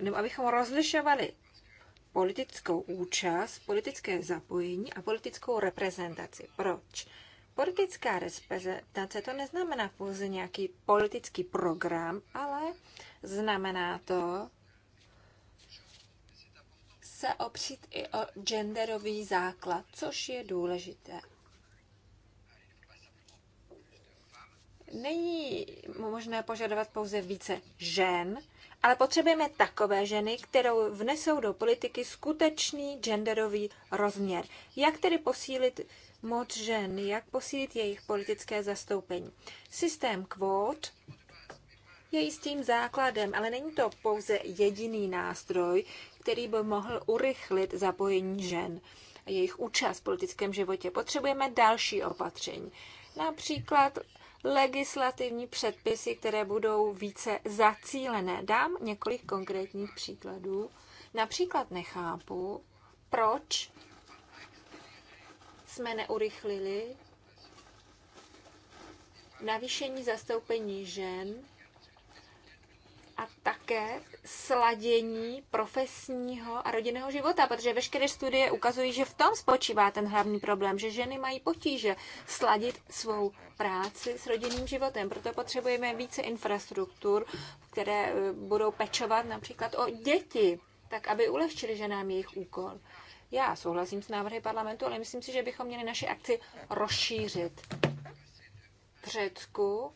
nebo abychom rozlišovali politickou účast, politické zapojení a politickou reprezentaci. Proč? Politická reprezentace to neznamená pouze nějaký politický program, ale znamená to se opřít i o genderový základ, což je důležité. Není možné požadovat pouze více žen, ale potřebujeme takové ženy, kterou vnesou do politiky skutečný genderový rozměr. Jak tedy posílit moc žen, jak posílit jejich politické zastoupení? Systém kvót je jistým základem, ale není to pouze jediný nástroj, který by mohl urychlit zapojení žen a jejich účast v politickém životě. Potřebujeme další opatření. Například legislativní předpisy, které budou více zacílené. Dám několik konkrétních příkladů. Například nechápu, proč jsme neurychlili navýšení zastoupení žen a také sladění profesního a rodinného života, protože veškeré studie ukazují, že v tom spočívá ten hlavní problém, že ženy mají potíže sladit svou práci s rodinným životem. Proto potřebujeme více infrastruktur, které eh, budou pečovat například o děti, tak aby ulehčili ženám jejich úkol. Já souhlasím s návrhy parlamentu, ale myslím si, že bychom měli naši akci rozšířit. V Řecku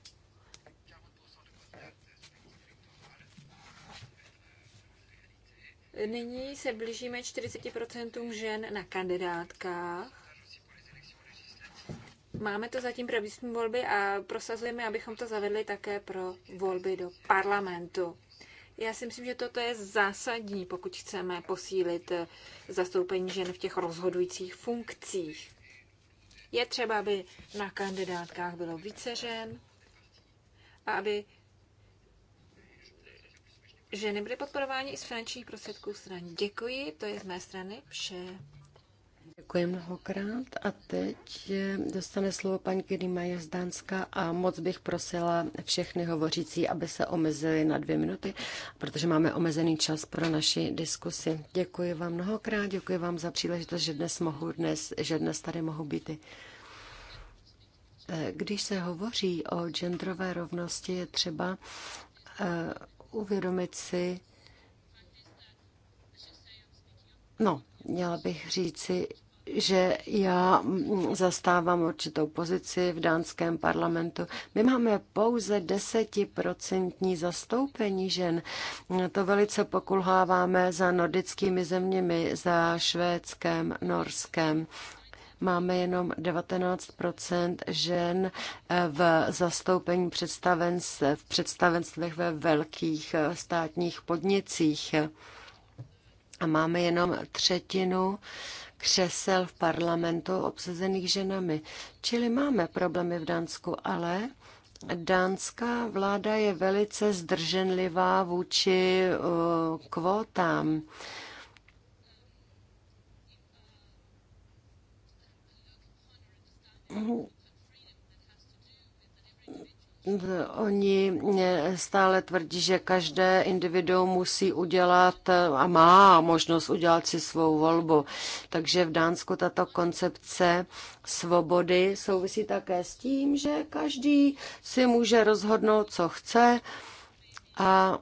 Nyní se blížíme 40% žen na kandidátkách. Máme to zatím pro místní volby a prosazujeme, abychom to zavedli také pro volby do parlamentu. Já si myslím, že toto je zásadní, pokud chceme posílit eh, zastoupení žen v těch rozhodujících funkcích. Je třeba, aby na kandidátkách bylo více žen a aby že nebude podporování i z finančních prostředků stran. Děkuji, to je z mé strany vše. Děkuji mnohokrát a teď eh, dostane slovo paní Kirimaje z Dánska a moc bych prosila všechny hovořící, aby se omezili na dvě minuty, protože máme omezený čas pro naši diskusi. Děkuji vám mnohokrát, děkuji vám za příležitost, že dnes, mohu, dnes, že dnes tady mohu být. Eh, když se hovoří o genderové rovnosti, je třeba eh, uvědomit si, no, měla bych říci, že já zastávám určitou pozici v dánském parlamentu. My máme pouze desetiprocentní zastoupení žen. To velice pokulháváme za nordickými zeměmi, za švédském, norském máme jenom 19 žen eh, v zastoupení v představenstvech ve velkých eh, státních podnicích. A máme jenom třetinu křesel v parlamentu obsazených ženami. Čili máme problémy v Dánsku, ale dánská vláda je velice zdrženlivá vůči eh, kvótám. Oni stále tvrdí, že každé individuum musí udělat a má možnost udělat si svou volbu. Takže v Dánsku tato koncepce svobody souvisí také s tím, že každý si může rozhodnout, co chce a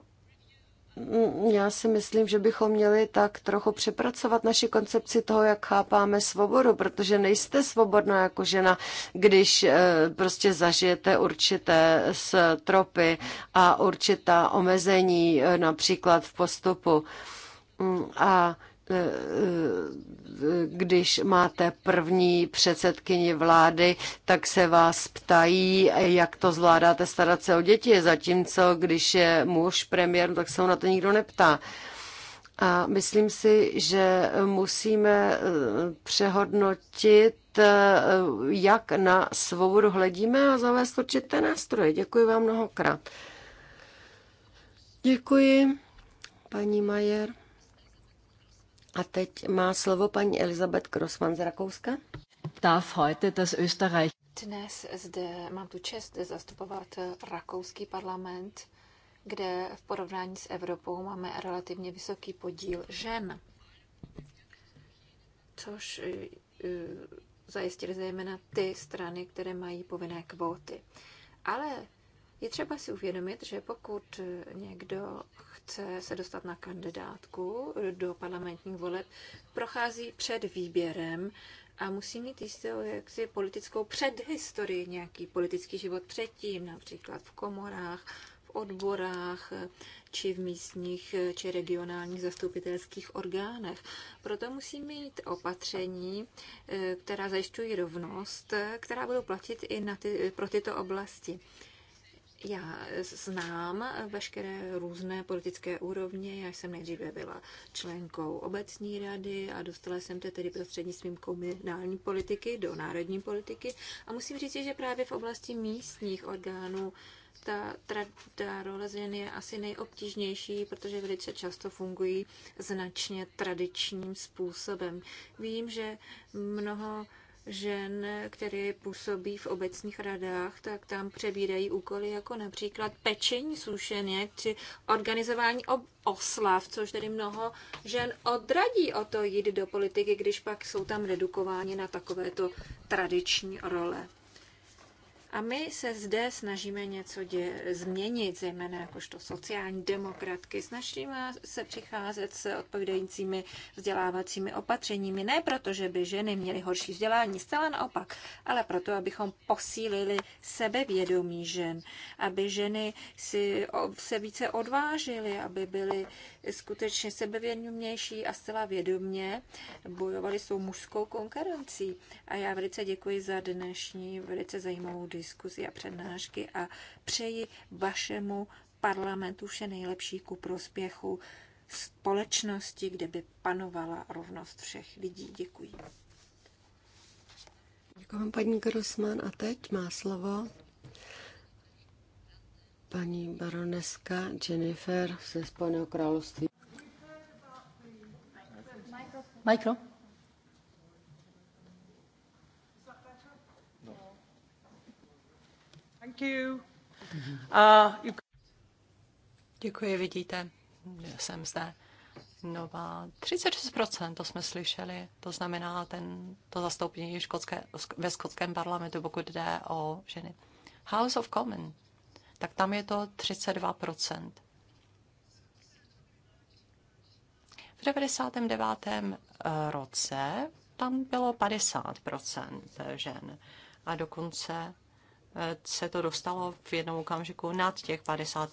Mm, já si myslím, že bychom měli tak trochu přepracovat naši koncepci toho, jak chápáme svobodu, protože nejste svobodná jako žena, když eh, prostě zažijete určité stropy a určitá omezení, eh, například v postupu. Mm, a Eh, eh, když máte první předsedkyni vlády, tak se vás ptají, jak to zvládáte starat se o děti, zatímco když je muž premiér, tak se ho na to nikdo neptá. A myslím si, že musíme eh, přehodnotit, jak na svobodu hledíme a zavést určité nástroje. Děkuji vám mnohokrát. Děkuji, paní Majer. A teď má slovo paní Elizabeth Grossman z Rakouska. Darf heute das Österreich. Dnes zde mám tu čest zastupovat rakouský parlament, kde v porovnání s Evropou máme relativně vysoký podíl žen. Což e, e, zajistili zejména ty strany, které mají povinné kvóty. Ale je třeba si uvědomit, že pokud někdo chce se dostat na kandidátku do parlamentních voleb, prochází před výběrem a musí mít jistou jaksi politickou předhistorii, nějaký politický život předtím, například v komorách, v odborách, či v místních či regionálních zastupitelských orgánech. Proto musí mít opatření, eh, která zajišťují rovnost, eh, která budou platit i na ty, pro tyto oblasti. Já znám veškeré různé politické úrovně. Já jsem nejdříve byla členkou obecní rady a dostala jsem to tedy prostřednictvím komunální politiky do národní politiky. A musím říct, že právě v oblasti místních orgánů ta, ta, ta role žen je asi nejobtížnější, protože velice často fungují značně tradičním způsobem. Vím, že mnoho žen, které působí v obecních radách, tak tam přebírají úkoly jako například pečení sušeně či organizování oslav, což tedy mnoho žen odradí o to jít do politiky, když pak jsou tam redukováni na takovéto tradiční role. A my se zde snažíme něco dě- změnit, zejména jakožto sociální demokratky. Snažíme se přicházet s odpovídajícími vzdělávacími opatřeními. Ne proto, že by ženy měly horší vzdělání, zcela naopak, ale proto, abychom posílili sebevědomí žen, aby ženy si se více odvážily, aby byly skutečně sebevědomější a zcela vědomě bojovaly s tou mužskou konkurencí. A já velice děkuji za dnešní velice zajímavou diskusi diskuzi a přednášky a přeji vašemu parlamentu vše nejlepší ku prospěchu společnosti, kde by panovala rovnost všech lidí. Děkuji. Děkuji, paní Grossman. A teď má slovo paní baroneska Jennifer ze Spojeného království. Mikro. Thank you. Uh, you... Děkuji, vidíte, jsem zde nová. 36% to jsme slyšeli, to znamená ten, to zastoupení škotské, ve skotském parlamentu, pokud jde o ženy. House of Commons, tak tam je to 32%. V 99. Eh, roce tam bylo 50% žen a dokonce se to dostalo v jednom okamžiku nad těch 50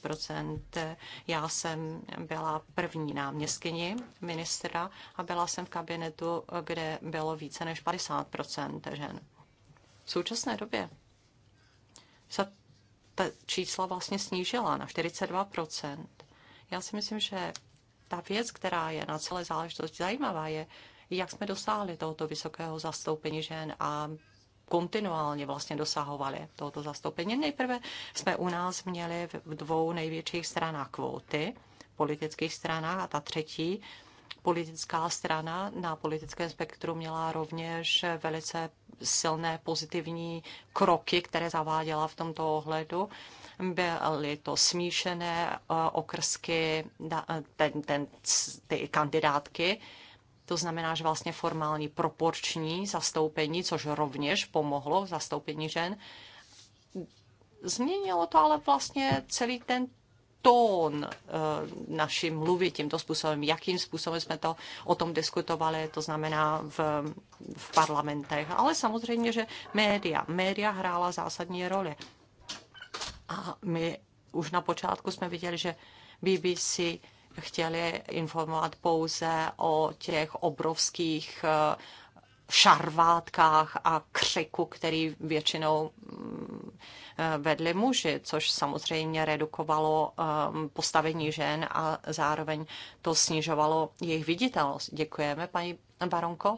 Já jsem byla první náměstkyni ministra a byla jsem v kabinetu, kde bylo více než 50 žen. V současné době se ta čísla vlastně snížila na 42 Já si myslím, že ta věc, která je na celé záležitosti zajímavá, je, jak jsme dosáhli tohoto vysokého zastoupení žen a kontinuálně vlastně dosahovali tohoto zastoupení. Nejprve jsme u nás měli v dvou největších stranách kvóty, politických stranách a ta třetí politická strana na politickém spektru měla rovněž velice silné pozitivní kroky, které zaváděla v tomto ohledu. Byly to smíšené eh, okrsky, eh, ten, ten, ty kandidátky to znamená, že vlastně formální proporční zastoupení, což rovněž pomohlo zastoupení žen, změnilo to ale vlastně celý ten tón eh, naší mluvy tímto způsobem, jakým způsobem jsme to o tom diskutovali, to znamená v, v parlamentech. Ale samozřejmě, že média, média hrála zásadní roli. A my už na počátku jsme viděli, že BBC chtěli informovat pouze o těch obrovských eh, šarvátkách a křiku, který většinou mm, eh, vedli muži, což samozřejmě redukovalo eh, postavení žen a zároveň to snižovalo jejich viditelnost. Děkujeme, paní Baronko.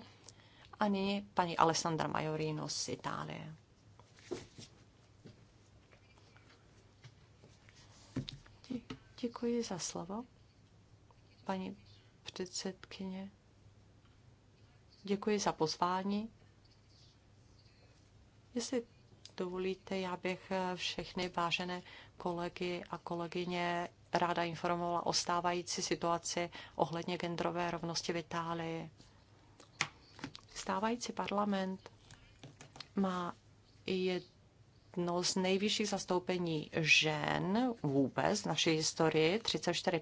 A nyní paní Alessandra Majorino z Itálie. Děkuji za slovo paní předsedkyně. Děkuji za pozvání. Jestli dovolíte, já bych eh, všechny vážené kolegy a kolegyně ráda informovala o stávající situaci ohledně genderové rovnosti v Itálii. Stávající parlament má jedno z nejvyšších zastoupení žen vůbec v naší historii, 34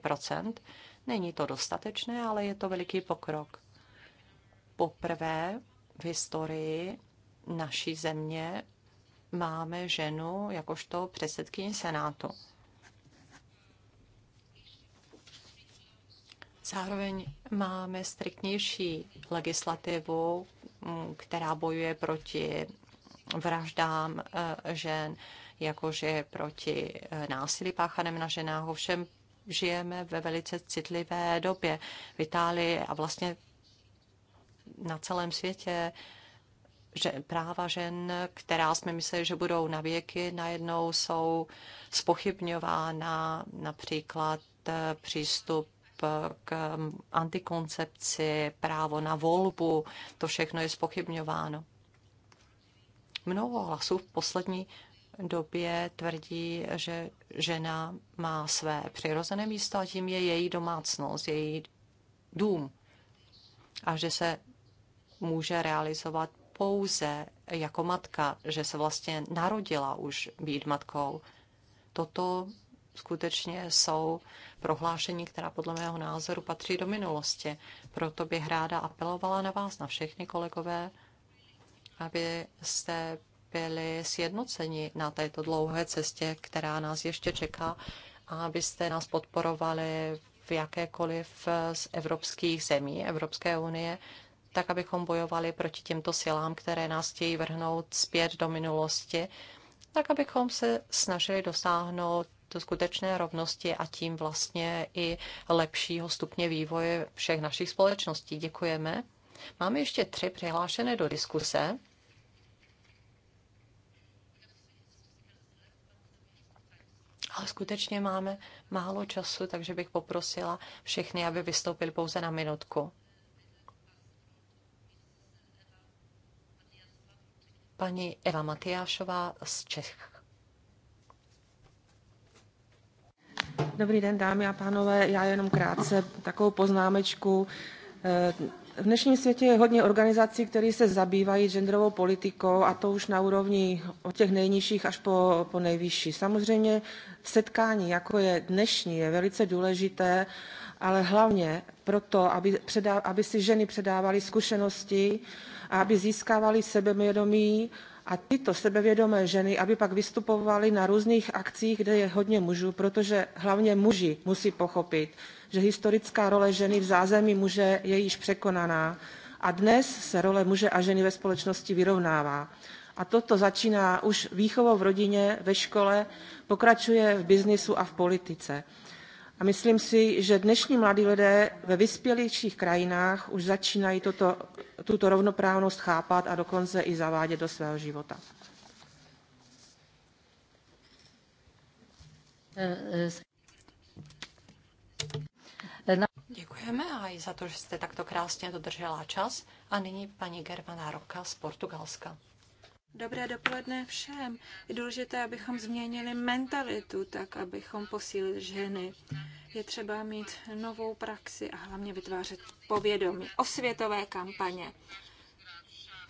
Není to dostatečné, ale je to veliký pokrok. Poprvé v historii naší země máme ženu jakožto předsedkyni Senátu. Zároveň máme striktnější legislativu, mm, která bojuje proti vraždám eh, žen, jakože proti eh, násilí páchaném na ženách. Ovšem žijeme ve velice citlivé době. V Itálii a vlastně na celém světě že práva žen, která jsme mysleli, že budou na věky, najednou jsou spochybňována například eh, přístup eh, k mm, antikoncepci, právo na volbu, to všechno je spochybňováno. Mnoho hlasů v poslední době tvrdí, že žena má své přirozené místo a tím je její domácnost, její dům. A že se může realizovat pouze jako matka, že se vlastně narodila už být matkou. Toto skutečně jsou prohlášení, která podle mého názoru patří do minulosti. Proto bych ráda apelovala na vás, na všechny kolegové, abyste byli sjednoceni na této dlouhé cestě, která nás ještě čeká, a abyste nás podporovali v jakékoliv z evropských zemí Evropské unie, tak abychom bojovali proti těmto silám, které nás chtějí vrhnout zpět do minulosti, tak abychom se snažili dosáhnout do skutečné rovnosti a tím vlastně i lepšího stupně vývoje všech našich společností. Děkujeme. Máme ještě tři přihlášené do diskuse. Ale skutečně máme málo času, takže bych poprosila všechny, aby vystoupili pouze na minutku. Paní Eva Matyášová z Čech. Dobrý den, dámy a pánové. Já jenom krátce takovou poznámečku eh, v dnešním světě je hodně organizací, které se zabývají genderovou politikou a to už na úrovni od těch nejnižších až po, po nejvyšší. Samozřejmě setkání, jako je dnešní, je velice důležité, ale hlavně proto, aby, předá, aby si ženy předávaly zkušenosti a aby získávaly sebevědomí a tyto sebevědomé ženy, aby pak vystupovaly na různých akcích, kde je hodně mužů, protože hlavně muži musí pochopit, že historická role ženy v zázemí muže je již překonaná a dnes se role muže a ženy ve společnosti vyrovnává. A toto začíná už výchovou v rodině, ve škole, pokračuje v biznisu a v politice. A myslím si, že dnešní mladí lidé ve vyspělějších krajinách už začínají toto, tuto rovnoprávnost chápat a dokonce i zavádět do svého života. Děkujeme a i za to, že jste takto krásně dodržela čas. A nyní paní Germana Roka z Portugalska. Dobré dopoledne všem. Je důležité, abychom změnili mentalitu tak, abychom posílili ženy. Je třeba mít novou praxi a hlavně vytvářet povědomí. Osvětové kampaně.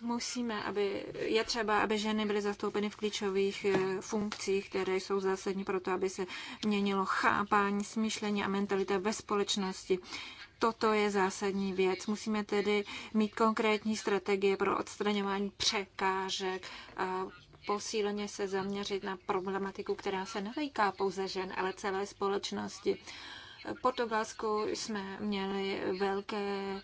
Musíme, aby, je třeba, aby ženy byly zastoupeny v klíčových eh, funkcích, které jsou zásadní pro to, aby se měnilo chápání, smýšlení a mentalita ve společnosti. Toto je zásadní věc. Musíme tedy mít konkrétní strategie pro odstraňování překážek a posíleně se zaměřit na problematiku, která se netýká pouze žen, ale celé společnosti. V Portugalsku jsme měli velké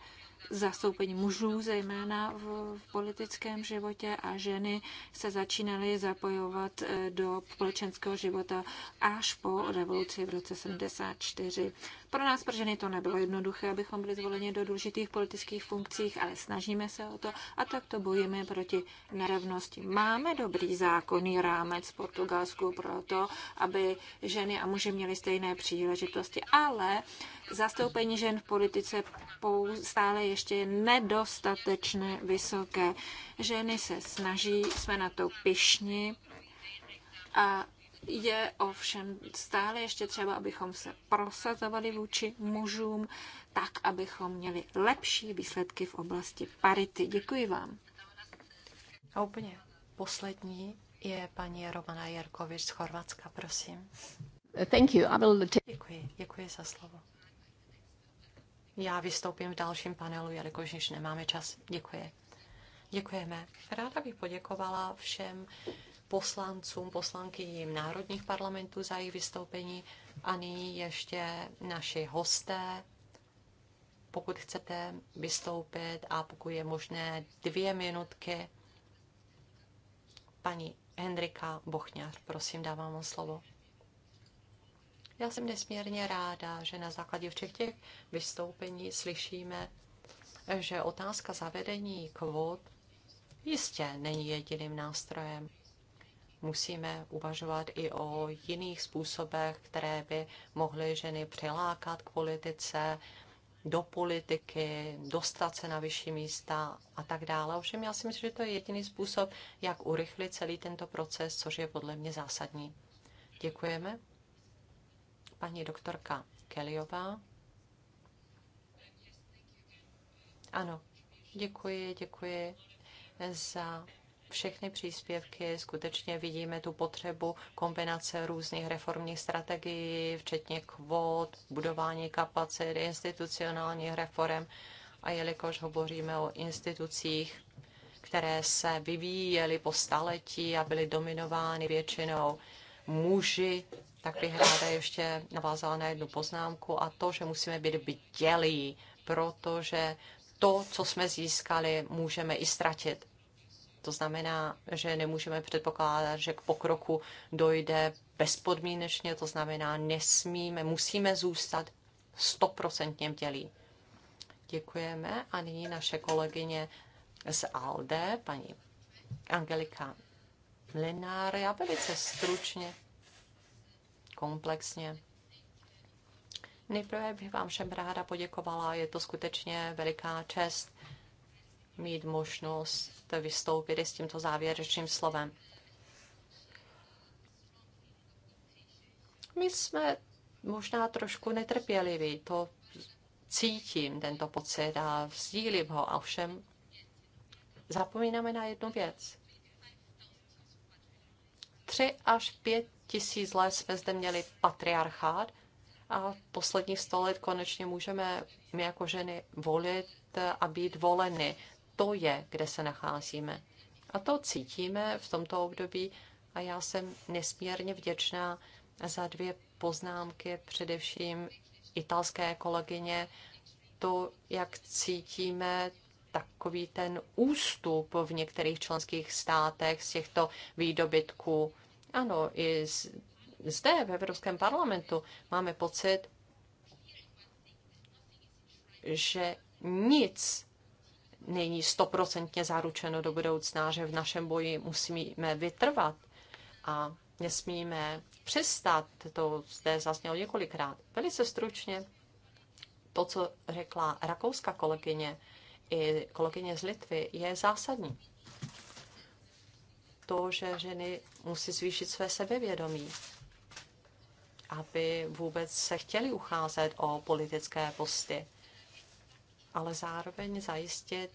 zastoupení mužů, zejména v, v politickém životě, a ženy se začínaly zapojovat eh, do společenského života až po revoluci v roce 74. Pro nás, pro ženy, to nebylo jednoduché, abychom byli zvoleni do důležitých politických funkcích, ale snažíme se o to a tak to bojíme proti nerovnosti. Máme dobrý zákonný rámec v Portugalsku pro to, aby ženy a muži měli stejné příležitosti, ale zastoupení žen v politice stále ještě je nedostatečné vysoké. Ženy se snaží, jsme na to pišni a je ovšem stále ještě třeba, abychom se prosazovali vůči mužům, tak, abychom měli lepší výsledky v oblasti parity. Děkuji vám. A úplně poslední je paní Romana Jarkovič z Chorvatska, prosím. Thank you. I will... Děkuji, děkuji za slovo. Já vystoupím v dalším panelu, jelikož již nemáme čas. Děkuji. Děkujeme. Ráda bych poděkovala všem poslancům, poslankyním národních parlamentů za jejich vystoupení a nyní ještě naši hosté. Pokud chcete vystoupit a pokud je možné dvě minutky, paní Hendrika Bochňář, prosím, dávám vám slovo. Já jsem nesmírně ráda, že na základě všech těch vystoupení slyšíme, že otázka zavedení kvót jistě není jediným nástrojem. Musíme uvažovat i o jiných způsobech, které by mohly ženy přilákat k politice, do politiky, dostat se na vyšší místa a tak dále. Ovšem já si myslím, že to je jediný způsob, jak urychlit celý tento proces, což je podle mě zásadní. Děkujeme paní doktorka Kellyová. Ano, děkuji, děkuji za všechny příspěvky. Skutečně vidíme tu potřebu kombinace různých reformních strategií, včetně kvót, budování kapacit, institucionálních reform. A jelikož hovoříme o institucích, které se vyvíjely po staletí a byly dominovány většinou muži, tak bych ráda ještě navázala na jednu poznámku a to, že musíme být bdělí, protože to, co jsme získali, můžeme i ztratit. To znamená, že nemůžeme předpokládat, že k pokroku dojde bezpodmínečně, to znamená, nesmíme, musíme zůstat stoprocentně bdělí. Děkujeme a nyní naše kolegyně z ALDE, paní Angelika Linár. Já velice stručně komplexně. Nejprve bych vám všem ráda poděkovala. Je to skutečně veliká čest mít možnost vystoupit s tímto závěrečným slovem. My jsme možná trošku netrpěliví, to cítím, tento pocit a sdílím ho, a všem zapomínáme na jednu věc. Tři až pět tisíc let jsme zde měli patriarchát a posledních sto let konečně můžeme my jako ženy volit a být voleny. To je, kde se nacházíme. A to cítíme v tomto období a já jsem nesmírně vděčná za dvě poznámky, především italské kolegyně, to, jak cítíme takový ten ústup v některých členských státech z těchto výdobytků ano, i zde v Evropském parlamentu máme pocit, že nic není stoprocentně zaručeno do budoucna, že v našem boji musíme vytrvat a nesmíme přestat, to zde zaznělo několikrát. Velice stručně to, co řekla rakouská kolegyně i kolegyně z Litvy, je zásadní to, že ženy musí zvýšit své sebevědomí, aby vůbec se chtěli ucházet o politické posty, ale zároveň zajistit,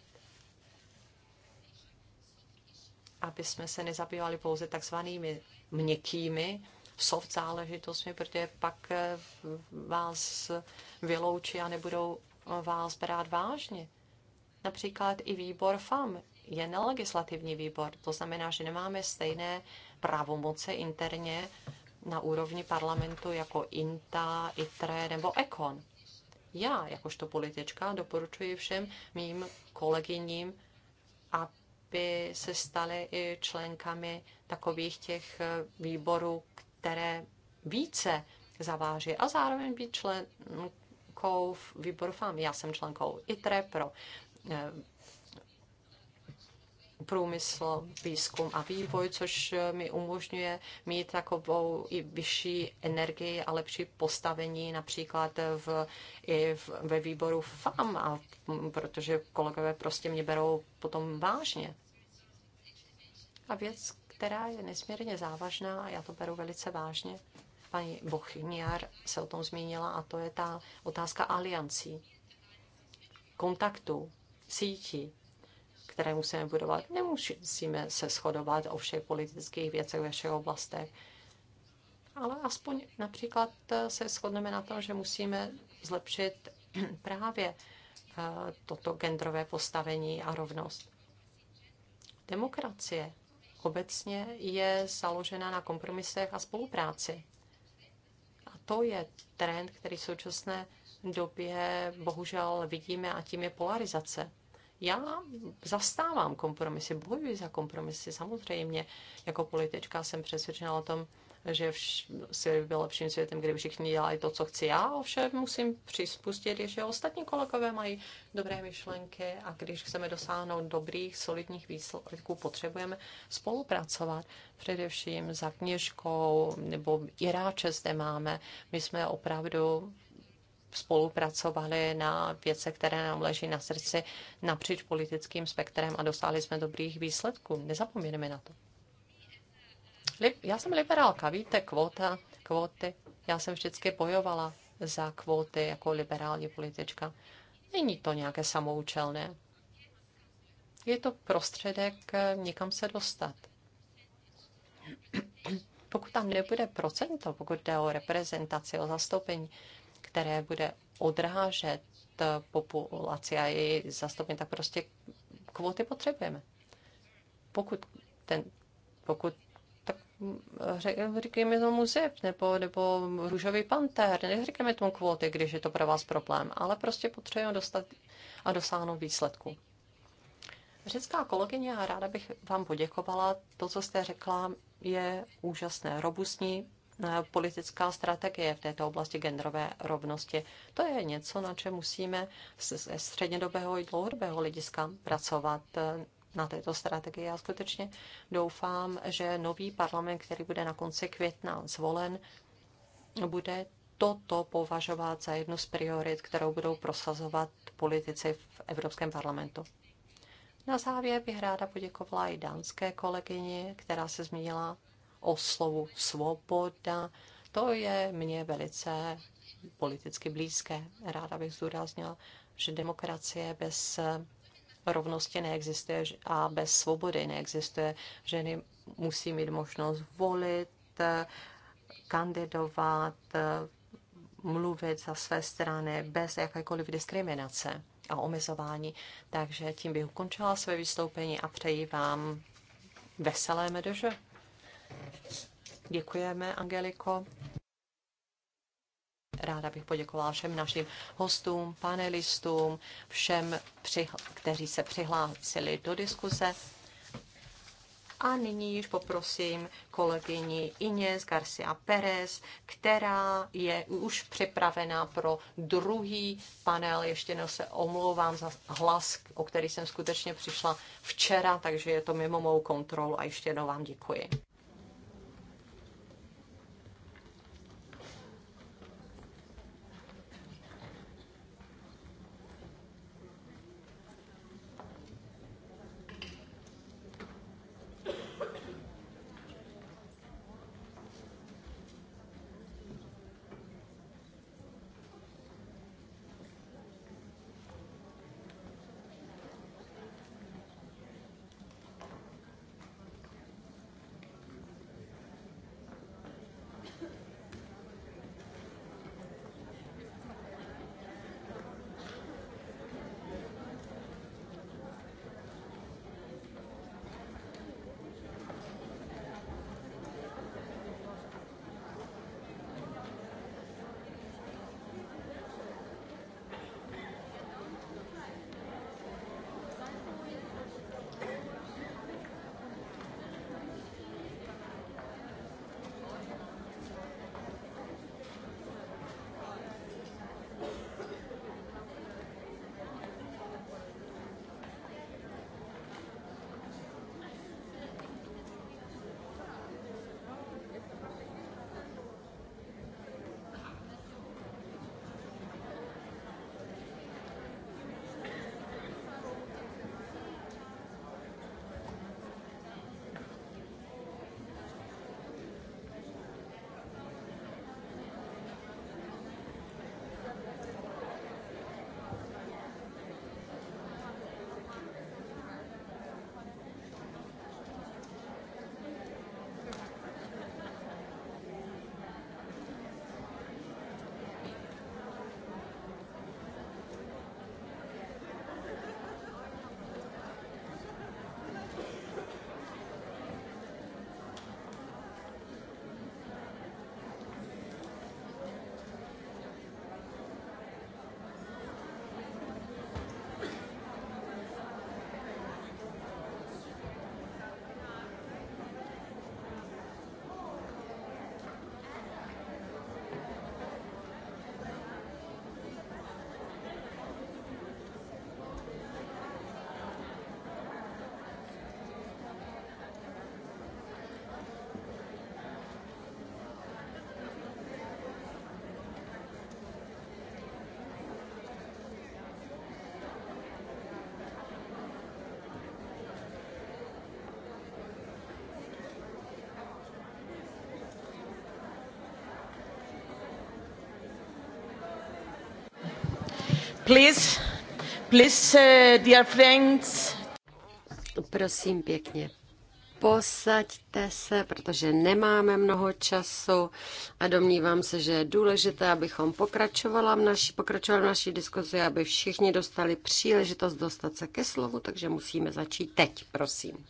aby jsme se nezabývali pouze takzvanými měkkými soft záležitostmi, protože pak eh, vás vyloučí a nebudou eh, vás brát vážně. Například i výbor FAM je nelegislativní výbor. To znamená, že nemáme stejné pravomoce interně na úrovni parlamentu jako INTA, ITRE nebo ECON. Já, jakožto politička, doporučuji všem mým kolegyním, aby se staly i členkami takových těch eh, výborů, které více zaváží a zároveň být členkou výboru FAM. Já jsem členkou ITRE pro eh, průmysl, výzkum a vývoj, což eh, mi umožňuje mít takovou i vyšší energii a lepší postavení například v, i v, ve výboru FAM, a, mm, protože kolegové prostě mě berou potom vážně. A věc, která je nesmírně závažná, já to beru velice vážně, paní Bochniar se o tom zmínila, a to je ta otázka aliancí, kontaktů, sítí, které musíme budovat. Nemusíme se shodovat o všech politických věcech ve všech oblastech, ale aspoň například se shodneme na tom, že musíme zlepšit právě eh, toto genderové postavení a rovnost. Demokracie obecně je založena na kompromisech a spolupráci. A to je trend, který v současné době bohužel vidíme a tím je polarizace. Já zastávám kompromisy, bojuji za kompromisy, samozřejmě. Jako politička jsem přesvědčena o tom, že si byl lepším světem, kde všichni dělají to, co chci já, ovšem musím přispustit, že ostatní kolegové mají dobré myšlenky a když chceme dosáhnout dobrých, solidních výsledků, potřebujeme spolupracovat. Především za kněžkou nebo i ráče zde máme. My jsme opravdu spolupracovali na věce, které nám leží na srdci napříč politickým spektrem a dosáhli jsme dobrých výsledků. Nezapomeneme na to. Já jsem liberálka, víte, kvota, kvóty. Já jsem vždycky bojovala za kvóty jako liberální politička. Není to nějaké samoučelné. Je to prostředek eh, někam se dostat. Pokud tam nebude procento, pokud jde o reprezentaci, o zastoupení, které bude odrážet populaci a její zastoupení, tak prostě kvóty potřebujeme. Pokud ten, pokud tak eh, říkáme tomu zip nebo, nebo růžový panter, neříkáme tomu kvóty, když je to pro vás problém, ale prostě potřebujeme dostat a dosáhnout výsledku. Řecká kolegyně, a ráda bych vám poděkovala. To, co jste řekla, je úžasné, robustní Eh, politická strategie v této oblasti genderové rovnosti. To je něco, na čem musíme ze střednědobého i dlouhodobého hlediska pracovat eh, na této strategii. Já skutečně doufám, že nový parlament, který bude na konci května zvolen, bude toto považovat za jednu z priorit, kterou budou prosazovat politici v Evropském parlamentu. Na závěr bych ráda poděkovala i dánské kolegyni, která se zmínila o slovu svoboda. To je mně velice politicky blízké. Ráda bych zdůraznila, že demokracie bez rovnosti neexistuje a bez svobody neexistuje. Ženy musí mít možnost volit, kandidovat, mluvit za své strany bez jakékoliv diskriminace a omezování. Takže tím bych ukončila své vystoupení a přeji vám veselé medože. Děkujeme, Angeliko. Ráda bych poděkovala všem našim hostům, panelistům, všem, kteří se přihlásili do diskuse. A nyní již poprosím kolegyni Inés Garcia Pérez, která je už připravená pro druhý panel. Ještě jednou se omlouvám za hlas, o který jsem skutečně přišla včera, takže je to mimo mou kontrolu a ještě jednou vám děkuji. Uh, prosím pěkně, posaďte se, protože nemáme mnoho času a domnívám se, že je důležité, abychom pokračovala v naší, pokračovali v naší diskuzi, aby všichni dostali příležitost dostat se ke slovu, takže musíme začít teď, prosím.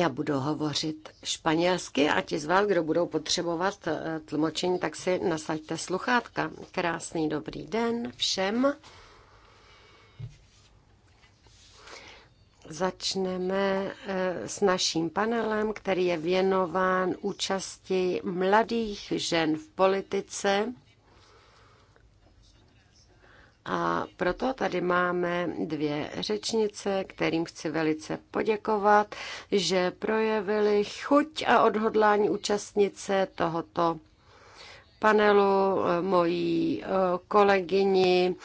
Já budu hovořit španělsky a ti z vás, kdo budou potřebovat eh, tlmočení, tak si nasaďte sluchátka. Krásný dobrý den všem. Začneme eh, s naším panelem, který je věnován účasti mladých žen v politice a proto tady máme dvě řečnice, kterým chci velice poděkovat, že projevili chuť a odhodlání účastnice tohoto panelu eh, mojí eh, kolegyni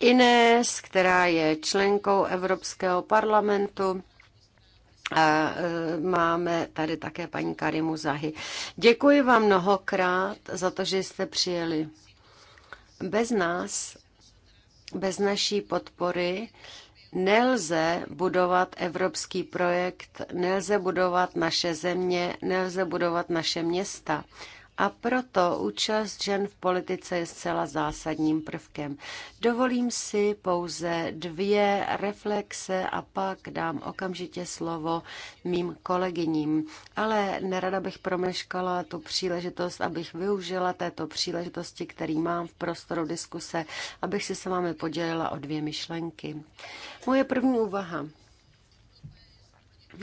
Inés, která je členkou Evropského parlamentu. A eh, máme tady také paní Karimu Zahy. Děkuji vám mnohokrát za to, že jste přijeli. Bez nás bez naší podpory nelze budovat evropský projekt, nelze budovat naše země, nelze budovat naše města a proto účast žen v politice je zcela zásadním prvkem. Dovolím si pouze dvě reflexe a pak dám okamžitě slovo mým kolegyním. Ale nerada bych promeškala tu příležitost, abych využila této příležitosti, který mám v prostoru diskuse, abych si s vámi podělila o dvě myšlenky. Moje první úvaha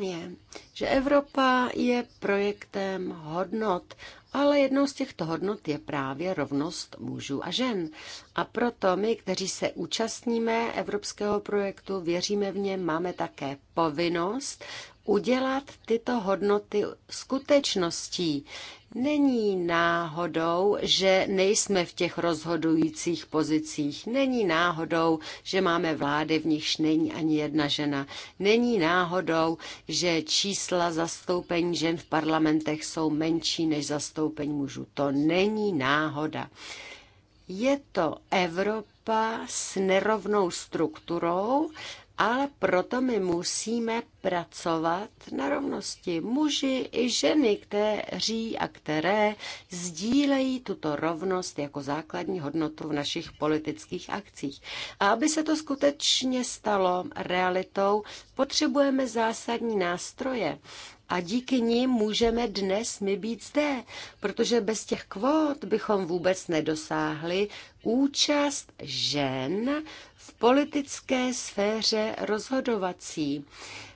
je, že Evropa je projektem hodnot ale jednou z těchto hodnot je právě rovnost mužů a žen. A proto my, kteří se účastníme evropského projektu, věříme v ně, máme také povinnost udělat tyto hodnoty skutečností. Není náhodou, že nejsme v těch rozhodujících pozicích. Není náhodou, že máme vlády, v nichž není ani jedna žena. Není náhodou, že čísla zastoupení žen v parlamentech jsou menší než zastoupení mužů. To není náhoda. Je to Evropa s nerovnou strukturou ale proto my musíme pracovat na rovnosti. Muži i ženy, kteří a které sdílejí tuto rovnost jako základní hodnotu v našich politických akcích. A aby se to skutečně stalo realitou, potřebujeme zásadní nástroje, a díky nim můžeme dnes my být zde, protože bez těch kvót bychom vůbec nedosáhli účast žen v politické sféře rozhodovací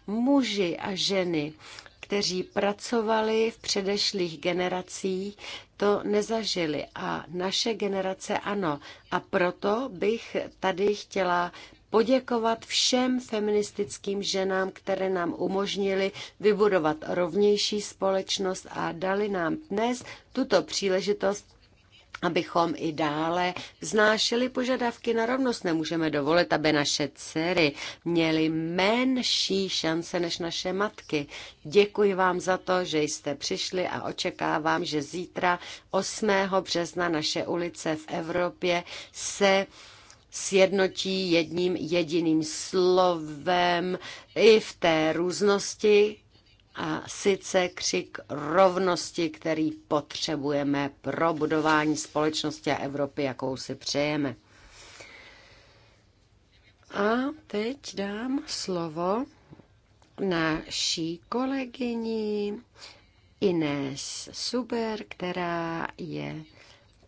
muži a ženy, kteří pracovali v předešlých generacích, to nezažili a naše generace ano. A proto bych tady chtěla poděkovat všem feministickým ženám, které nám umožnili vybudovat rovnější společnost a dali nám dnes tuto příležitost abychom i dále vznášeli požadavky na rovnost. Nemůžeme dovolit, aby naše dcery měly menší šance než naše matky. Děkuji vám za to, že jste přišli a očekávám, že zítra 8. března naše ulice v Evropě se sjednotí jedním jediným slovem i v té různosti, a sice křik rovnosti, který potřebujeme pro budování společnosti a Evropy, jakou si přejeme. A teď dám slovo naší kolegyni Inés Suber, která je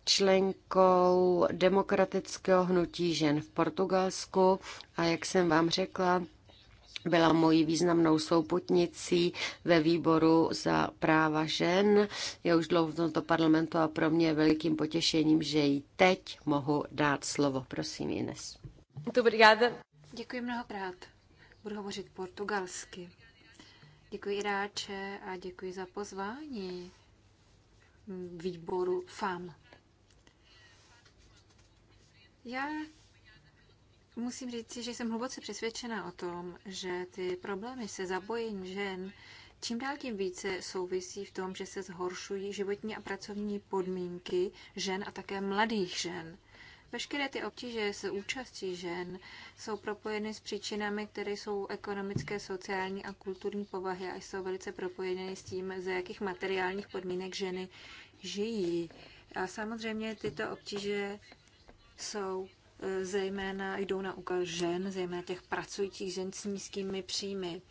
členkou demokratického hnutí žen v Portugalsku a jak jsem vám řekla, byla mojí významnou souputnicí ve výboru za práva žen. Je už dlouho v tomto parlamentu a pro mě je velikým potěšením, že jí teď mohu dát slovo. Prosím, Ines. Děkuji mnohokrát. Budu hovořit portugalsky. Děkuji Iráče a děkuji za pozvání výboru FAM. Já musím říct, že jsem hluboce přesvědčena o tom, že ty problémy se zabojením žen čím dál tím více souvisí v tom, že se zhoršují životní a pracovní podmínky žen a také mladých žen. Veškeré ty obtíže s účastí žen jsou propojeny s příčinami, které jsou ekonomické, sociální a kulturní povahy a jsou velice propojeny s tím, ze jakých materiálních podmínek ženy žijí. A samozřejmě tyto obtíže jsou Eh, zejména jdou na úkol žen, zejména těch pracujících žen s nízkými příjmy.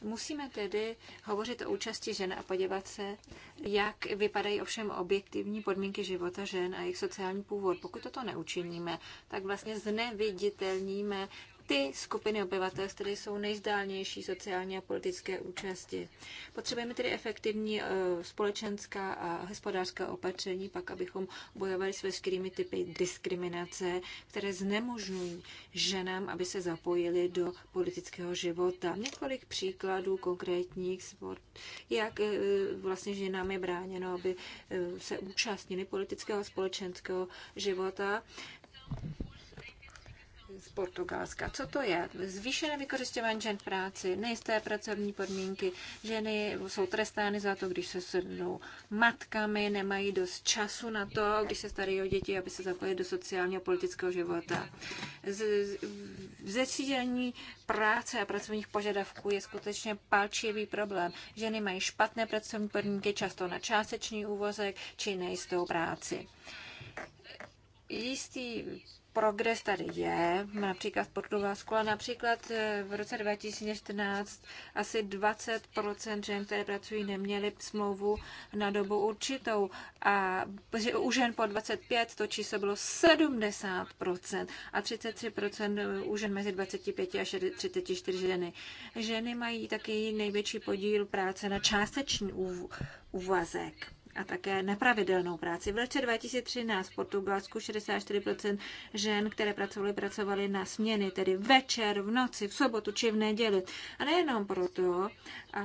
Musíme tedy hovořit o účasti žen a podívat se, jak vypadají ovšem objektivní podmínky života žen a jejich sociální původ. Pokud toto neučiníme, tak vlastně zneviditelníme ty skupiny obyvatel, které jsou nejzdálnější sociální a politické účasti. Potřebujeme tedy efektivní eh, společenská a hospodářská opatření, pak abychom bojovali s veškerými typy diskriminace, které znemožňují ženám, aby se zapojili do politického života. Několik příkladů konkrétních, jak eh, vlastně ženám je bráněno, aby eh, se účastnili politického a společenského života z Portugalska. Co to je? Zvýšené vykořišťování žen v práci, nejisté pracovní podmínky, ženy jsou trestány za to, když se sednou matkami, nemají dost času na to, když se starají o děti, aby se zapojili do sociálního a politického života. Zesílení práce a pracovních požadavků je skutečně palčivý problém. Ženy mají špatné pracovní podmínky, často na částečný úvozek či nejistou práci jistý progres tady je, například v Portugalsku, ale například eh, v roce 2014 asi 20% žen, které pracují, neměly smlouvu na dobu určitou a u žen po 25 to číslo bylo 70% a 33% eh, u žen mezi 25 a 34 ženy. Ženy mají taky největší podíl práce na částečný úvazek a také nepravidelnou práci. V roce 2013 v Portugalsku 64% žen, které pracovaly, pracovaly na směny, tedy večer, v noci, v sobotu či v neděli. A nejenom proto, a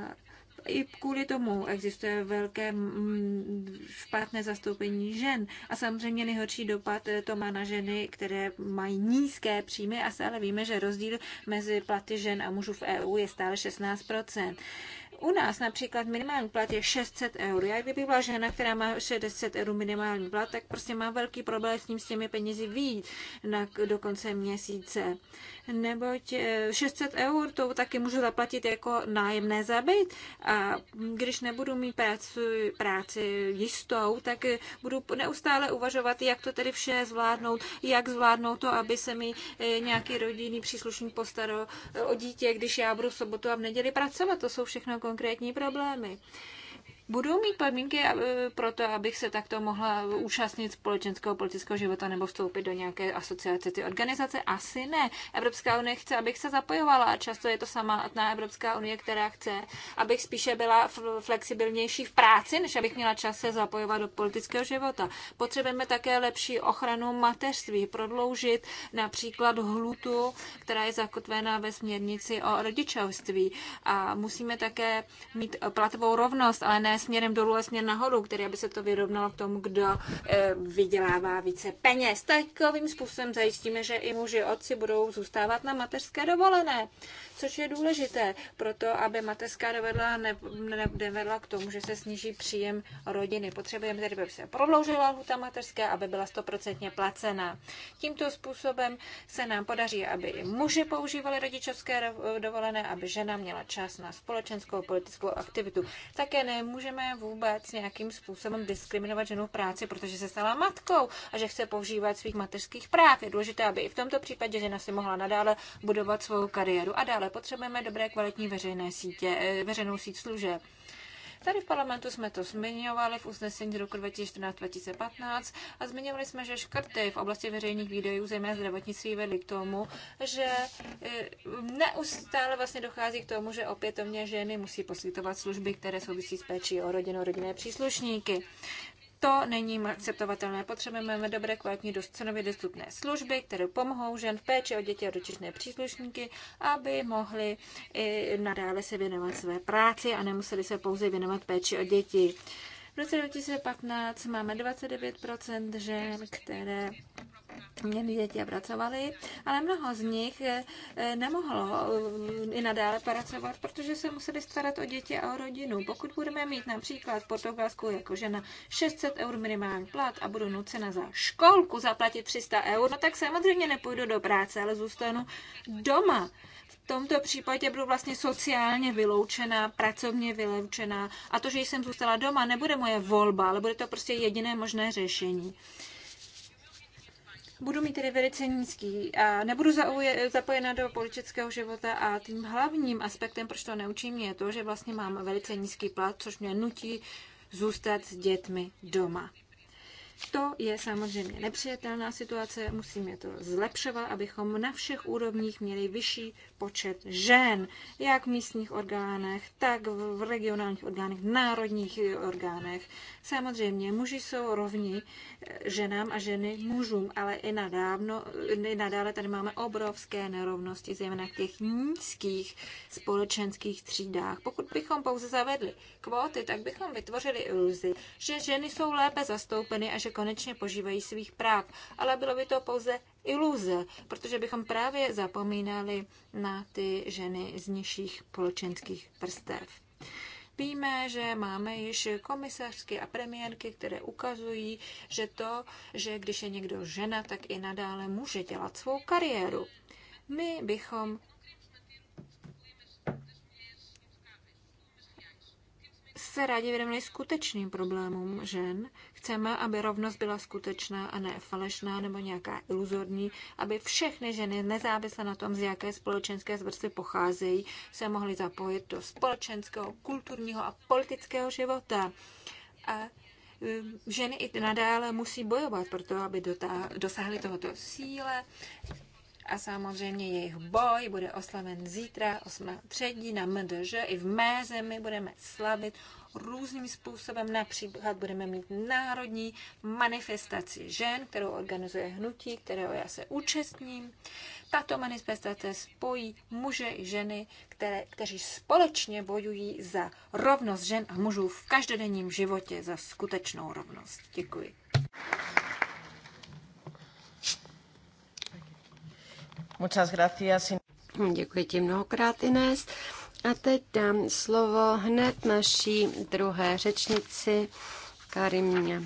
i kvůli tomu existuje velké mm, špatné zastoupení žen. A samozřejmě nejhorší dopad eh, to má na ženy, které mají nízké příjmy a stále víme, že rozdíl mezi platy žen a mužů v EU je stále 16 u nás například minimální plat je 600 eur. Já kdyby byla žena, která má 60 eur minimální plat, tak prostě má velký problém s tím, s těmi penězi výjít na, do konce měsíce. Neboť 600 e, eur to taky můžu zaplatit jako nájemné za byt. A když nebudu mít práci, práci jistou, tak e, budu neustále uvažovat, jak to tedy vše zvládnout, jak zvládnout to, aby se mi e, nějaký rodinný příslušník postaral o dítě, když já budu v sobotu a v neděli pracovat. To jsou všechno jako konkrétní problémy budou mít podmínky eh, pro to, abych se takto mohla účastnit společenského politického života nebo vstoupit do nějaké asociace ty organizace? Asi ne. Evropská unie chce, abych se zapojovala a často je to samotná Evropská unie, která chce, abych spíše byla flexibilnější v práci, než abych měla čas se zapojovat do politického života. Potřebujeme také lepší ochranu mateřství, prodloužit například hlutu, která je zakotvená ve směrnici o rodičovství. A musíme také mít platovou rovnost, ale ne směrem dolů, ale směr nahoru, který aby se to vyrovnalo k tomu, kdo eh, vydělává více peněz. Takovým způsobem zajistíme, že i muži otci budou zůstávat na mateřské dovolené, což je důležité proto, aby mateřská dovedla ne, nevedla k tomu, že se sníží příjem rodiny. Potřebujeme tedy, aby se prodloužila lhuta mateřské, aby byla stoprocentně placená. Tímto způsobem se nám podaří, aby i muži používali rodičovské dovolené, aby žena měla čas na společenskou politickou aktivitu. Také nemůže nemůžeme vůbec nějakým způsobem diskriminovat ženu v práci, protože se stala matkou a že chce používat svých mateřských práv. Je důležité, aby i v tomto případě žena si mohla nadále budovat svou kariéru. A dále potřebujeme dobré kvalitní veřejné sítě, eh, veřejnou síť služeb Tady v parlamentu jsme to zmiňovali v usnesení roku 2014-2015 a zmiňovali jsme, že škrty v oblasti veřejných výdajů, zejména zdravotnictví, vedly k tomu, že e, neustále vlastně dochází k tomu, že opětovně ženy musí poskytovat služby, které souvisí s péčí o rodinu, rodinné příslušníky. To není akceptovatelné. Potřebujeme dobré, kvalitní, cenově dostupné služby, které pomohou žen v péči o děti a dočičné příslušníky, aby mohli i nadále se věnovat své práci a nemuseli se pouze věnovat péči o děti. V roce 2015 máme 29% žen, které měli děti a pracovali, ale mnoho z nich eh, nemohlo eh, i nadále pracovat, protože se museli starat o děti a o rodinu. Pokud budeme mít například v Portugalsku jako žena 600 eur minimální plat a budu nucena za školku zaplatit 300 eur, no tak samozřejmě nepůjdu do práce, ale zůstanu doma tomto případě budu vlastně sociálně vyloučená, pracovně vyloučená a to, že jsem zůstala doma, nebude moje volba, ale bude to prostě jediné možné řešení. Budu mít tedy velice nízký a nebudu zapojena do politického života a tím hlavním aspektem, proč to neučím, je to, že vlastně mám velice nízký plat, což mě nutí zůstat s dětmi doma. To je samozřejmě nepřijatelná situace, musíme to zlepšovat, abychom na všech úrovních měli vyšší počet žen, jak v místních orgánech, tak v regionálních orgánech, v národních orgánech. Samozřejmě muži jsou rovni eh, ženám a ženy mužům, ale i, nadávno, i nadále tady máme obrovské nerovnosti, zejména v těch nízkých společenských třídách. Pokud bychom pouze zavedli kvóty, tak bychom vytvořili iluzi, že ženy jsou lépe zastoupeny a že že konečně požívají svých práv. Ale bylo by to pouze iluze, protože bychom právě zapomínali na ty ženy z nižších poločenských vrstev. Víme, že máme již komisařky a premiérky, které ukazují, že to, že když je někdo žena, tak i nadále může dělat svou kariéru. My bychom se rádi věnovali skutečným problémům žen, chceme, aby rovnost byla skutečná a ne falešná nebo nějaká iluzorní, aby všechny ženy, nezávisle na tom, z jaké společenské zvrstvy pocházejí, se mohly zapojit do společenského, kulturního a politického života. A um, ženy i nadále musí bojovat pro to, aby dosáhly tohoto síle, a samozřejmě jejich boj bude oslaven zítra 8. 3. na MDŽ. I v mé zemi budeme slavit různým způsobem. Například budeme mít národní manifestaci žen, kterou organizuje hnutí, kterého já se účastním. Tato manifestace spojí muže i ženy, které, kteří společně bojují za rovnost žen a mužů v každodenním životě, za skutečnou rovnost. Děkuji. Muchas gracias. Děkuji ti mnohokrát, Inés. A teď dám slovo hned naší druhé řečnici Karimě,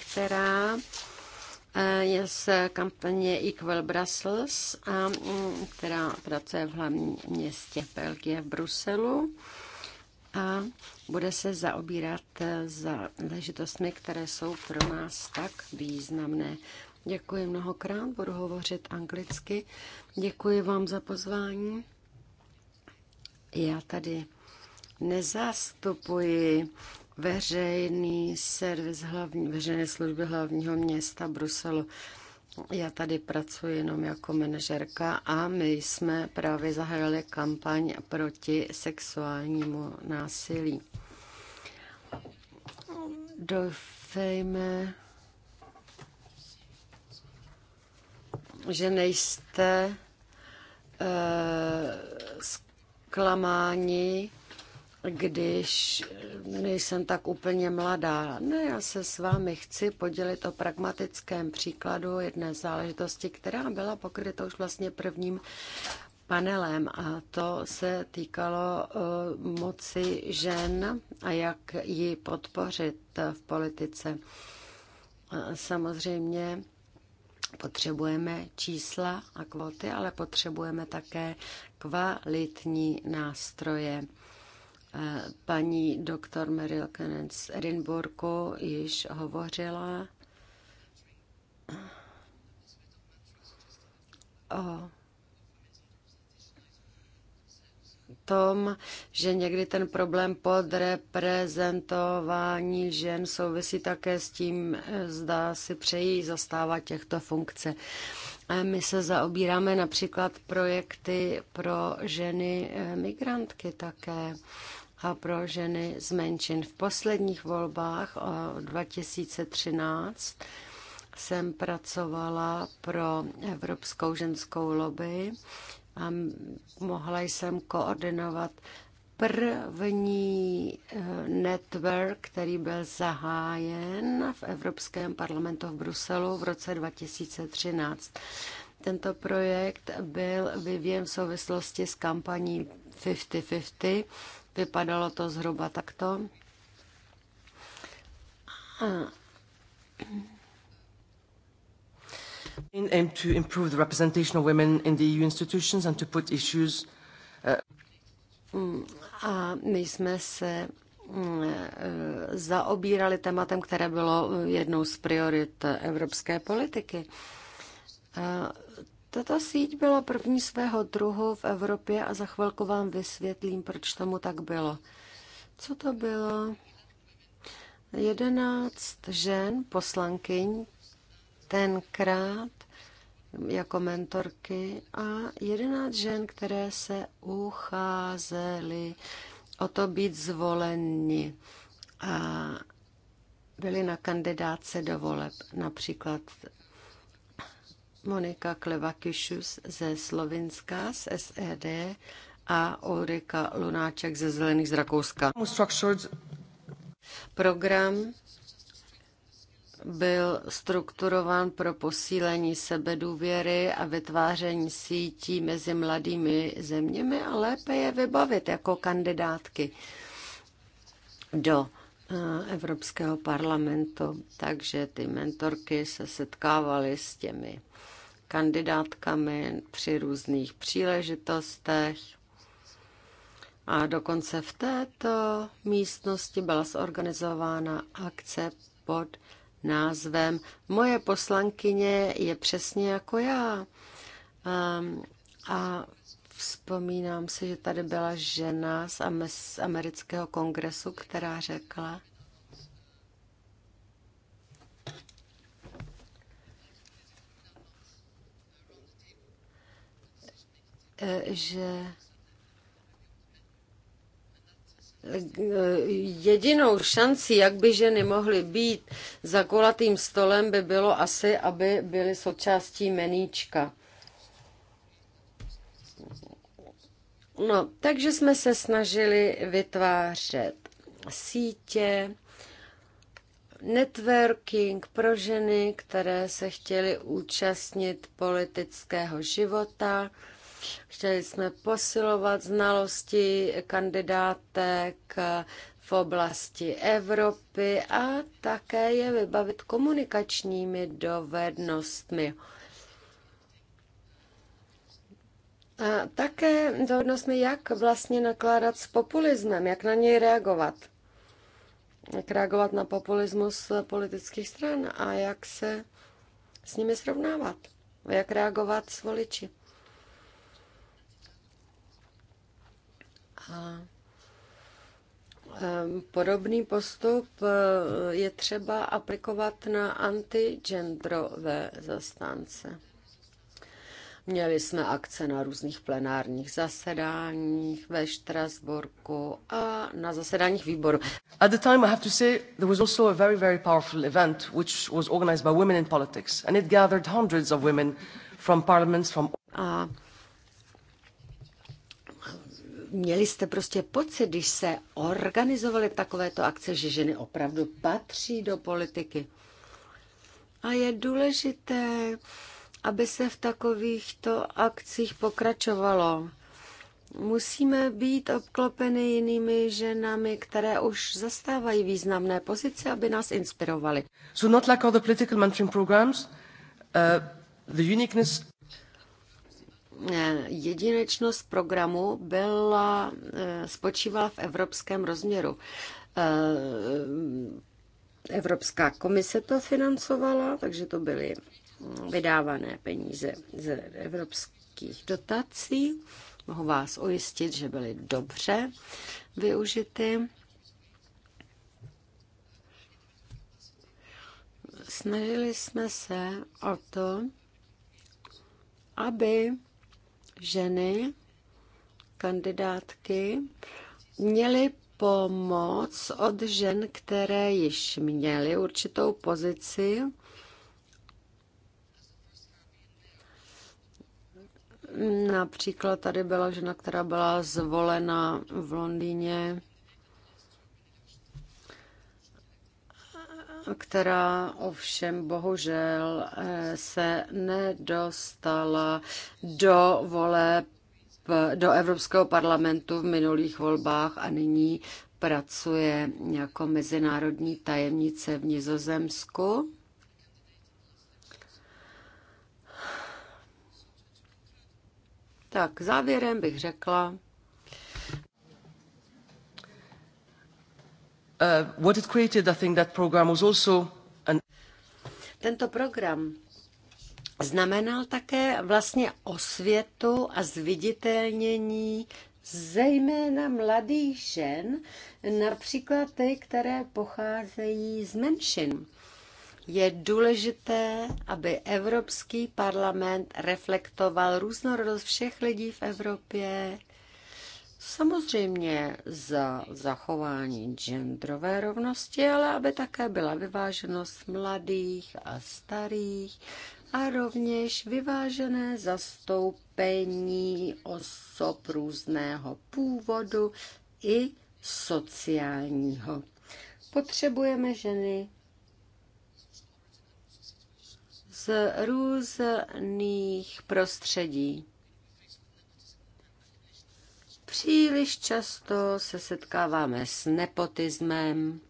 která eh, je z kampaně Equal Brussels, a, mm, která pracuje v hlavním městě Belgie v Bruselu a bude se zaobírat eh, za ležitostmi, které jsou pro nás tak významné. Děkuji mnohokrát, budu hovořit anglicky. Děkuji vám za pozvání. Já tady nezastupuji veřejný servis hlavní, veřejné služby hlavního města Bruselu. Já tady pracuji jenom jako manažerka a my jsme právě zahájili kampaň proti sexuálnímu násilí. Doufejme, že nejste uh, klamání, když nejsem tak úplně mladá. Ne, já se s vámi chci podělit o pragmatickém příkladu jedné záležitosti, která byla pokryta už vlastně prvním panelem a to se týkalo eh, moci žen a jak ji podpořit v politice. Samozřejmě potřebujeme čísla a kvóty, ale potřebujeme také kvalitní nástroje. Eh, Paní doktor Meryl Kenen z Edinburghu již hovořila o tom, že někdy ten problém podreprezentování žen souvisí také s tím, eh, zda si přejí zastávat těchto funkce. My se zaobíráme například projekty pro ženy eh, migrantky také a pro ženy z menšin. V posledních volbách 2013 jsem pracovala pro Evropskou ženskou lobby a mohla jsem koordinovat první eh, network, který byl zahájen v Evropském parlamentu v Bruselu v roce 2013. Tento projekt byl vyvíjen v souvislosti s kampaní 50-50. Vypadalo to zhruba takto. aim to improve the representation of women in the EU institutions and to put issues eh, a my jsme se mm, e, zaobírali tématem, které bylo jednou z priorit evropské politiky. E, tato síť byla první svého druhu v Evropě a za chvilku vám vysvětlím, proč tomu tak bylo. Co to bylo? Jedenáct žen, poslankyň, tenkrát jako mentorky a 11 žen, které se ucházely o to být zvoleni a byly na kandidáce do voleb, například Monika Klevakišus ze Slovinska, z SED a Ulrika Lunáček ze Zelených z Rakouska. Program byl strukturován pro posílení sebedůvěry a vytváření sítí mezi mladými zeměmi a lépe je vybavit jako kandidátky do eh, Evropského parlamentu. Takže ty mentorky se setkávaly s těmi kandidátkami při různých příležitostech. A dokonce v této místnosti byla zorganizována akce pod názvem Moje poslankyně je přesně jako já. Ehm, a vzpomínám si, že tady byla žena z amerického kongresu, která řekla, e, že jedinou šancí, jak by ženy mohly být za kulatým stolem, by bylo asi, aby byly součástí meníčka. No, takže jsme se snažili vytvářet sítě, networking pro ženy, které se chtěly účastnit politického života Chtěli jsme posilovat znalosti kandidátek v oblasti Evropy a také je vybavit komunikačními dovednostmi. A také dovednostmi, jak vlastně nakládat s populismem, jak na něj reagovat. Jak reagovat na populismus politických stran a jak se s nimi srovnávat. Jak reagovat s voliči. A Podobný postup e, je třeba aplikovat na antigendrové zastánce. Měli jsme akce na různých plenárních zasedáních ve Štrasburku a na zasedáních výboru. At the time I have to say there was also a very very powerful event which was organized by women in politics and it gathered hundreds of women from parliaments from a měli jste prostě pocit, když se organizovaly takovéto akce, že ženy opravdu patří do politiky. A je důležité, aby se v takovýchto akcích pokračovalo. Musíme být obklopeny jinými ženami, které už zastávají významné pozice, aby nás inspirovaly. So not like other political mentoring programs, uh, the uniqueness Eh, jedinečnost programu byla, eh, spočívala v evropském rozměru. Eh, Evropská komise to financovala, takže to byly vydávané peníze z evropských dotací. Mohu vás ujistit, že byly dobře využity. Snažili jsme se o to, aby ženy, kandidátky, měly pomoc od žen, které již měly určitou pozici, Například tady byla žena, která byla zvolena v Londýně která ovšem bohužel eh, se nedostala do voleb do Evropského parlamentu v minulých volbách a nyní pracuje jako mezinárodní tajemnice v Nizozemsku. Tak závěrem bych řekla, Uh, what it created, I think that program was also an... Tento program znamenal také vlastně osvětu a zviditelnění zejména mladých žen, například ty, které pocházejí z menšin. Je důležité, aby Evropský parlament reflektoval různorodost všech lidí v Evropě, Samozřejmě za zachování genderové rovnosti, ale aby také byla vyváženost mladých a starých a rovněž vyvážené zastoupení osob různého původu i sociálního. Potřebujeme ženy z různých prostředí. Příliš často se setkáváme s nepotismem.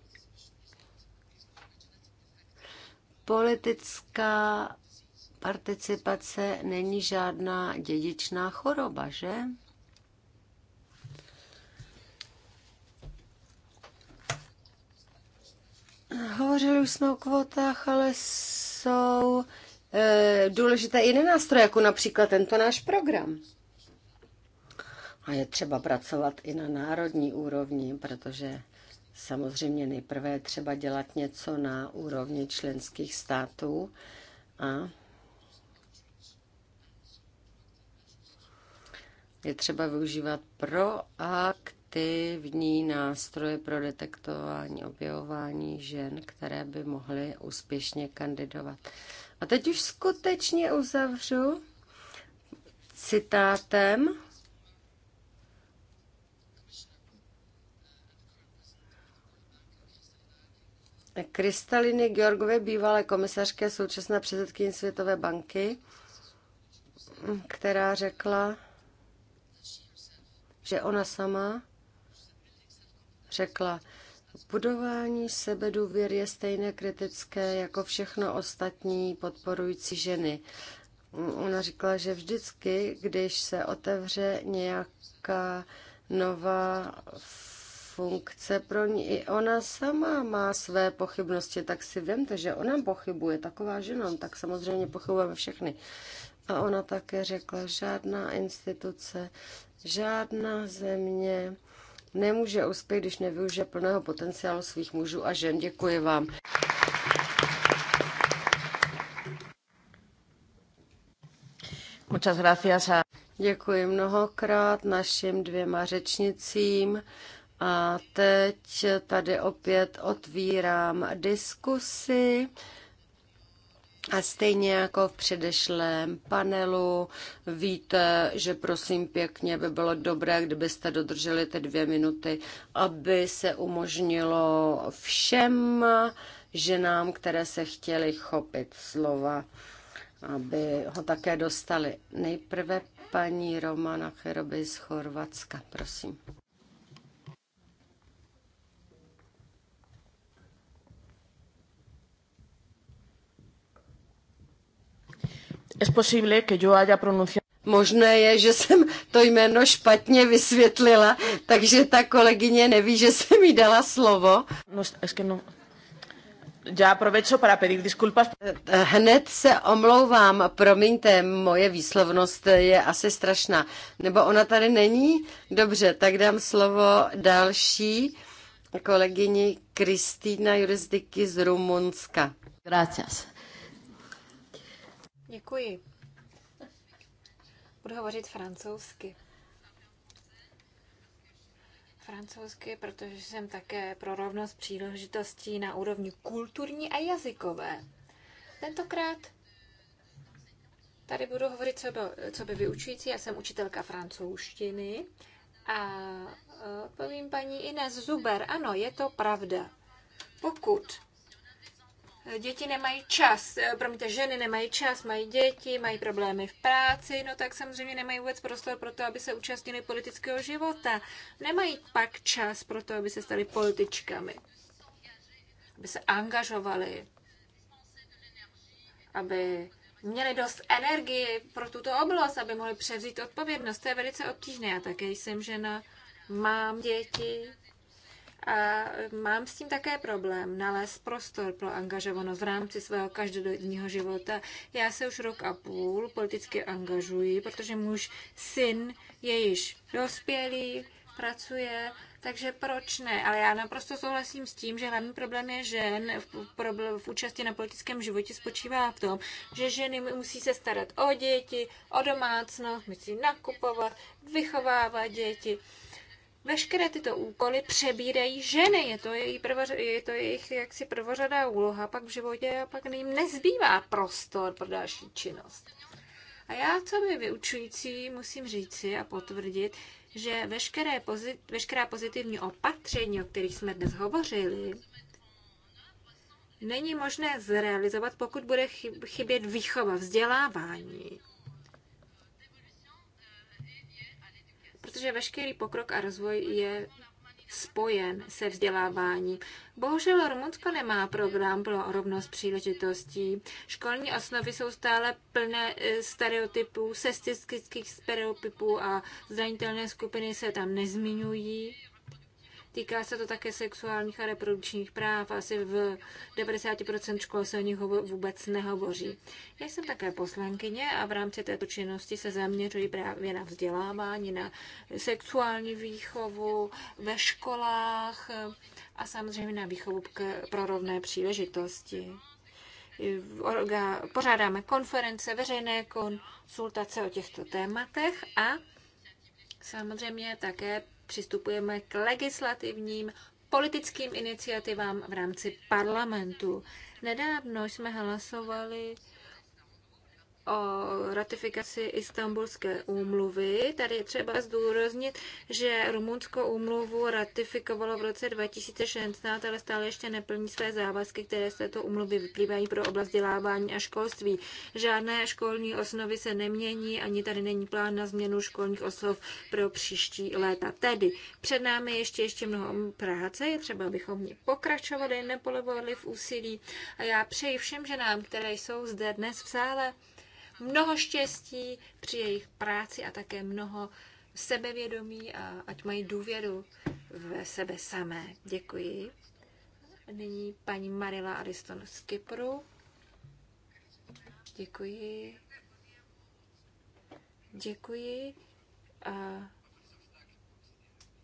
Politická participace není žádná dědičná choroba, že? Hovořili už jsme o kvotách, ale jsou e, důležité jiné nástroje, jako například tento náš program. A je třeba pracovat i na národní úrovni, protože samozřejmě nejprve je třeba dělat něco na úrovni členských států a je třeba využívat proaktivní nástroje pro detektování, objevování žen, které by mohly úspěšně kandidovat. A teď už skutečně uzavřu citátem Kristaliny Georgové, bývalé komisařské současné předsedkyně Světové banky, která řekla, že ona sama řekla, budování sebedůvěr je stejně kritické jako všechno ostatní podporující ženy. Ona říkala, že vždycky, když se otevře nějaká nová funkce pro ní. I ona sama má své pochybnosti, tak si vemte, že ona pochybuje, taková žena, tak samozřejmě pochybujeme všechny. A ona také řekla, žádná instituce, žádná země nemůže uspět, když nevyužije plného potenciálu svých mužů a žen. Děkuji vám. Muchas gracias a... Děkuji mnohokrát našim dvěma řečnicím a teď tady opět otvírám diskusy. A stejně jako v předešlém panelu, víte, že prosím pěkně by bylo dobré, kdybyste dodrželi ty dvě minuty, aby se umožnilo všem ženám, které se chtěly chopit slova, aby ho také dostali. Nejprve paní Romana Cheroby z Chorvatska, prosím. Es posible que yo haya pronunciado Možné je, že jsem to jméno špatně vysvětlila, takže ta kolegyně neví, že jsem jí dala slovo. No, es que no. Já aprovecho para pedir disculpas. Eh, hned se omlouvám, promiňte, moje výslovnost je asi strašná. Nebo ona tady není? Dobře, tak dám slovo další kolegyni Kristýna Jurisdiky z Rumunska. Gracias. Děkuji. Budu hovořit francouzsky. Francouzsky, protože jsem také pro rovnost příležitostí na úrovni kulturní a jazykové. Tentokrát tady budu hovořit co by, co by vyučující. Já jsem učitelka francouzštiny a e, povím paní Ines Zuber. Ano, je to pravda. Pokud děti nemají čas, eh, promiňte, ženy nemají čas, mají děti, mají problémy v práci, no tak samozřejmě nemají vůbec prostor pro to, aby se účastnili politického života. Nemají pak čas pro to, aby se stali političkami, aby se angažovali, aby měli dost energie pro tuto oblast, aby mohli převzít odpovědnost. To je velice obtížné. Já také jsem žena, mám děti, a mám s tím také problém nalézt prostor pro angažovanost v rámci svého každodenního života. Já se už rok a půl politicky angažuji, protože muž syn je již dospělý, pracuje, takže proč ne? Ale já naprosto souhlasím s tím, že hlavní problém je žen v, problém, v účasti na politickém životě spočívá v tom, že ženy musí se starat o děti, o domácnost, musí nakupovat, vychovávat děti. Veškeré tyto úkoly přebírají ženy, je to, její prvoř, je to jejich jaksi prvořadá úloha pak v životě a pak jim nezbývá prostor pro další činnost. A já, co by vyučující, musím říci a potvrdit, že veškeré pozit, veškerá pozitivní opatření, o kterých jsme dnes hovořili, není možné zrealizovat, pokud bude chybět výchova, vzdělávání. protože veškerý pokrok a rozvoj je spojen se vzděláváním. Bohužel Rumunsko nemá program pro rovnost příležitostí. Školní osnovy jsou stále plné e, stereotypů, sestistických stereotypů a zranitelné skupiny se tam nezmiňují. Týká se to také sexuálních a reprodukčních práv. Asi v 90% škol se o nich vůbec nehovoří. Já jsem také poslankyně a v rámci této činnosti se zaměřuji právě na vzdělávání, na sexuální výchovu ve školách a samozřejmě na výchovu k, pro rovné příležitosti pořádáme konference, veřejné konsultace o těchto tématech a samozřejmě také přistupujeme k legislativním politickým iniciativám v rámci parlamentu. Nedávno jsme hlasovali o ratifikaci Istanbulské úmluvy. Tady je třeba zdůraznit, že Rumunskou úmluvu ratifikovalo v roce 2016, ale stále ještě neplní své závazky, které z této úmluvy vyplývají pro oblast vzdělávání a školství. Žádné školní osnovy se nemění, ani tady není plán na změnu školních osnov pro příští léta. Tedy před námi ještě ještě mnoho práce, je třeba, abychom mě pokračovali, nepolevovali v úsilí. A já přeji všem ženám, které jsou zde dnes v sále, mnoho štěstí při jejich práci a také mnoho sebevědomí a ať mají důvěru v sebe samé. Děkuji. Nyní paní Marila Ariston z Kypru. Děkuji. Děkuji. A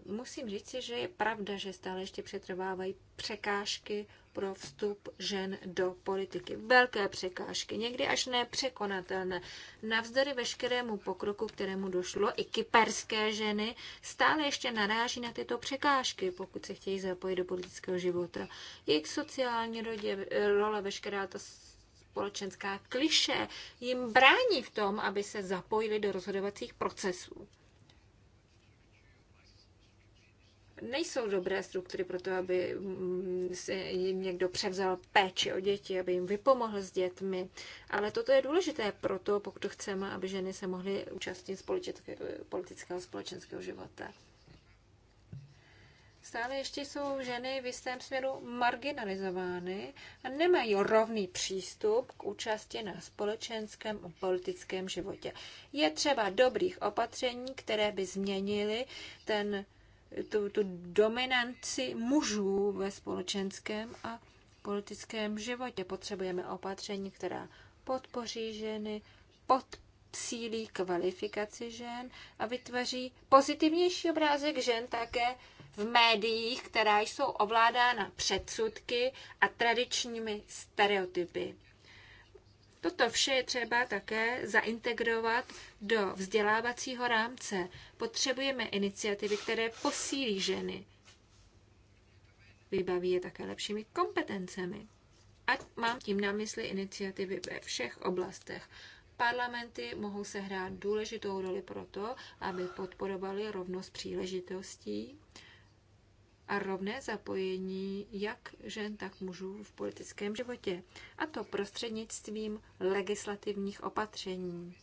musím říci, že je pravda, že stále ještě přetrvávají překážky pro vstup žen do politiky. Velké překážky, někdy až nepřekonatelné. Navzdory veškerému pokroku, kterému došlo, i kyperské ženy stále ještě naráží na tyto překážky, pokud se chtějí zapojit do politického života. Jejich sociální rodě, role, veškerá ta společenská kliše jim brání v tom, aby se zapojili do rozhodovacích procesů. nejsou dobré struktury pro to, aby mm, si jim někdo převzal péči o děti, aby jim vypomohl s dětmi. Ale toto je důležité proto, pokud chceme, aby ženy se mohly účastnit politického společenského života. Stále ještě jsou ženy v jistém směru marginalizovány a nemají rovný přístup k účasti na společenském a politickém životě. Je třeba dobrých opatření, které by změnily ten tu, tu dominanci mužů ve společenském a politickém životě. Potřebujeme opatření, která podpoří ženy, podpsílí kvalifikaci žen a vytvoří pozitivnější obrázek žen také v médiích, která jsou ovládána předsudky a tradičními stereotypy. Toto vše je třeba také zaintegrovat do vzdělávacího rámce. Potřebujeme iniciativy, které posílí ženy. Vybaví je také lepšími kompetencemi. A mám tím na mysli iniciativy ve všech oblastech. Parlamenty mohou sehrát důležitou roli pro to, aby podporovaly rovnost příležitostí, a rovné zapojení jak žen, tak mužů v politickém životě, a to prostřednictvím legislativních opatření.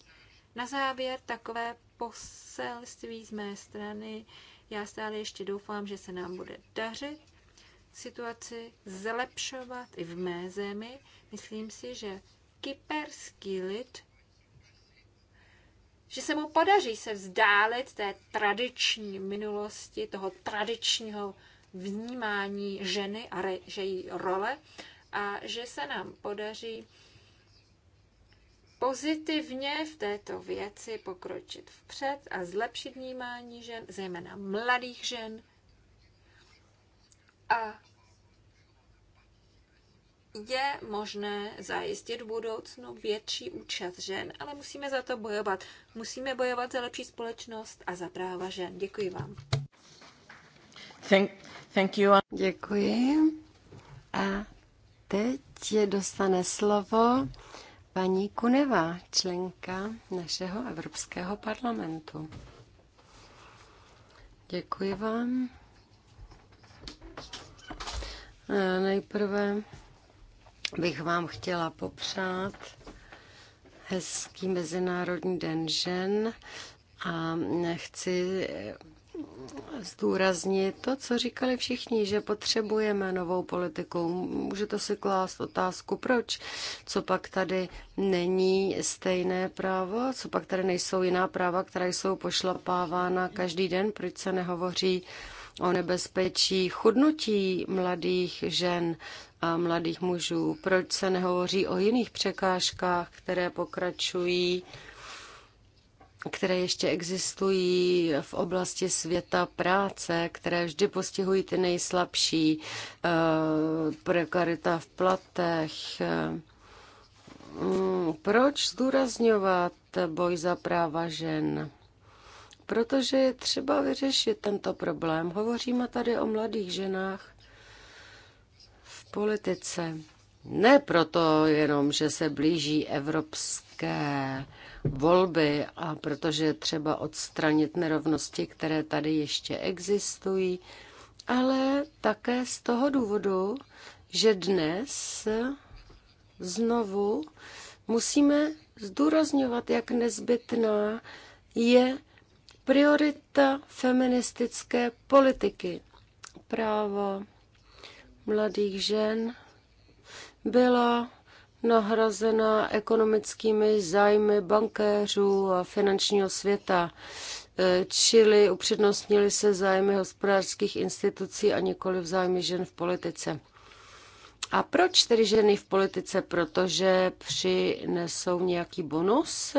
Na závěr takové poselství z mé strany. Já stále ještě doufám, že se nám bude dařit situaci zlepšovat i v mé zemi. Myslím si, že kyperský lid že se mu podaří se vzdálit té tradiční minulosti, toho tradičního vnímání ženy a re, že její role a že se nám podaří pozitivně v této věci pokročit vpřed a zlepšit vnímání žen, zejména mladých žen. A je možné zajistit v budoucnu větší účast žen, ale musíme za to bojovat. Musíme bojovat za lepší společnost a za práva žen. Děkuji vám. Děkuji. A teď je dostane slovo paní Kuneva, členka našeho Evropského parlamentu. Děkuji vám. Nejprve bych vám chtěla popřát hezký Mezinárodní den žen a chci zdůraznit to, co říkali všichni, že potřebujeme novou politiku. Můžete si klást otázku, proč? Co pak tady není stejné právo? Co pak tady nejsou jiná práva, která jsou pošlapávána každý den? Proč se nehovoří o nebezpečí chudnutí mladých žen a mladých mužů? Proč se nehovoří o jiných překážkách, které pokračují? které ještě existují v oblasti světa práce, které vždy postihují ty nejslabší, eh, prekarita v platech. Eh, proč zdůrazňovat boj za práva žen? Protože je třeba vyřešit tento problém. Hovoříme tady o mladých ženách v politice. Ne proto jenom, že se blíží evropské volby a protože je třeba odstranit nerovnosti, které tady ještě existují, ale také z toho důvodu, že dnes znovu musíme zdůrazňovat, jak nezbytná je priorita feministické politiky. Právo mladých žen bylo nahrazena ekonomickými zájmy bankéřů a finančního světa, e, čili upřednostnili se zájmy hospodářských institucí a nikoli v zájmy žen v politice. A proč tedy ženy v politice? Protože přinesou nějaký bonus?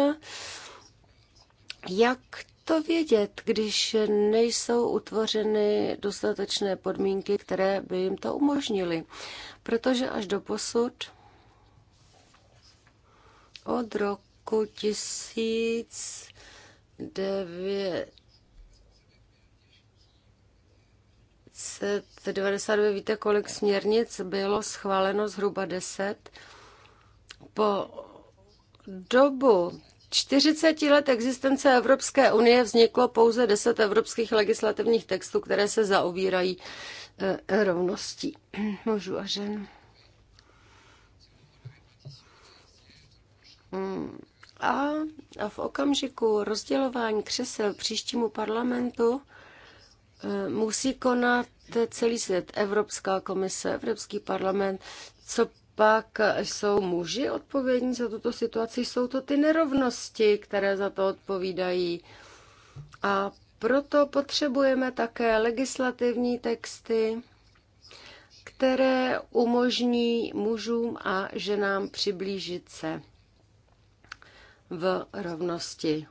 Jak to vědět, když nejsou utvořeny dostatečné podmínky, které by jim to umožnily? Protože až do posud od roku 1992, víte, kolik směrnic bylo schváleno, zhruba 10. Po dobu 40 let existence Evropské unie vzniklo pouze 10 evropských legislativních textů, které se zaobírají eh, rovností mužů a žen. A v okamžiku rozdělování křesel příštímu parlamentu eh, musí konat celý svět, Evropská komise, Evropský parlament, co pak jsou muži odpovědní za tuto situaci, jsou to ty nerovnosti, které za to odpovídají. A proto potřebujeme také legislativní texty, které umožní mužům a ženám přiblížit se v rovnosti.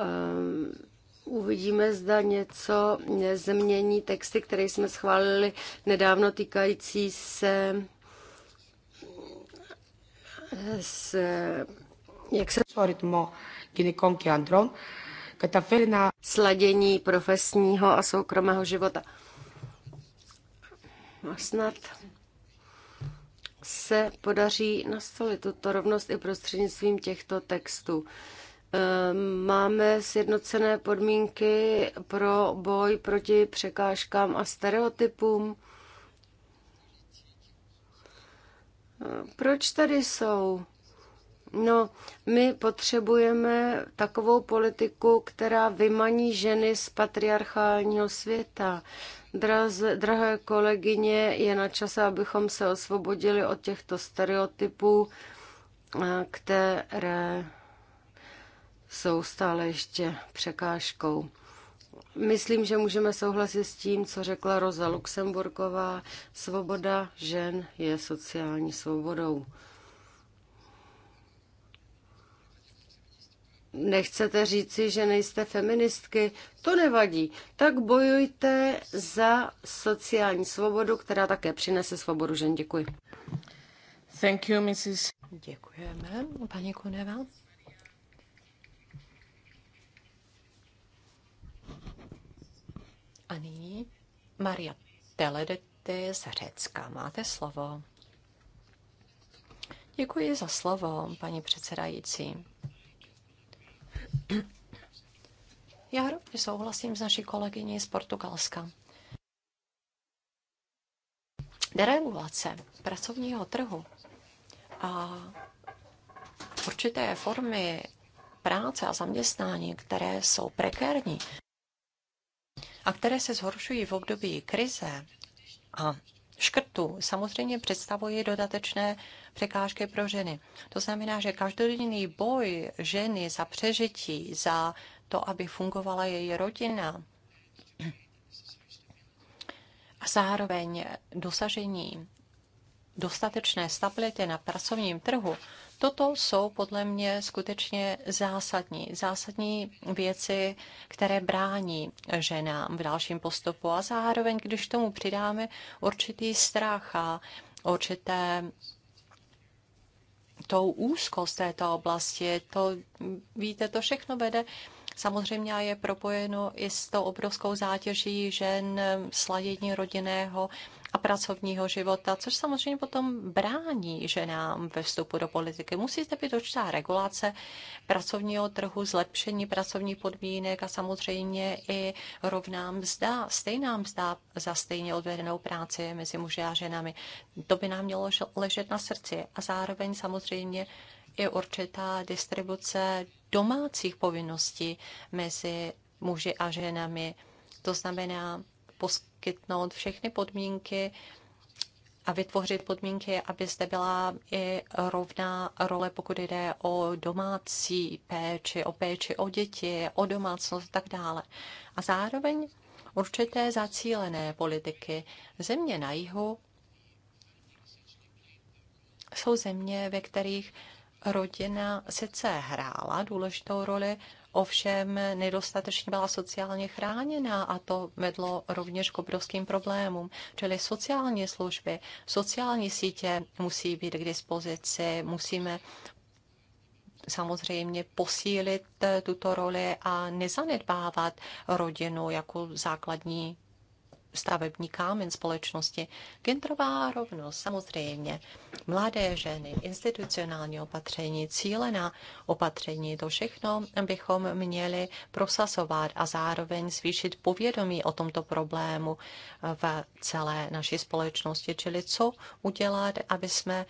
Ehm, uvidíme, zda něco změní texty, které jsme schválili nedávno týkající se s, jak se rytmo mo ke andron, na Sladění profesního a soukromého života. A snad se podaří nastolit tuto rovnost i prostřednictvím těchto textů. Ehm, máme sjednocené podmínky pro boj proti překážkám a stereotypům. Ehm, proč tady jsou? No, my potřebujeme takovou politiku, která vymaní ženy z patriarchálního světa. Draze, drahé kolegyně, je na čase, abychom se osvobodili od těchto stereotypů, které jsou stále ještě překážkou. Myslím, že můžeme souhlasit s tím, co řekla Roza Luxemburgová. Svoboda žen je sociální svobodou. nechcete říci, že nejste feministky, to nevadí. Tak bojujte za sociální svobodu, která také přinese svobodu žen. Děkuji. Thank you, Mrs. Děkujeme, paní Kuneva. A nyní Maria Teledety z Řecka. Máte slovo. Děkuji za slovo, paní předsedající. Já rovněž souhlasím s naší kolegyní z Portugalska. Deregulace pracovního trhu a určité formy práce a zaměstnání, které jsou prekérní a které se zhoršují v období krize a škrtů samozřejmě představuje dodatečné překážky pro ženy. To znamená, že každodenní boj ženy za přežití, za to, aby fungovala její rodina a zároveň dosažení dostatečné stability na pracovním trhu, Toto jsou podle mě skutečně zásadní, zásadní věci, které brání ženám v dalším postupu a zároveň, když tomu přidáme určitý strach a určité tou úzkost této oblasti, to víte, to všechno vede Samozřejmě je propojeno i s tou obrovskou zátěží žen sladění rodinného a pracovního života, což samozřejmě potom brání ženám ve vstupu do politiky. Musíte být určitá regulace pracovního trhu, zlepšení pracovních podmínek a samozřejmě i rovná mzda, stejná mzda za stejně odvedenou práci mezi muži a ženami. To by nám mělo ležet na srdci a zároveň samozřejmě i určitá distribuce domácích povinností mezi muži a ženami. To znamená, pos- poskytnout všechny podmínky a vytvořit podmínky, aby zde byla i rovná role, pokud jde o domácí péči, o péči o děti, o domácnost a tak dále. A zároveň určité zacílené politiky. Země na jihu jsou země, ve kterých rodina sice hrála důležitou roli, ovšem nedostatečně byla sociálně chráněna a to vedlo rovněž k obrovským problémům. Čili sociální služby, sociální sítě musí být k dispozici, musíme samozřejmě posílit tuto roli a nezanedbávat rodinu jako základní stavební kámen společnosti. Gendrová rovnost, samozřejmě. Mladé ženy, institucionální opatření, cílená opatření, to všechno bychom měli prosazovat a zároveň zvýšit povědomí o tomto problému v celé naší společnosti, čili co udělat, aby jsme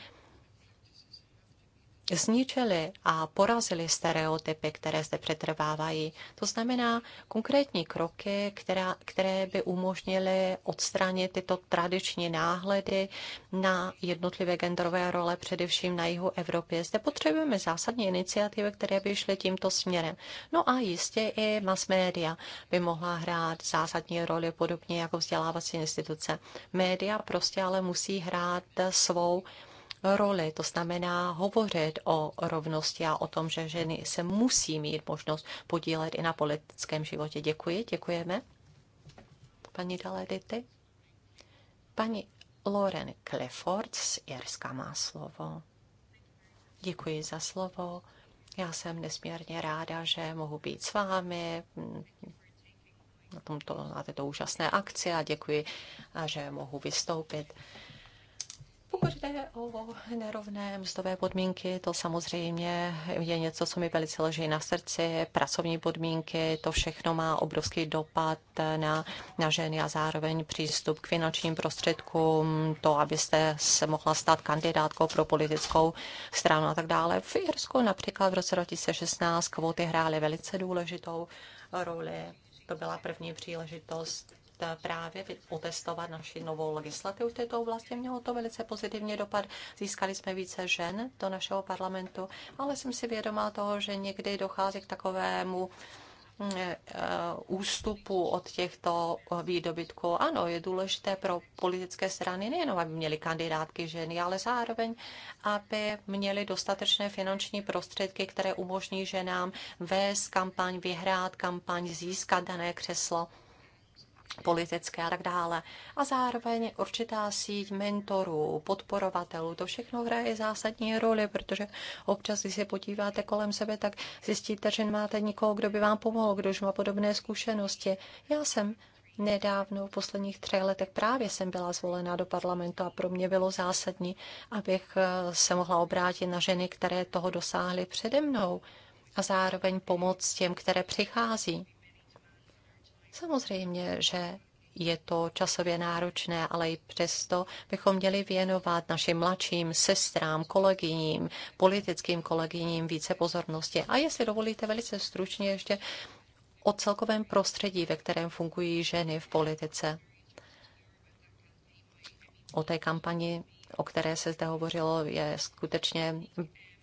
zničili a porazili stereotypy, které zde přetrvávají. To znamená konkrétní kroky, která, které by umožnily odstranit tyto tradiční náhledy na jednotlivé genderové role, především na jihu Evropy. Zde potřebujeme zásadní iniciativy, které by šly tímto směrem. No a jistě i mass media by mohla hrát zásadní roli, podobně jako vzdělávací instituce. Média prostě ale musí hrát svou roli, to znamená hovořit o rovnosti a o tom, že ženy se musí mít možnost podílet i na politickém životě. Děkuji, děkujeme. Paní Daledity. Paní Lauren Clifford z Jerska má slovo. Děkuji za slovo. Já jsem nesmírně ráda, že mohu být s vámi na, tomto, na této úžasné akci a děkuji, že mohu vystoupit. Pokud jde o nerovné mzdové podmínky, to samozřejmě je něco, co mi velice leží na srdci. Pracovní podmínky, to všechno má obrovský dopad na, na ženy a zároveň přístup k finančním prostředkům, to, abyste se mohla stát kandidátkou pro politickou stranu a tak dále. V Jirsku například v roce 2016 kvóty hrály velice důležitou roli. To byla první příležitost E, právě otestovat naši novou legislativu v této oblasti. Mělo to velice pozitivní dopad. Získali jsme více žen do našeho parlamentu, ale jsem si vědomá toho, že někdy dochází k takovému mm, e, ústupu od těchto e, výdobytků. Ano, je důležité pro politické strany nejenom, aby měly kandidátky ženy, ale zároveň, aby měly dostatečné finanční prostředky, které umožní ženám vést kampaň, vyhrát kampaň, získat dané křeslo politické a tak dále. A zároveň určitá síť mentorů, podporovatelů, to všechno hraje zásadní roli, protože občas, když se podíváte kolem sebe, tak zjistíte, že nemáte nikoho, kdo by vám pomohl, kdož má podobné zkušenosti. Já jsem nedávno, v posledních třech letech právě jsem byla zvolena do parlamentu a pro mě bylo zásadní, abych eh, se mohla obrátit na ženy, které toho dosáhly přede mnou a zároveň pomoc těm, které přichází. Samozřejmě, že je to časově náročné, ale i přesto bychom měli věnovat našim mladším sestrám, kolegyním, politickým kolegyním více pozornosti. A jestli dovolíte velice stručně ještě o celkovém prostředí, ve kterém fungují ženy v politice. O té kampani, o které se zde hovořilo, je skutečně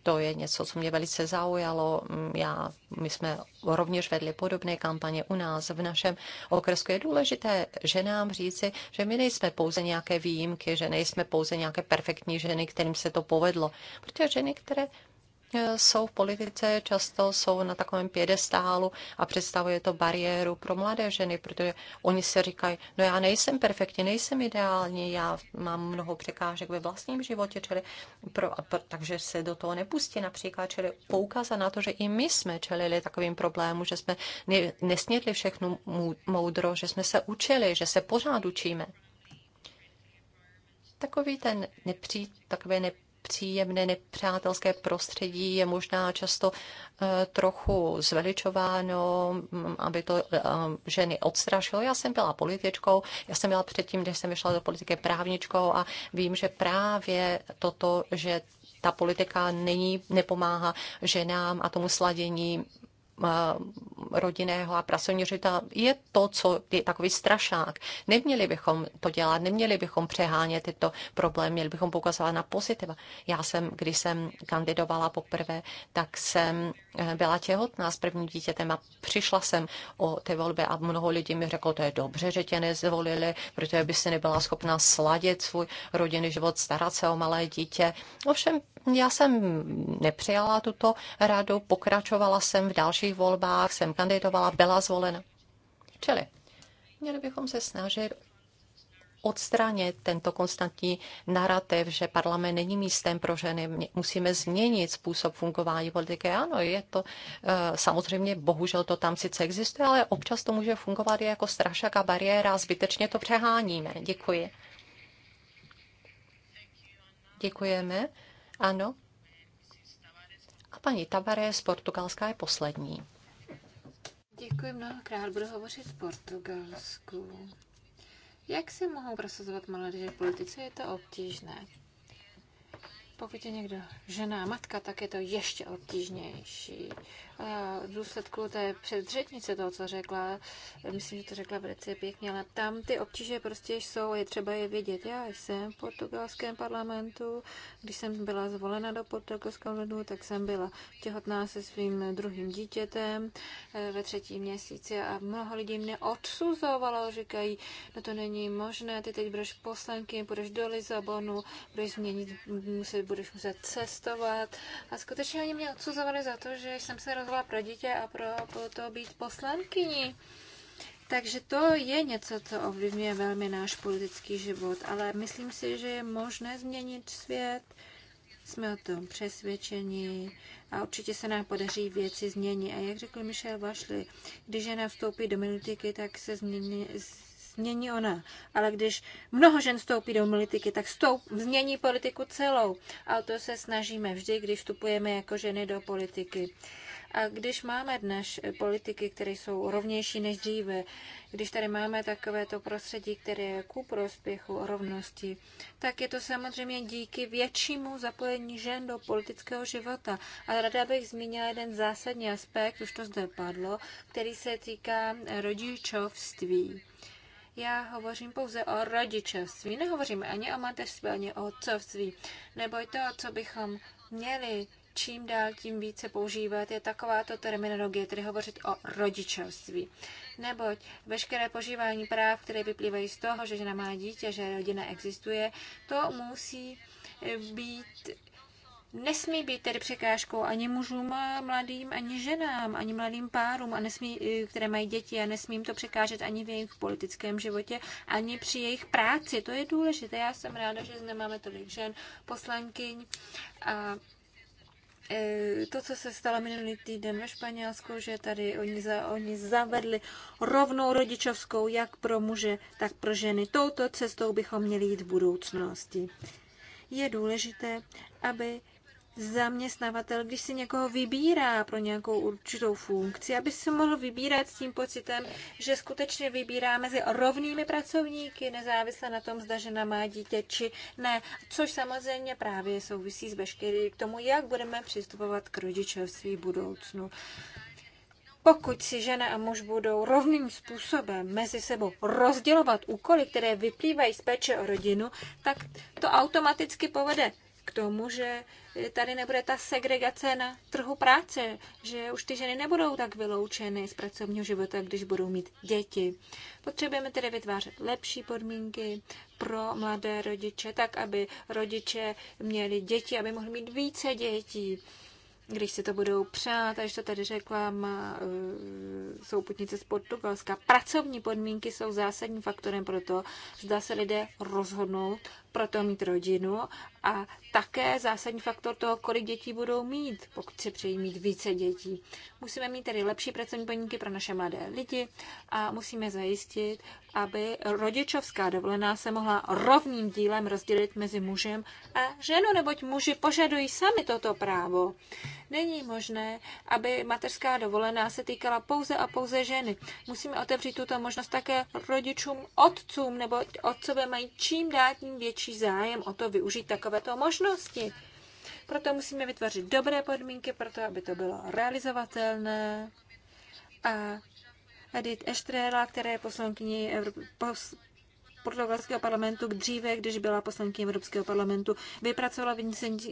to je něco, co mě velice zaujalo. Mm, já, my jsme rovněž vedli podobné kampaně u nás v našem okresku. Je důležité ženám říci, že my nejsme pouze nějaké výjimky, že nejsme pouze nějaké perfektní ženy, kterým se to povedlo. Protože ženy, které jsou v politice, často jsou na takovém pědestálu a představuje to bariéru pro mladé ženy, protože oni si říkají, no já nejsem perfektní, nejsem ideální, já mám mnoho překážek ve vlastním životě, čili pro, pro, takže se do toho nepustí například, čili poukázat na to, že i my jsme čelili takovým problémům, že jsme nesnědli všechno moudro, že jsme se učili, že se pořád učíme takový ten nepří, takové ne, nepříjemné, nepřátelské prostředí je možná často eh, trochu zveličováno, mm, aby to eh, ženy odstrašilo. Já jsem byla političkou, já jsem byla předtím, když jsem vyšla do politiky právničkou a vím, že právě toto, že ta politika není, nepomáhá ženám a tomu sladění rodinného a pracovního života je to, co je takový strašák. Neměli bychom to dělat, neměli bychom přehánět tyto problémy, měli bychom poukazovat na pozitiva. Já jsem, když jsem kandidovala poprvé, tak jsem eh, byla těhotná s prvním dítětem a přišla jsem o té volby a mnoho lidí mi řeklo, to je dobře, že tě nezvolili, protože by si nebyla schopná sladit svůj rodinný život, starat se o malé dítě. Ovšem já jsem nepřijala tuto radu, pokračovala jsem v dalších volbách, jsem kandidovala, byla zvolena. Čili měli bychom se snažit odstranit tento konstantní narrativ, že parlament není místem pro ženy, musíme změnit způsob fungování politiky. Ano, je to eh, samozřejmě, bohužel to tam sice existuje, ale občas to může fungovat jako strašák a bariéra, zbytečně to přeháníme. Děkuji. Děkujeme ano. A paní Tavare, z Portugalska je poslední. Děkuji mnohokrát, budu hovořit portugalsku. Jak si mohou prosazovat mladí v politice, je to obtížné. Pokud je někdo žena, matka, tak je to ještě obtížnější v důsledku té předřetnice toho, co řekla, myslím, že to řekla velice pěkně, ale tam ty obtíže prostě jsou, je třeba je vědět. Já jsem v portugalském parlamentu, když jsem byla zvolena do portugalského lidu, tak jsem byla těhotná se svým druhým dítětem eh, ve třetím měsíci a mnoho lidí mě odsuzovalo, říkají, no to není možné, ty teď budeš poslanky, budeš do Lizabonu, budeš změnit, muset, budeš muset cestovat. A skutečně oni mě odsuzovali za to, že jsem se roz bojovala pro dítě a pro, pro to být poslankyní. Takže to je něco, co ovlivňuje velmi náš politický život, ale myslím si, že je možné změnit svět. Jsme o tom přesvědčeni a určitě se nám podaří věci změnit. A jak řekl Michel Vašli, když žena vstoupí do politiky, tak se změní, změní ona. Ale když mnoho žen vstoupí do politiky, tak stoup, změní politiku celou. A o to se snažíme vždy, když vstupujeme jako ženy do politiky. A když máme dnes politiky, které jsou rovnější než dříve, když tady máme takovéto prostředí, které je ku prospěchu rovnosti, tak je to samozřejmě díky většímu zapojení žen do politického života. A rada bych zmínila jeden zásadní aspekt, už to zde padlo, který se týká rodičovství. Já hovořím pouze o rodičovství, nehovořím ani o mateřství, ani o otcovství, nebo to, co bychom měli čím dál tím více používat, je takováto terminologie, tedy hovořit o rodičovství. Neboť veškeré požívání práv, které vyplývají z toho, že žena má dítě, že rodina existuje, to musí být nesmí být tedy překážkou ani mužům mladým, ani ženám, ani mladým párům, a nesmí, eh, které mají děti a nesmím to překážet ani v jejich politickém životě, ani při jejich práci. To je důležité. Já jsem ráda, že zde máme tolik žen, poslankyň a E, to, co se stalo minulý týden ve Španělsku, že tady oni, za, oni zavedli rovnou rodičovskou jak pro muže, tak pro ženy. Touto cestou bychom měli jít v budoucnosti. Je důležité, aby zaměstnavatel, když si někoho vybírá pro nějakou určitou funkci, aby si mohl vybírat s tím pocitem, že skutečně vybírá mezi rovnými pracovníky, nezávisle na tom, zda žena má dítě či ne, což samozřejmě právě souvisí s veškerý k tomu, jak budeme přistupovat k rodičovství v budoucnu. Pokud si žena a muž budou rovným způsobem mezi sebou rozdělovat úkoly, které vyplývají z péče o rodinu, tak to automaticky povede k tomu, že tady nebude ta segregace na trhu práce, že už ty ženy nebudou tak vyloučeny z pracovního života, když budou mít děti. Potřebujeme tedy vytvářet lepší podmínky pro mladé rodiče, tak aby rodiče měli děti, aby mohli mít více dětí když si to budou přát, až to tady řekla má e, souputnice z Portugalska. Pracovní podmínky jsou zásadním faktorem pro to, zda se lidé rozhodnou pro to mít rodinu a také zásadní faktor toho, kolik dětí budou mít, pokud se přejí mít více dětí. Musíme mít tedy lepší pracovní podmínky pro naše mladé lidi a musíme zajistit, aby rodičovská dovolená se mohla rovným dílem rozdělit mezi mužem a ženou, neboť muži požadují sami toto právo. Není možné, aby mateřská dovolená se týkala pouze a pouze ženy. Musíme otevřít tuto možnost také rodičům, otcům, nebo otcové mají čím dát tím větší zájem o to využít takovéto možnosti. Proto musíme vytvořit dobré podmínky pro to, aby to bylo realizovatelné. A Edith Eštrela, která je poslankyní portugalského parlamentu dříve, když byla poslankyní Evropského parlamentu, vypracovala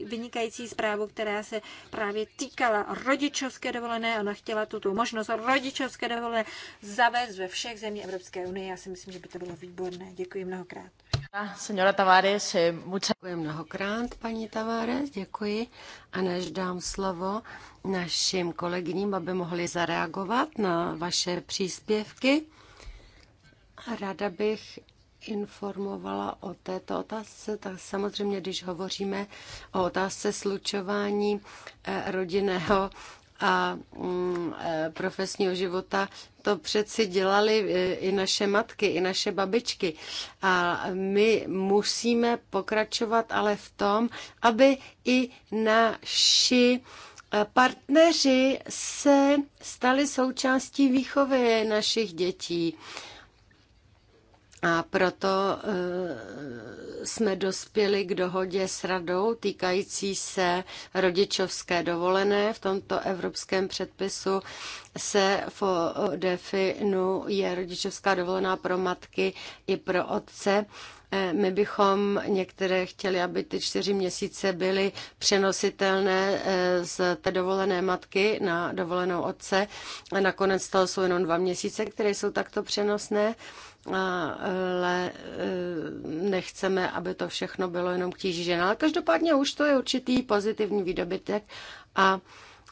vynikající zprávu, která se právě týkala rodičovské dovolené. Ona chtěla tuto možnost rodičovské dovolené zavést ve všech zemí Evropské unie. Já si myslím, že by to bylo výborné. Děkuji mnohokrát. Senora Tavares, eh, Děkuji mnohokrát, paní Tavares, děkuji. A než dám slovo našim kolegyním, aby mohli zareagovat na vaše příspěvky, Rada bych informovala o této otázce, tak samozřejmě, když hovoříme o otázce slučování eh, rodinného a mm, eh, profesního života, to přeci dělali eh, i naše matky, i naše babičky. A my musíme pokračovat ale v tom, aby i naši partneři se stali součástí výchovy našich dětí. A proto eh, jsme dospěli k dohodě s radou týkající se rodičovské dovolené. V tomto evropském předpisu se definuje rodičovská dovolená pro matky i pro otce. Eh, my bychom některé chtěli, aby ty čtyři měsíce byly přenositelné eh, z té dovolené matky na dovolenou otce. Nakonec to jsou jenom dva měsíce, které jsou takto přenosné ale e, nechceme, aby to všechno bylo jenom k tíži Ale každopádně už to je určitý pozitivní výdobytek a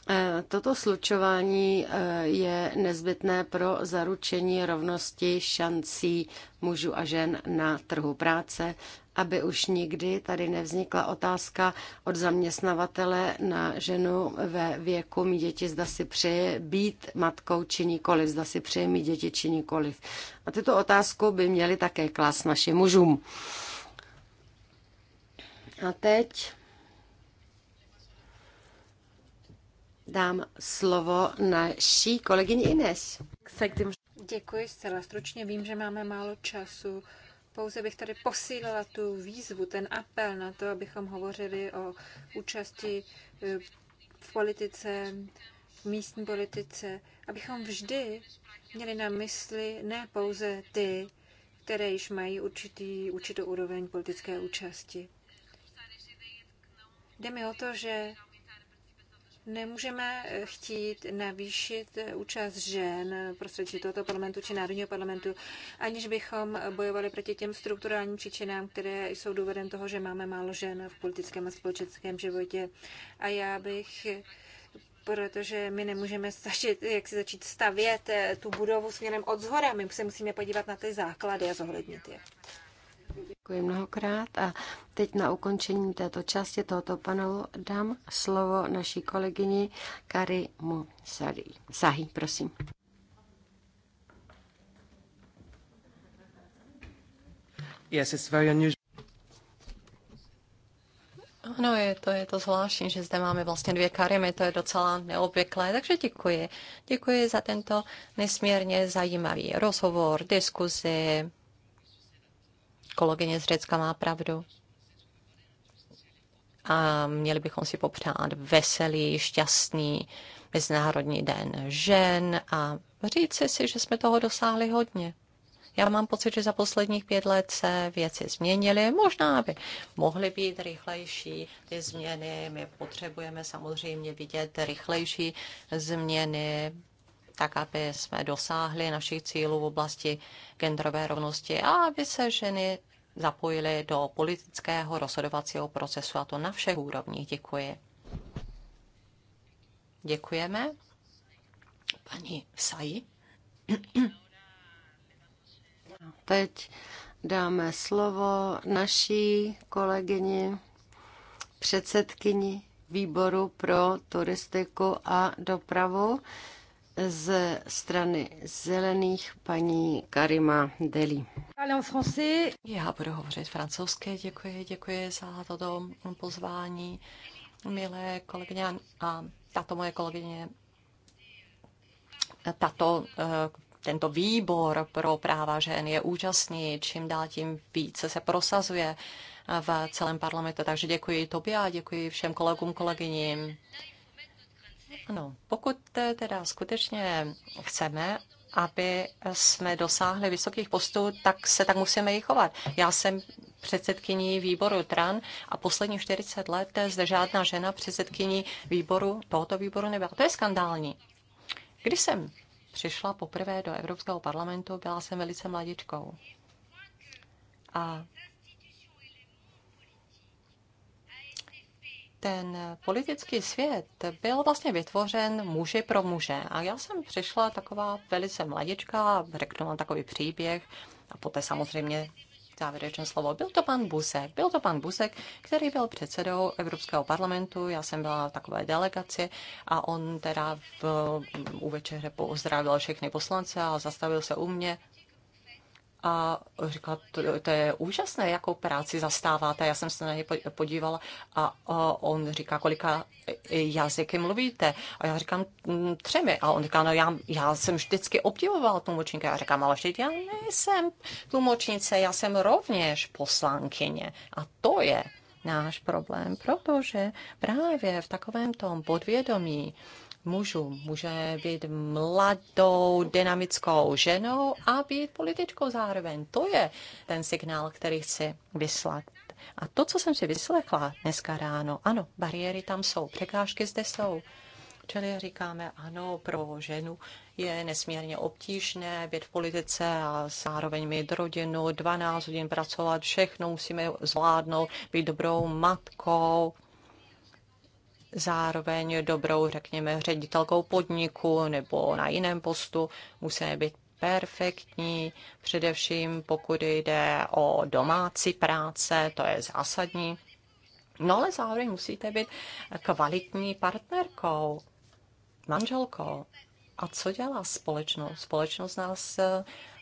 Eh, toto slučování eh, je nezbytné pro zaručení rovnosti šancí mužů a žen na trhu práce, aby už nikdy tady nevznikla otázka od zaměstnavatele na ženu ve věku mít děti, zda si přeje být matkou či nikoliv, zda si přeje mít děti či nikoliv. A tyto otázku by měli také klas našim mužům. A teď dám slovo naší kolegyni Ines. Děkuji zcela stručně, vím, že máme málo času. Pouze bych tady posílila tu výzvu, ten apel na to, abychom hovořili o účasti eh, v politice, v místní politice, abychom vždy měli na mysli ne pouze ty, které již mají určitý, určitou úroveň politické účasti. Jde mi o to, že Nemůžeme chtít navýšit účast žen prostřednictvím tohoto parlamentu či Národního parlamentu, aniž bychom bojovali proti těm strukturálním příčinám, které jsou důvodem toho, že máme málo žen v politickém a společenském životě. A já bych protože my nemůžeme stačit, jak si začít stavět tu budovu směrem od zhora. My se musíme podívat na ty základy a zohlednit je. Děkuji mnohokrát a teď na ukončení této části tohoto panelu dám slovo naší kolegyni Kari Musali. Sahi, prosím. Yes, it's very unusual. Ano, je to, je to zvláštní, že zde máme vlastně dvě karimy, to je docela neobvyklé, takže děkuji. Děkuji za tento nesmírně zajímavý rozhovor, diskuzi, Kolegyně z Řecka má pravdu. A měli bychom si popřát veselý, šťastný Mezinárodní den žen a říci si, že jsme toho dosáhli hodně. Já mám pocit, že za posledních pět let se věci změnily. Možná by mohly být rychlejší ty změny. My potřebujeme samozřejmě vidět rychlejší změny tak aby jsme dosáhli našich cílů v oblasti genderové rovnosti a aby se ženy zapojily do politického rozhodovacího procesu a to na všech úrovních. Děkuji. Děkujeme. pani Saji. Teď dáme slovo naší kolegyni, předsedkyni výboru pro turistiku a dopravu, ze strany zelených paní Karima Deli. Já budu hovořit francouzsky, děkuji, děkuji za toto pozvání, milé kolegyně a tato moje kolegyně, tato eh, tento výbor pro práva žen je účastný, čím dál tím více se prosazuje v celém parlamentu. Takže děkuji tobě a děkuji všem kolegům, kolegyním ano, pokud teda skutečně chceme, aby jsme dosáhli vysokých postů, tak se tak musíme i chovat. Já jsem předsedkyní výboru TRAN a poslední 40 let zde žádná žena předsedkyní výboru, tohoto výboru nebyla. To je skandální. Když jsem přišla poprvé do Evropského parlamentu, byla jsem velice mladičkou. A ten politický svět byl vlastně vytvořen muži pro muže. A já jsem přišla taková velice mladička řeknu vám takový příběh a poté samozřejmě závěrečné slovo. Byl to pan Busek. Byl to pan Busek, který byl předsedou Evropského parlamentu. Já jsem byla v takové delegaci a on teda v, u večeře pozdravil všechny poslance a zastavil se u mě a říkala, to, to je úžasné, jakou práci zastáváte. Já jsem se na ně podívala a, on říká, kolika e, jazyky mluvíte. A já říkám mm, třemi. A on říká, no já, já jsem vždycky obdivoval tlumočníka. Já říkám, ale vždyť já nejsem tlumočnice, já jsem rovněž poslankyně. A to je náš problém, protože právě v takovém tom podvědomí mužům. Může být mladou, dynamickou ženou a být političkou zároveň. To je ten signál, který chci vyslat. A to, co jsem si vyslechla dneska ráno, ano, bariéry tam jsou, překážky zde jsou. Čili říkáme, ano, pro ženu je nesmírně obtížné být v politice a zároveň mít rodinu, 12 hodin pracovat, všechno musíme zvládnout, být dobrou matkou, zároveň dobrou, řekněme, ředitelkou podniku nebo na jiném postu. Musíme být perfektní, především pokud jde o domácí práce, to je zásadní. No ale zároveň musíte být kvalitní partnerkou, manželkou. A co dělá společnost? Společnost nás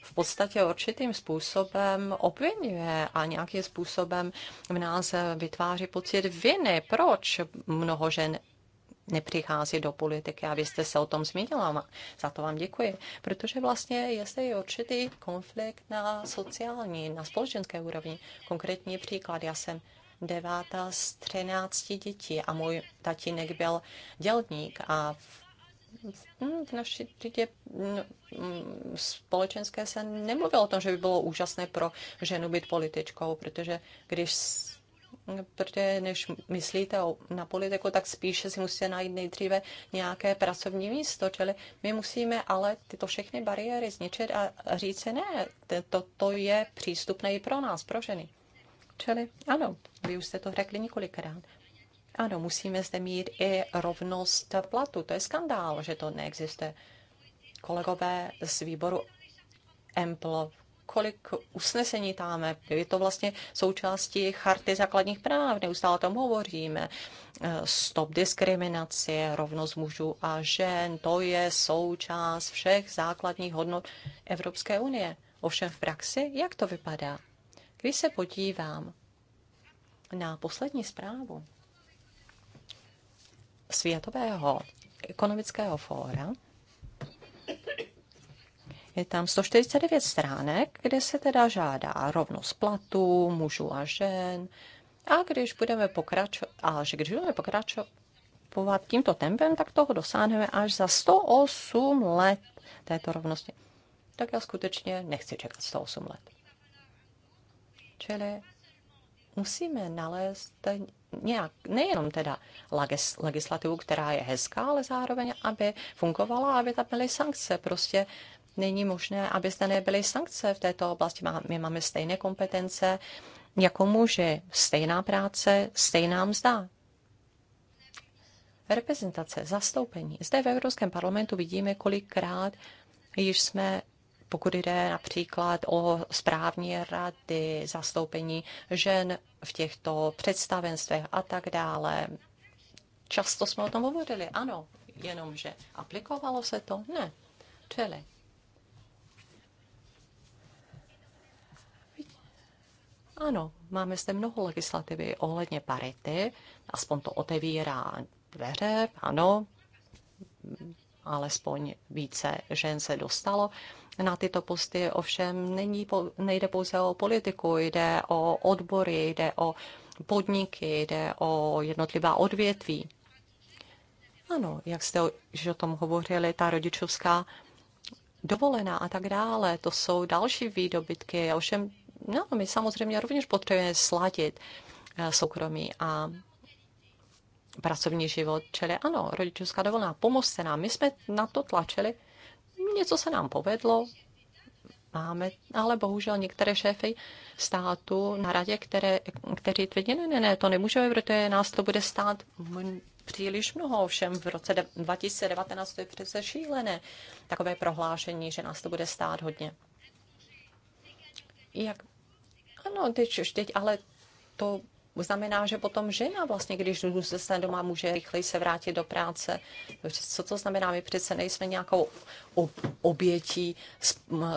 v podstatě určitým způsobem obvinuje a nějakým způsobem v nás vytváří pocit viny. Proč mnoho žen nepřichází do politiky. A vy jste se o tom zmínila. Za to vám děkuji. Protože vlastně je zde i určitý konflikt na sociální, na společenské úrovni. Konkrétní příklad. Já jsem devátá z třinácti dětí a můj tatínek byl dělník a v Hm, v naší třídě hm, hm, společenské se nemluvilo o tom, že by bylo úžasné pro ženu být političkou, protože když protože než myslíte na politiku, tak spíše si musíte najít nejdříve nějaké pracovní místo, čili my musíme ale tyto všechny bariéry zničit a říct si ne, to, to je přístupné i pro nás, pro ženy. Čili ano, vy už jste to řekli několikrát. Ano, musíme zde mít i rovnost platu. To je skandál, že to neexistuje. Kolegové z výboru EMPL, kolik usnesení tam Je to vlastně součástí charty základních práv, neustále o tom hovoříme. Stop diskriminaci, rovnost mužů a žen, to je součást všech základních hodnot Evropské unie. Ovšem v praxi, jak to vypadá? Když se podívám na poslední zprávu, Světového ekonomického fóra. Je tam 149 stránek, kde se teda žádá rovnost platu, mužů a žen. A když budeme pokračovat, že když budeme pokračovat tímto tempem, tak toho dosáhneme až za 108 let této rovnosti. Tak já skutečně nechci čekat 108 let. Čili musíme nalézt nějak, nejenom teda legis, legislativu, která je hezká, ale zároveň, aby fungovala, aby tam byly sankce. Prostě není možné, aby zde nebyly sankce v této oblasti. my máme stejné kompetence jako muži, stejná práce, stejná mzda. Reprezentace, zastoupení. Zde v Evropském parlamentu vidíme, kolikrát již jsme pokud jde například o správní rady, zastoupení žen v těchto představenstvech a tak dále. Často jsme o tom hovorili, ano, jenomže aplikovalo se to? Ne. Čili Ano, máme zde mnoho legislativy ohledně parity, aspoň to otevírá dveře, ano, alespoň více žen se dostalo na tyto posty. Ovšem není, nejde pouze o politiku, jde o odbory, jde o podniky, jde o jednotlivá odvětví. Ano, jak jste už o tom hovořili, ta rodičovská dovolená a tak dále, to jsou další výdobytky. Ovšem, no, my samozřejmě rovněž potřebujeme sladit eh, soukromí a pracovní život, čili ano, rodičovská dovolená, pomozte nám, my jsme na to tlačili, něco se nám povedlo, máme, ale bohužel některé šéfy státu na radě, které, kteří tvrdí, ne, ne, ne, to nemůžeme, protože nás to bude stát příliš mnoho, ovšem v roce 2019 to je přece šílené takové prohlášení, že nás to bude stát hodně. Jak? Ano, teď, teď ale to Znamená, že potom žena vlastně, když zůstane doma, může rychleji se vrátit do práce. Co to znamená? My přece nejsme nějakou obětí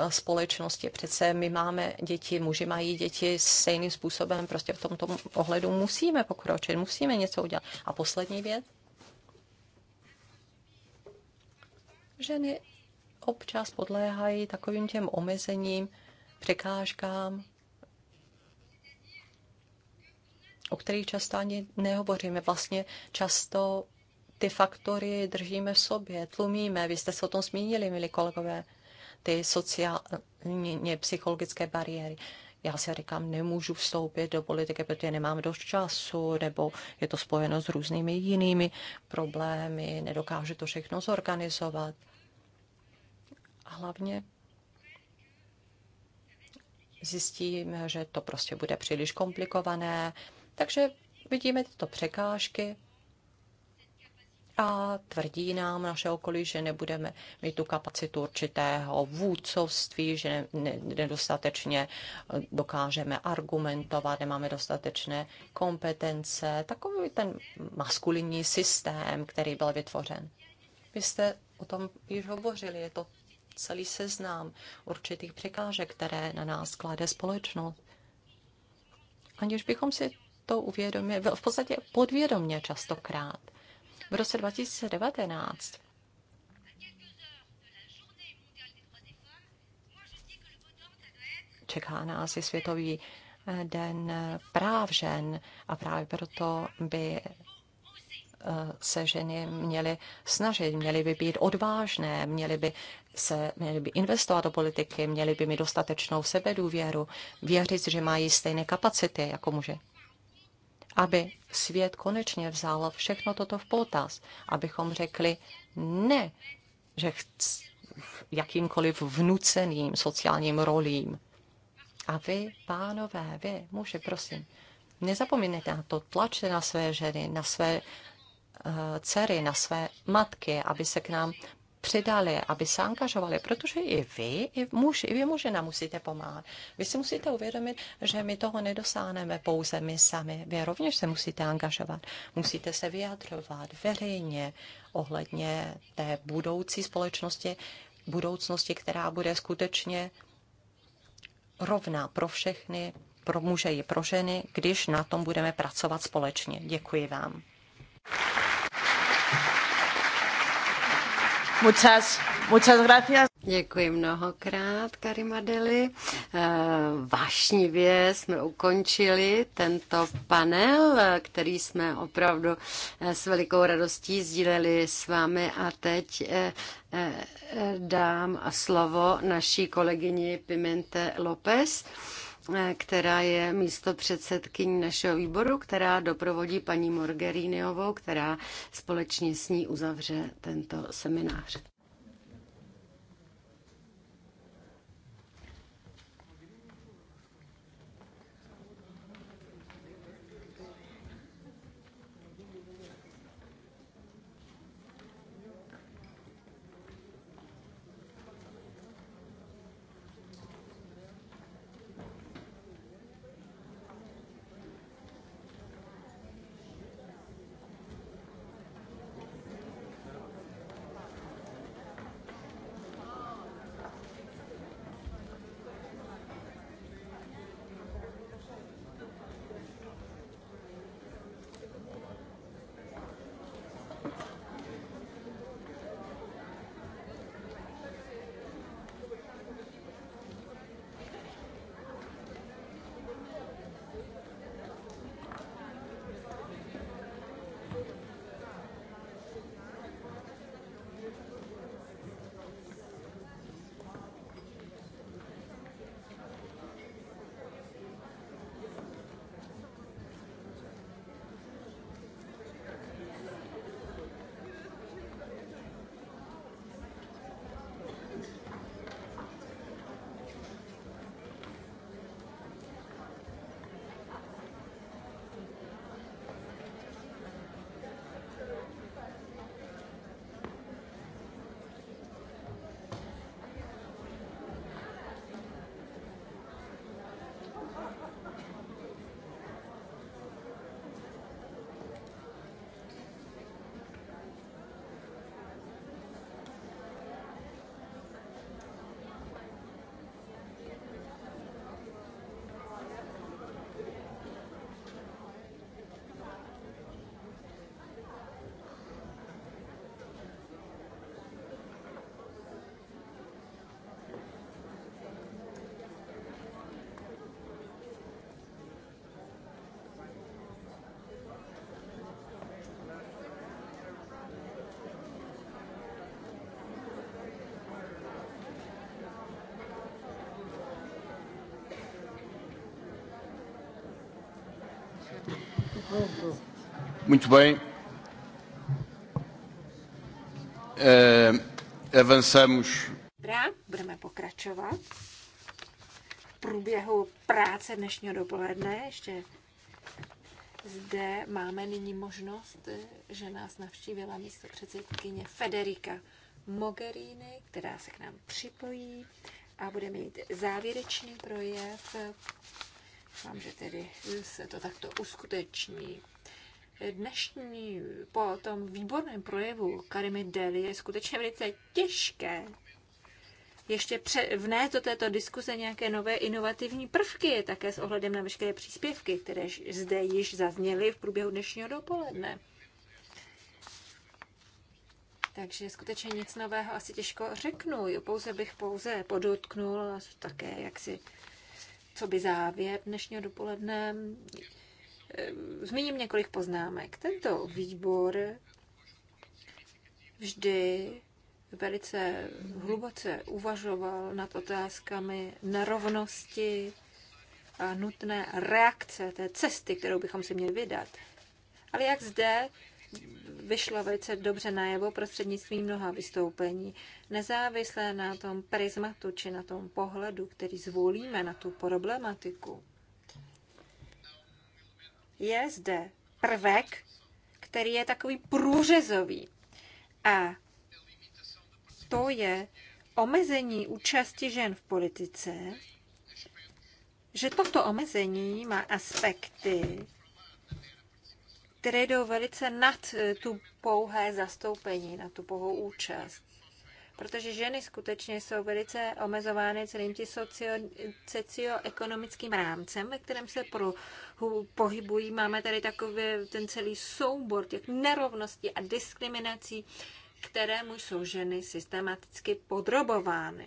společnosti. Přece my máme děti, muži mají děti stejným způsobem. Prostě v tomto ohledu musíme pokročit, musíme něco udělat. A poslední věc. Ženy občas podléhají takovým těm omezením, překážkám, o kterých často ani nehovoříme. Vlastně často ty faktory držíme v sobě, tlumíme. Vy jste se o tom zmínili, milí kolegové, ty sociálně psychologické bariéry. Já si říkám, nemůžu vstoupit do politiky, protože nemám dost času, nebo je to spojeno s různými jinými problémy, nedokážu to všechno zorganizovat. A hlavně zjistím, že to prostě bude příliš komplikované, takže vidíme tyto překážky a tvrdí nám naše okolí, že nebudeme mít tu kapacitu určitého vůdcovství, že nedostatečně eh, dokážeme argumentovat, nemáme dostatečné kompetence. Takový ten maskulinní systém, který byl vytvořen. Vy jste o tom již hovořili, je to celý seznám určitých překážek, které na nás klade společnost. Aniž bychom si to uvědomě v podstatě podvědomně častokrát. V roce 2019 čeká nás i světový eh, den eh, práv žen a právě proto by eh, se ženy měly snažit, měly by být odvážné, měly by, se, měly by investovat do politiky, měly by mít dostatečnou sebedůvěru, věřit, že mají stejné kapacity jako muži aby svět konečně vzal všechno toto v potaz, abychom řekli ne, že chc, jakýmkoliv vnuceným sociálním rolím. A vy, pánové, vy, muži, prosím, nezapomínejte na to, tlačte na své ženy, na své eh, dcery, na své matky, aby se k nám přidali, aby se angažovali, protože i vy, i muž, i vy muže musíte pomáhat. Vy si musíte uvědomit, že my toho nedosáhneme pouze my sami. Vy rovněž se musíte angažovat, musíte se vyjadřovat veřejně ohledně té budoucí společnosti, budoucnosti, která bude skutečně rovná pro všechny, pro muže i pro ženy, když na tom budeme pracovat společně. Děkuji vám. Muchas, muchas gracias. Děkuji mnohokrát, Karimadeli. Eh, vášnivě jsme ukončili tento panel, který jsme opravdu eh, s velikou radostí sdíleli s vámi a teď eh, dám slovo naší kolegyni Pimente López Eh, která je místo předsedkyní našeho výboru, která doprovodí paní Morgeriniovou, která společně s ní uzavře tento seminář. Muito bem. Uh, avançamos. Dobrá, budeme pokračovat v průběhu práce dnešního dopoledne. Ještě zde máme nyní možnost, že nás navštívila místo předsedkyně Federika Mogherini, která se k nám připojí a bude mít závěrečný projev Doufám, že tedy se to takto uskuteční. Dnešní po tom výborném projevu Karimy Deli je skutečně velice těžké ještě pře- vnést do této diskuse nějaké nové inovativní prvky, také s ohledem na veškeré příspěvky, které zde již zazněly v průběhu dnešního dopoledne. Takže skutečně nic nového asi těžko řeknu. Pouze bych pouze podotknul také jaksi co by závěr dnešního dopoledne. Ehm, zmíním několik poznámek. Tento výbor vždy velice hluboce uvažoval nad otázkami nerovnosti a nutné reakce té cesty, kterou bychom si měli vydat. Ale jak zde, vyšlo velice dobře najevo prostřednictvím mnoha vystoupení. Nezávisle na tom prismatu či na tom pohledu, který zvolíme na tu problematiku, je zde prvek, který je takový průřezový. A to je omezení účasti žen v politice, že toto omezení má aspekty, které jdou velice nad eh, tu pouhé zastoupení, na tu pouhou účast. Protože ženy skutečně jsou velice omezovány celým tím socioekonomickým rámcem, ve kterém se pro, pohybují. Máme tady takový ten celý soubor těch nerovností a diskriminací, kterému jsou ženy systematicky podrobovány.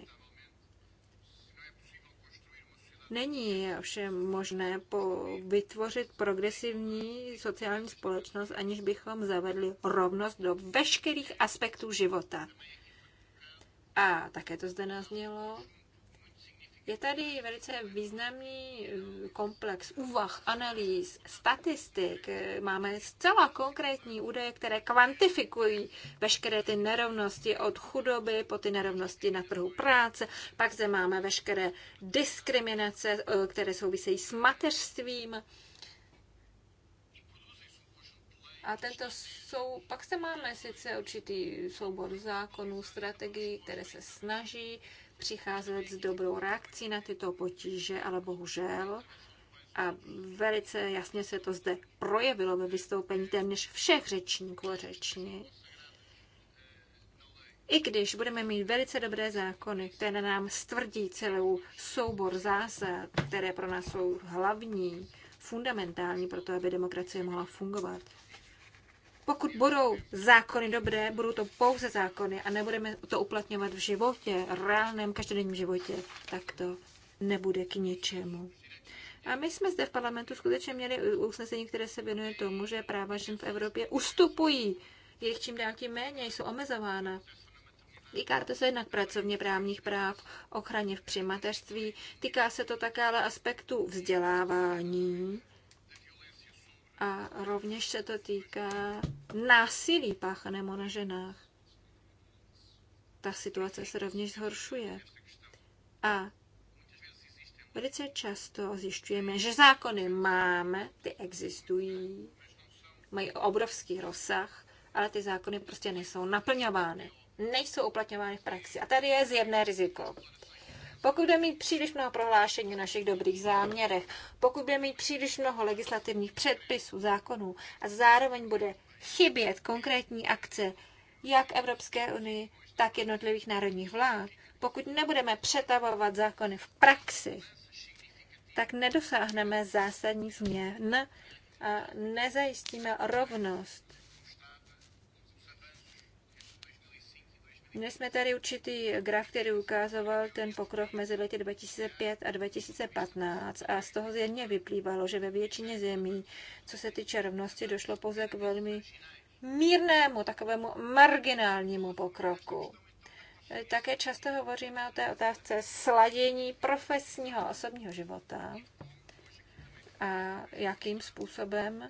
Není ovšem možné po vytvořit progresivní sociální společnost, aniž bychom zavedli rovnost do veškerých aspektů života. A také to zde naznělo, je tady velice významný eh, komplex úvah, analýz, statistik. Eh, máme zcela konkrétní údaje, které kvantifikují veškeré ty nerovnosti od chudoby po ty nerovnosti na trhu práce. Pak zde máme veškeré diskriminace, eh, které souvisejí s mateřstvím. A tento jsou, pak se máme sice určitý soubor zákonů, strategií, které se snaží uh, přicházet s dobrou reakcí na tyto potíže, ale bohužel, a velice jasně se to zde projevilo ve vystoupení téměř všech řečníků a řečnic, i když budeme mít velice dobré zákony, které nám stvrdí celou soubor zásad, které pro nás jsou hlavní, fundamentální pro to, aby demokracie mohla fungovat, pokud budou zákony dobré, budou to pouze zákony a nebudeme to uplatňovat v životě, v reálném každodenním životě, tak to nebude k ničemu. A my jsme zde v parlamentu skutečně měli usnesení, které se věnuje tomu, že práva žen v Evropě ustupují. Je jich čím dál tím méně, jsou omezována. Týká to se jednak pracovně právních práv, ochraně v přimateřství, týká se to také ale aspektu vzdělávání a rovněž se to týká násilí páchanému na ženách. Ta situace se rovněž zhoršuje. A velice často zjišťujeme, že zákony máme, ty existují, mají obrovský rozsah, ale ty zákony prostě nejsou naplňovány, nejsou uplatňovány v praxi. A tady je zjevné riziko pokud bude mít příliš mnoho prohlášení o našich dobrých záměrech, pokud bude mít příliš mnoho legislativních předpisů, zákonů a zároveň bude chybět konkrétní akce jak Evropské unii, tak jednotlivých národních vlád, pokud nebudeme přetavovat zákony v praxi, tak nedosáhneme zásadních změn a nezajistíme rovnost Měli jsme tady určitý graf, který ukázoval ten pokrok mezi lety 2005 a 2015 a z toho zjevně vyplývalo, že ve většině zemí, co se týče rovnosti, došlo pouze k velmi mírnému, takovému marginálnímu pokroku. Také často hovoříme o té otázce sladění profesního a osobního života a jakým způsobem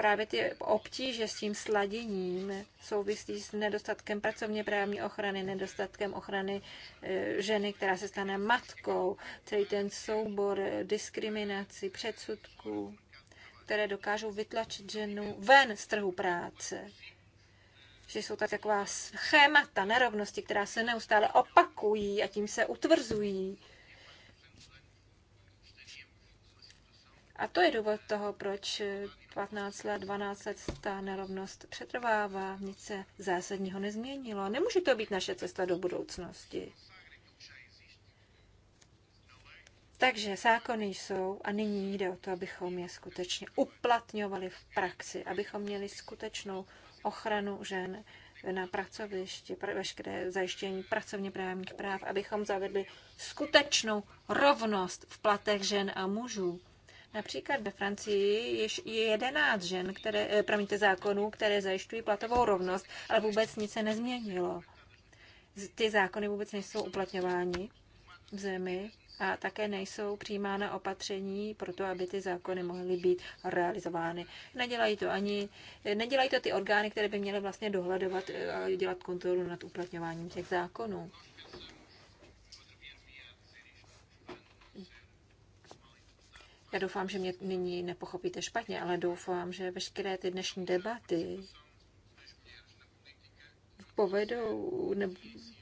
právě ty obtíže s tím sladěním souvisí s nedostatkem pracovně právní ochrany, nedostatkem ochrany e, ženy, která se stane matkou, celý ten soubor e, diskriminací, předsudků, které dokážou vytlačit ženu ven z trhu práce. Že jsou tak taková schémata nerovnosti, která se neustále opakují a tím se utvrzují. A to je důvod toho, proč 15 let, 12 let ta nerovnost přetrvává, nic se zásadního nezměnilo. Nemůže to být naše cesta do budoucnosti. Takže zákony jsou a nyní jde o to, abychom je skutečně uplatňovali v praxi, abychom měli skutečnou ochranu žen na pracovišti, veškeré zajištění pracovně právních práv, abychom zavedli skutečnou rovnost v platech žen a mužů. Například ve Francii je 11 žen, které, eh, promiňte, zákonů, které zajišťují platovou rovnost, ale vůbec nic se nezměnilo. Ty zákony vůbec nejsou uplatňovány v zemi a také nejsou přijímána opatření pro to, aby ty zákony mohly být realizovány. Nedělají to ani, eh, nedělají to ty orgány, které by měly vlastně dohledovat eh, a dělat kontrolu nad uplatňováním těch zákonů. Já doufám, že mě nyní nepochopíte špatně, ale doufám, že veškeré ty dnešní debaty povedou, nebo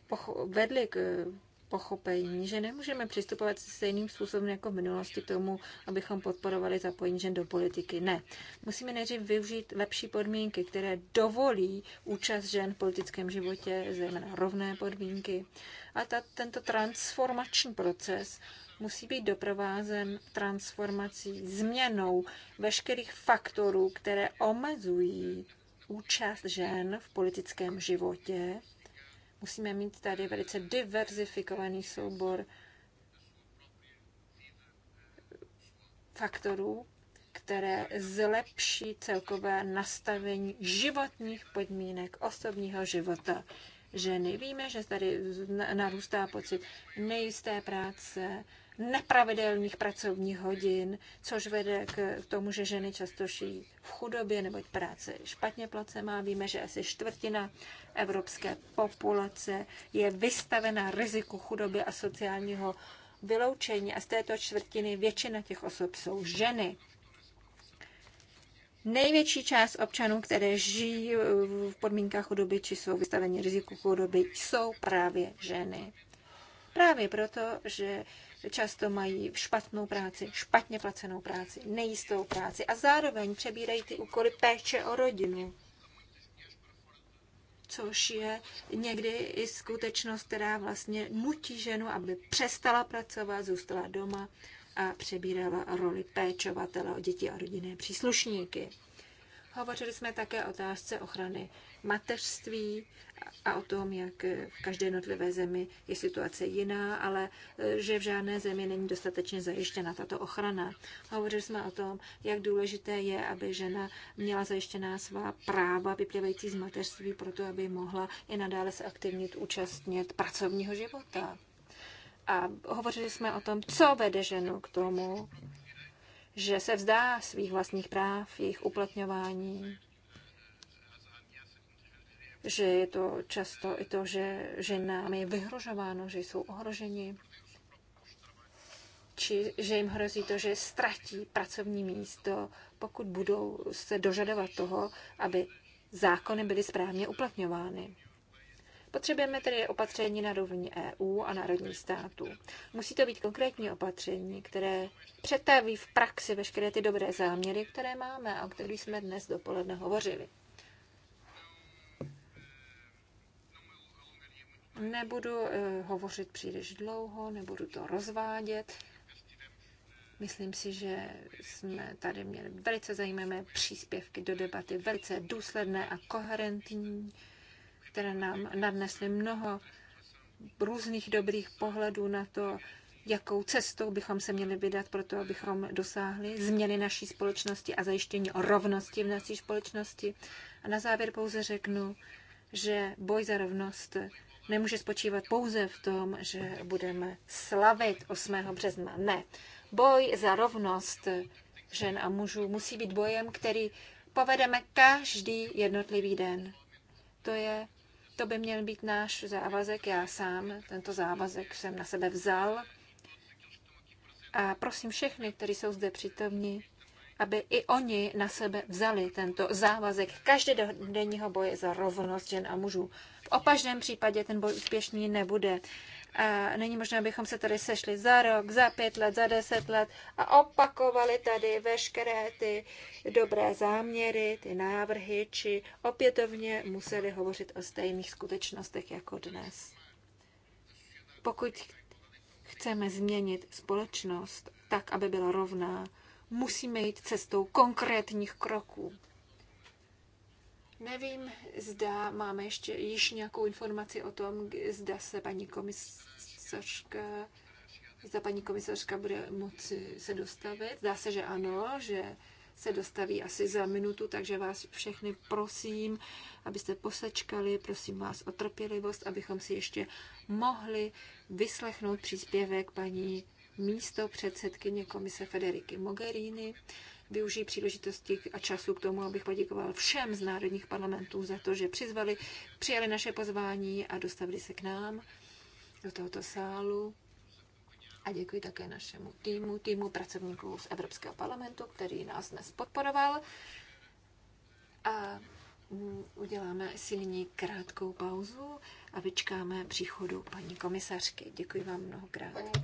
pocho- vedly k pochopení, že nemůžeme přistupovat stejným způsobem jako v minulosti k tomu, abychom podporovali zapojení žen do politiky. Ne. Musíme nejdřív využít lepší podmínky, které dovolí účast žen v politickém životě, zejména rovné podmínky. A ta, tento transformační proces musí být doprovázen transformací, změnou veškerých faktorů, které omezují účast žen v politickém životě. Musíme mít tady velice diverzifikovaný soubor faktorů, které zlepší celkové nastavení životních podmínek osobního života ženy. Víme, že tady narůstá pocit nejisté práce, nepravidelných pracovních hodin, což vede k tomu, že ženy často žijí v chudobě, neboť práce špatně má. Víme, že asi čtvrtina evropské populace je vystavena riziku chudoby a sociálního vyloučení a z této čtvrtiny většina těch osob jsou ženy. Největší část občanů, které žijí v podmínkách chudoby či jsou vystaveni riziku chudoby, jsou právě ženy. Právě proto, že často mají špatnou práci, špatně placenou práci, nejistou práci a zároveň přebírají ty úkoly péče o rodinu což je někdy i skutečnost, která vlastně nutí ženu, aby přestala pracovat, zůstala doma a přebírala roli péčovatele o děti a rodinné příslušníky. Hovořili jsme také o otázce ochrany mateřství a o tom, jak v každé jednotlivé zemi je situace jiná, ale eh, že v žádné zemi není dostatečně zajištěna tato ochrana. Hovořili jsme o tom, jak důležité je, aby žena měla zajištěná svá práva vyplývající z mateřství, proto aby mohla i nadále se aktivnit, účastnit pracovního života. A hovořili jsme o tom, co vede ženu k tomu, že se vzdá svých vlastních práv, jejich uplatňování, že je to často i to, že ženám je vyhrožováno, že jsou ohroženi, či že jim hrozí to, že ztratí pracovní místo, pokud budou se dožadovat toho, aby zákony byly správně uplatňovány. Potřebujeme tedy opatření na rovni EU a národních států. Musí to být konkrétní opatření, které přetaví v praxi veškeré ty dobré záměry, které máme a o kterých jsme dnes dopoledne hovořili. Nebudu eh, hovořit příliš dlouho, nebudu to rozvádět. Myslím si, že jsme tady měli velice zajímavé příspěvky do debaty, velice důsledné a koherentní, které nám nadnesly mnoho různých dobrých pohledů na to, jakou cestou bychom se měli vydat pro to, abychom dosáhli změny naší společnosti a zajištění rovnosti v naší společnosti. A na závěr pouze řeknu, že boj za rovnost nemůže spočívat pouze v tom, že budeme slavit 8. března. Ne. Boj za rovnost žen a mužů musí být bojem, který povedeme každý jednotlivý den. To je to by měl být náš závazek. Já sám tento závazek jsem na sebe vzal. A prosím všechny, kteří jsou zde přítomni, aby i oni na sebe vzali tento závazek každodenního boje za rovnost žen a mužů opačném případě ten boj úspěšný nebude. A není možné, abychom se tady sešli za rok, za pět let, za deset let a opakovali tady veškeré ty dobré záměry, ty návrhy, či opětovně museli hovořit o stejných skutečnostech jako dnes. Pokud chceme změnit společnost tak, aby byla rovná, musíme jít cestou konkrétních kroků. Nevím, zda máme ještě již nějakou informaci o tom, zda se paní komisařka, zda paní komisařka bude moci se dostavit. Zdá se, že ano, že se dostaví asi za minutu, takže vás všechny prosím, abyste posečkali, prosím vás o trpělivost, abychom si ještě mohli vyslechnout příspěvek paní místo předsedkyně komise Federiky Mogherini využiji příležitosti a času k tomu, abych poděkoval všem z národních parlamentů za to, že přizvali, přijali naše pozvání a dostavili se k nám do tohoto sálu. A děkuji také našemu týmu, týmu pracovníků z Evropského parlamentu, který nás dnes podporoval. A uděláme si nyní krátkou pauzu a vyčkáme příchodu paní komisařky. Děkuji vám mnohokrát.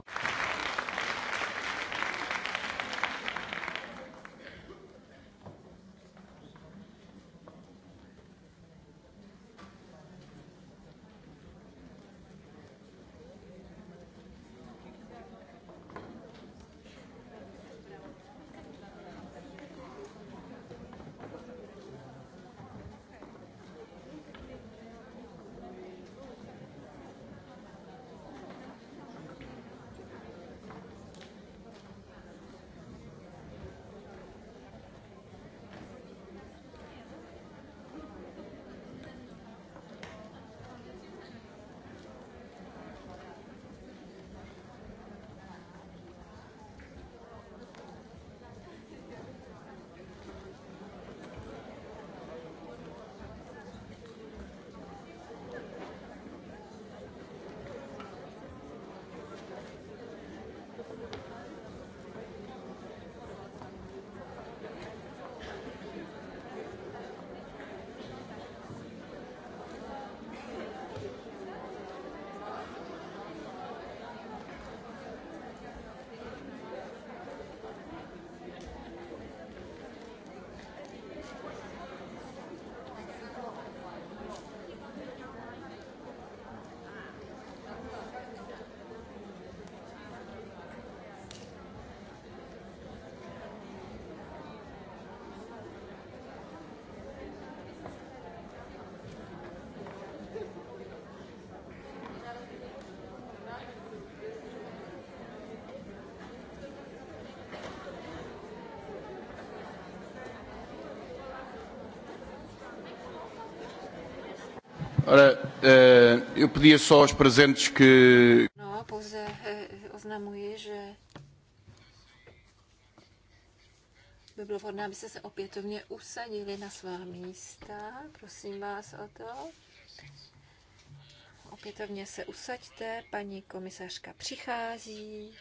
Ora, eh, eu pedia só aos presentes que. No, pouze eh, oznamuji, že by bylo vhodné, abyste se opětovně usadili na svá místa. Prosím vás o to. Opětovně se usaďte, paní komisařka přichází.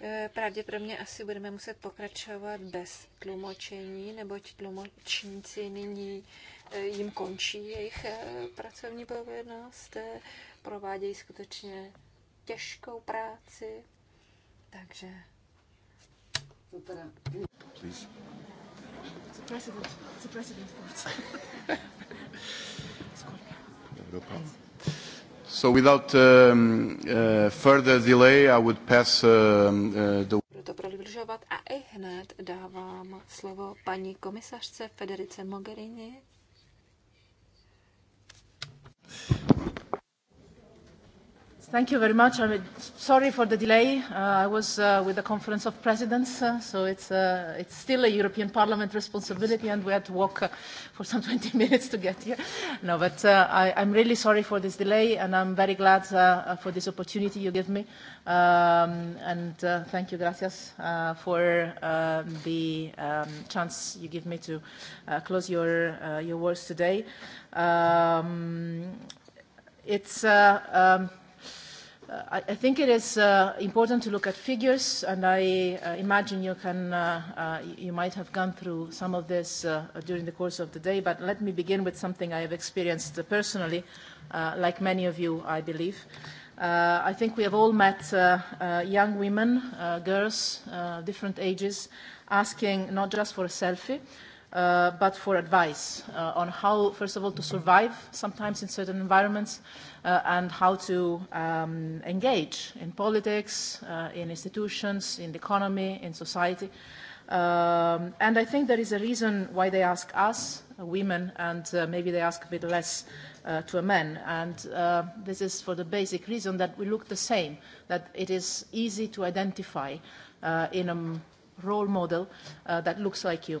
Eh, pravděpodobně asi budeme muset pokračovat bez tlumočení, neboť tlumočníci nyní eh, jim končí jejich eh, pracovní povinnost, provádějí skutečně těžkou práci, takže... Please. President, the president. Evropa without um, uh, further delay, I would pass um, uh, the... Budu to prodlužovat a i hned dávám slovo paní komisařce Federice Mogherini. Thank you very much. I'm sorry for the delay. Uh, I was uh, with the Conference of Presidents, uh, so it's, uh, it's still a European Parliament responsibility, and we had to walk uh, for some 20 minutes to get here. No, but uh, I, I'm really sorry for this delay, and I'm very glad uh, uh for this opportunity you give me. Um, and uh, thank you, gracias, uh, for um, the um, chance you give me to uh, close your, uh, your words today. Um, it's... Uh, um, Uh, I, think it is uh, important to look at figures, and I uh, imagine you, can, uh, uh, you might have gone through some of this uh, during the course of the day, but let me begin with something I have experienced personally, uh, like many of you, I believe. Uh, I think we have all met uh, uh, young women, uh, girls, uh, different ages, asking not just for a selfie, uh, but for advice uh, on how, first of all, to survive sometimes in certain environments uh, and how to um, engage in politics, uh, in institutions, in the economy, in society. Um, and I think there is a reason why they ask us, uh, women, and uh, maybe they ask a bit less uh, to a man. And uh, this is for the basic reason that we look the same, that it is easy to identify uh, in a role model uh, that looks like you.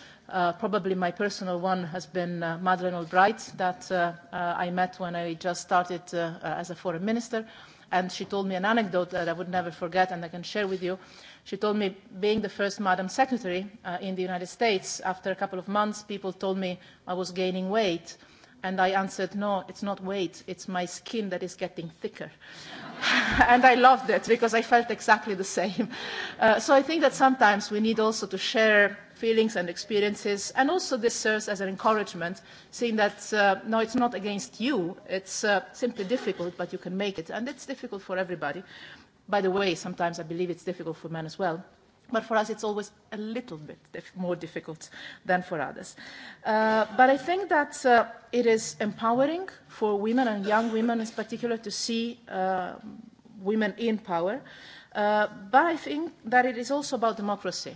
Uh, probably my personal one has been uh, Madeleine Albright that uh, uh I met when I just started uh, uh, as a foreign minister. And she told me an anecdote that I would never forget and I can share with you. She told me, being the first Madam Secretary uh, in the United States, after a couple of months, people told me I was gaining weight. And I answered, no, it's not weight, it's my skin that is getting thicker. and I loved it because I felt exactly the same. Uh, so I think that sometimes we need also to share feelings and experiences. And also this serves as an encouragement, seeing that, uh, no, it's not against you, it's uh, simply difficult, but you can make it. And it's difficult for everybody. By the way, sometimes I believe it's difficult for men as well. But for us, it's always a little bit dif more difficult than for others. Uh, but I think that uh, it is empowering for women and young women in particular to see uh, women in power. Uh, but I think that it is also about democracy.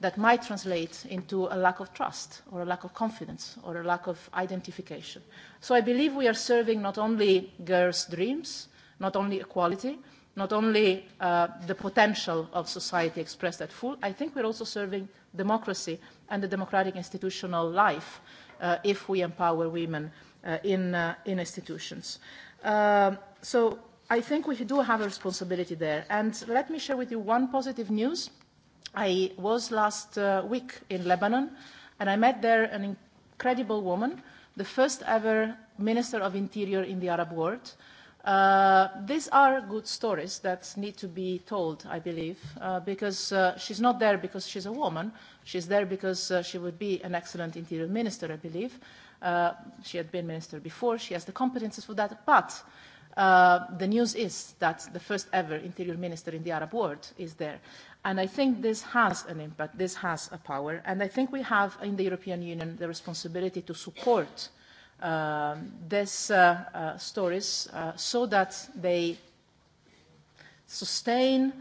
that might translate into a lack of trust or a lack of confidence or a lack of identification. So I believe we are serving not only girls' dreams, not only equality, not only uh, the potential of society expressed at full, I think we're also serving democracy and the democratic institutional life uh, if we empower women uh, in, uh, in institutions. Um, so I think we do have a responsibility there. And let me share with you one positive news i was last uh, week in Lebanon, and I met there an incredible woman, the first ever Minister of Interior in the Arab world. Uh, these are good stories that need to be told, I believe, uh, because uh, she's not there because she's a woman. She's there because uh, she would be an excellent interior minister, I believe. Uh, she had been minister before. She has the competences for that. But uh, the news is that the first ever interior minister in the Arab world is there and i think this has an impact this has a power and i think we have in the european union the responsibility to support um, these uh, uh, stories uh, so that they sustain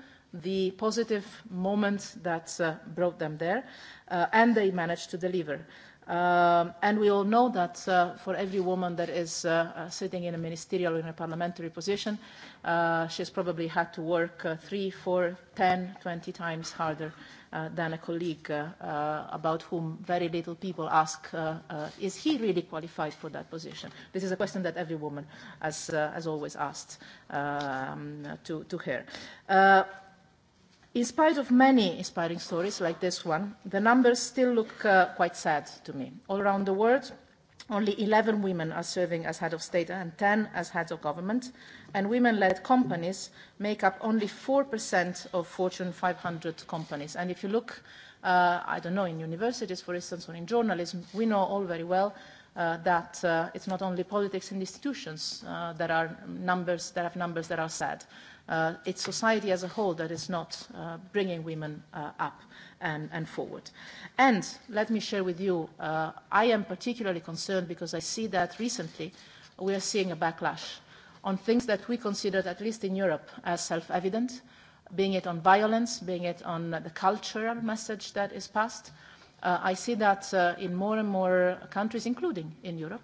the positive moment that uh, brought them there uh, and they manage to deliver. Um, and we all know that uh, for every woman that is uh, uh sitting in a ministerial or in a parliamentary position, uh, she's probably had to work uh, three, four, ten, twenty times harder uh, than a colleague uh, uh, about whom very little people ask, uh, uh, is he really qualified for that position? This is a question that every woman has, uh, has always asked um, to, to her. Uh, in spite of many inspiring stories like this one, the numbers still look uh, quite sad to me. All around the world, only 11 women are serving as head of state and 10 as heads of government, and women-led companies make up only 4% of Fortune 500 companies. And if you look, uh, I don't know, in universities, for instance, or in journalism, we know all very well uh, that uh, it's not only politics and institutions uh, that are numbers that have numbers that are sad it uh, it's society as a whole that is not uh, bringing women uh, up and, and forward. And let me share with you, uh, I am particularly concerned because I see that recently we are seeing a backlash on things that we considered, at least in Europe, as self-evident, being it on violence, being it on the cultural message that is passed. Uh, I see that uh, in more and more countries, including in Europe,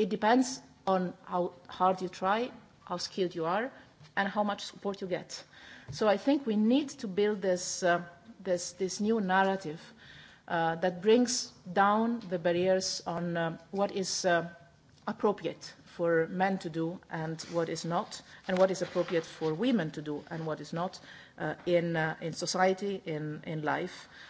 It depends on how hard you try, how skilled you are, and how much support you get. So I think we need to build this, uh, this, this new narrative uh, that brings down the barriers on uh, what is uh, appropriate for men to do and what is not, and what is appropriate for women to do and what is not uh, in, uh, in society, in, in life. Uh,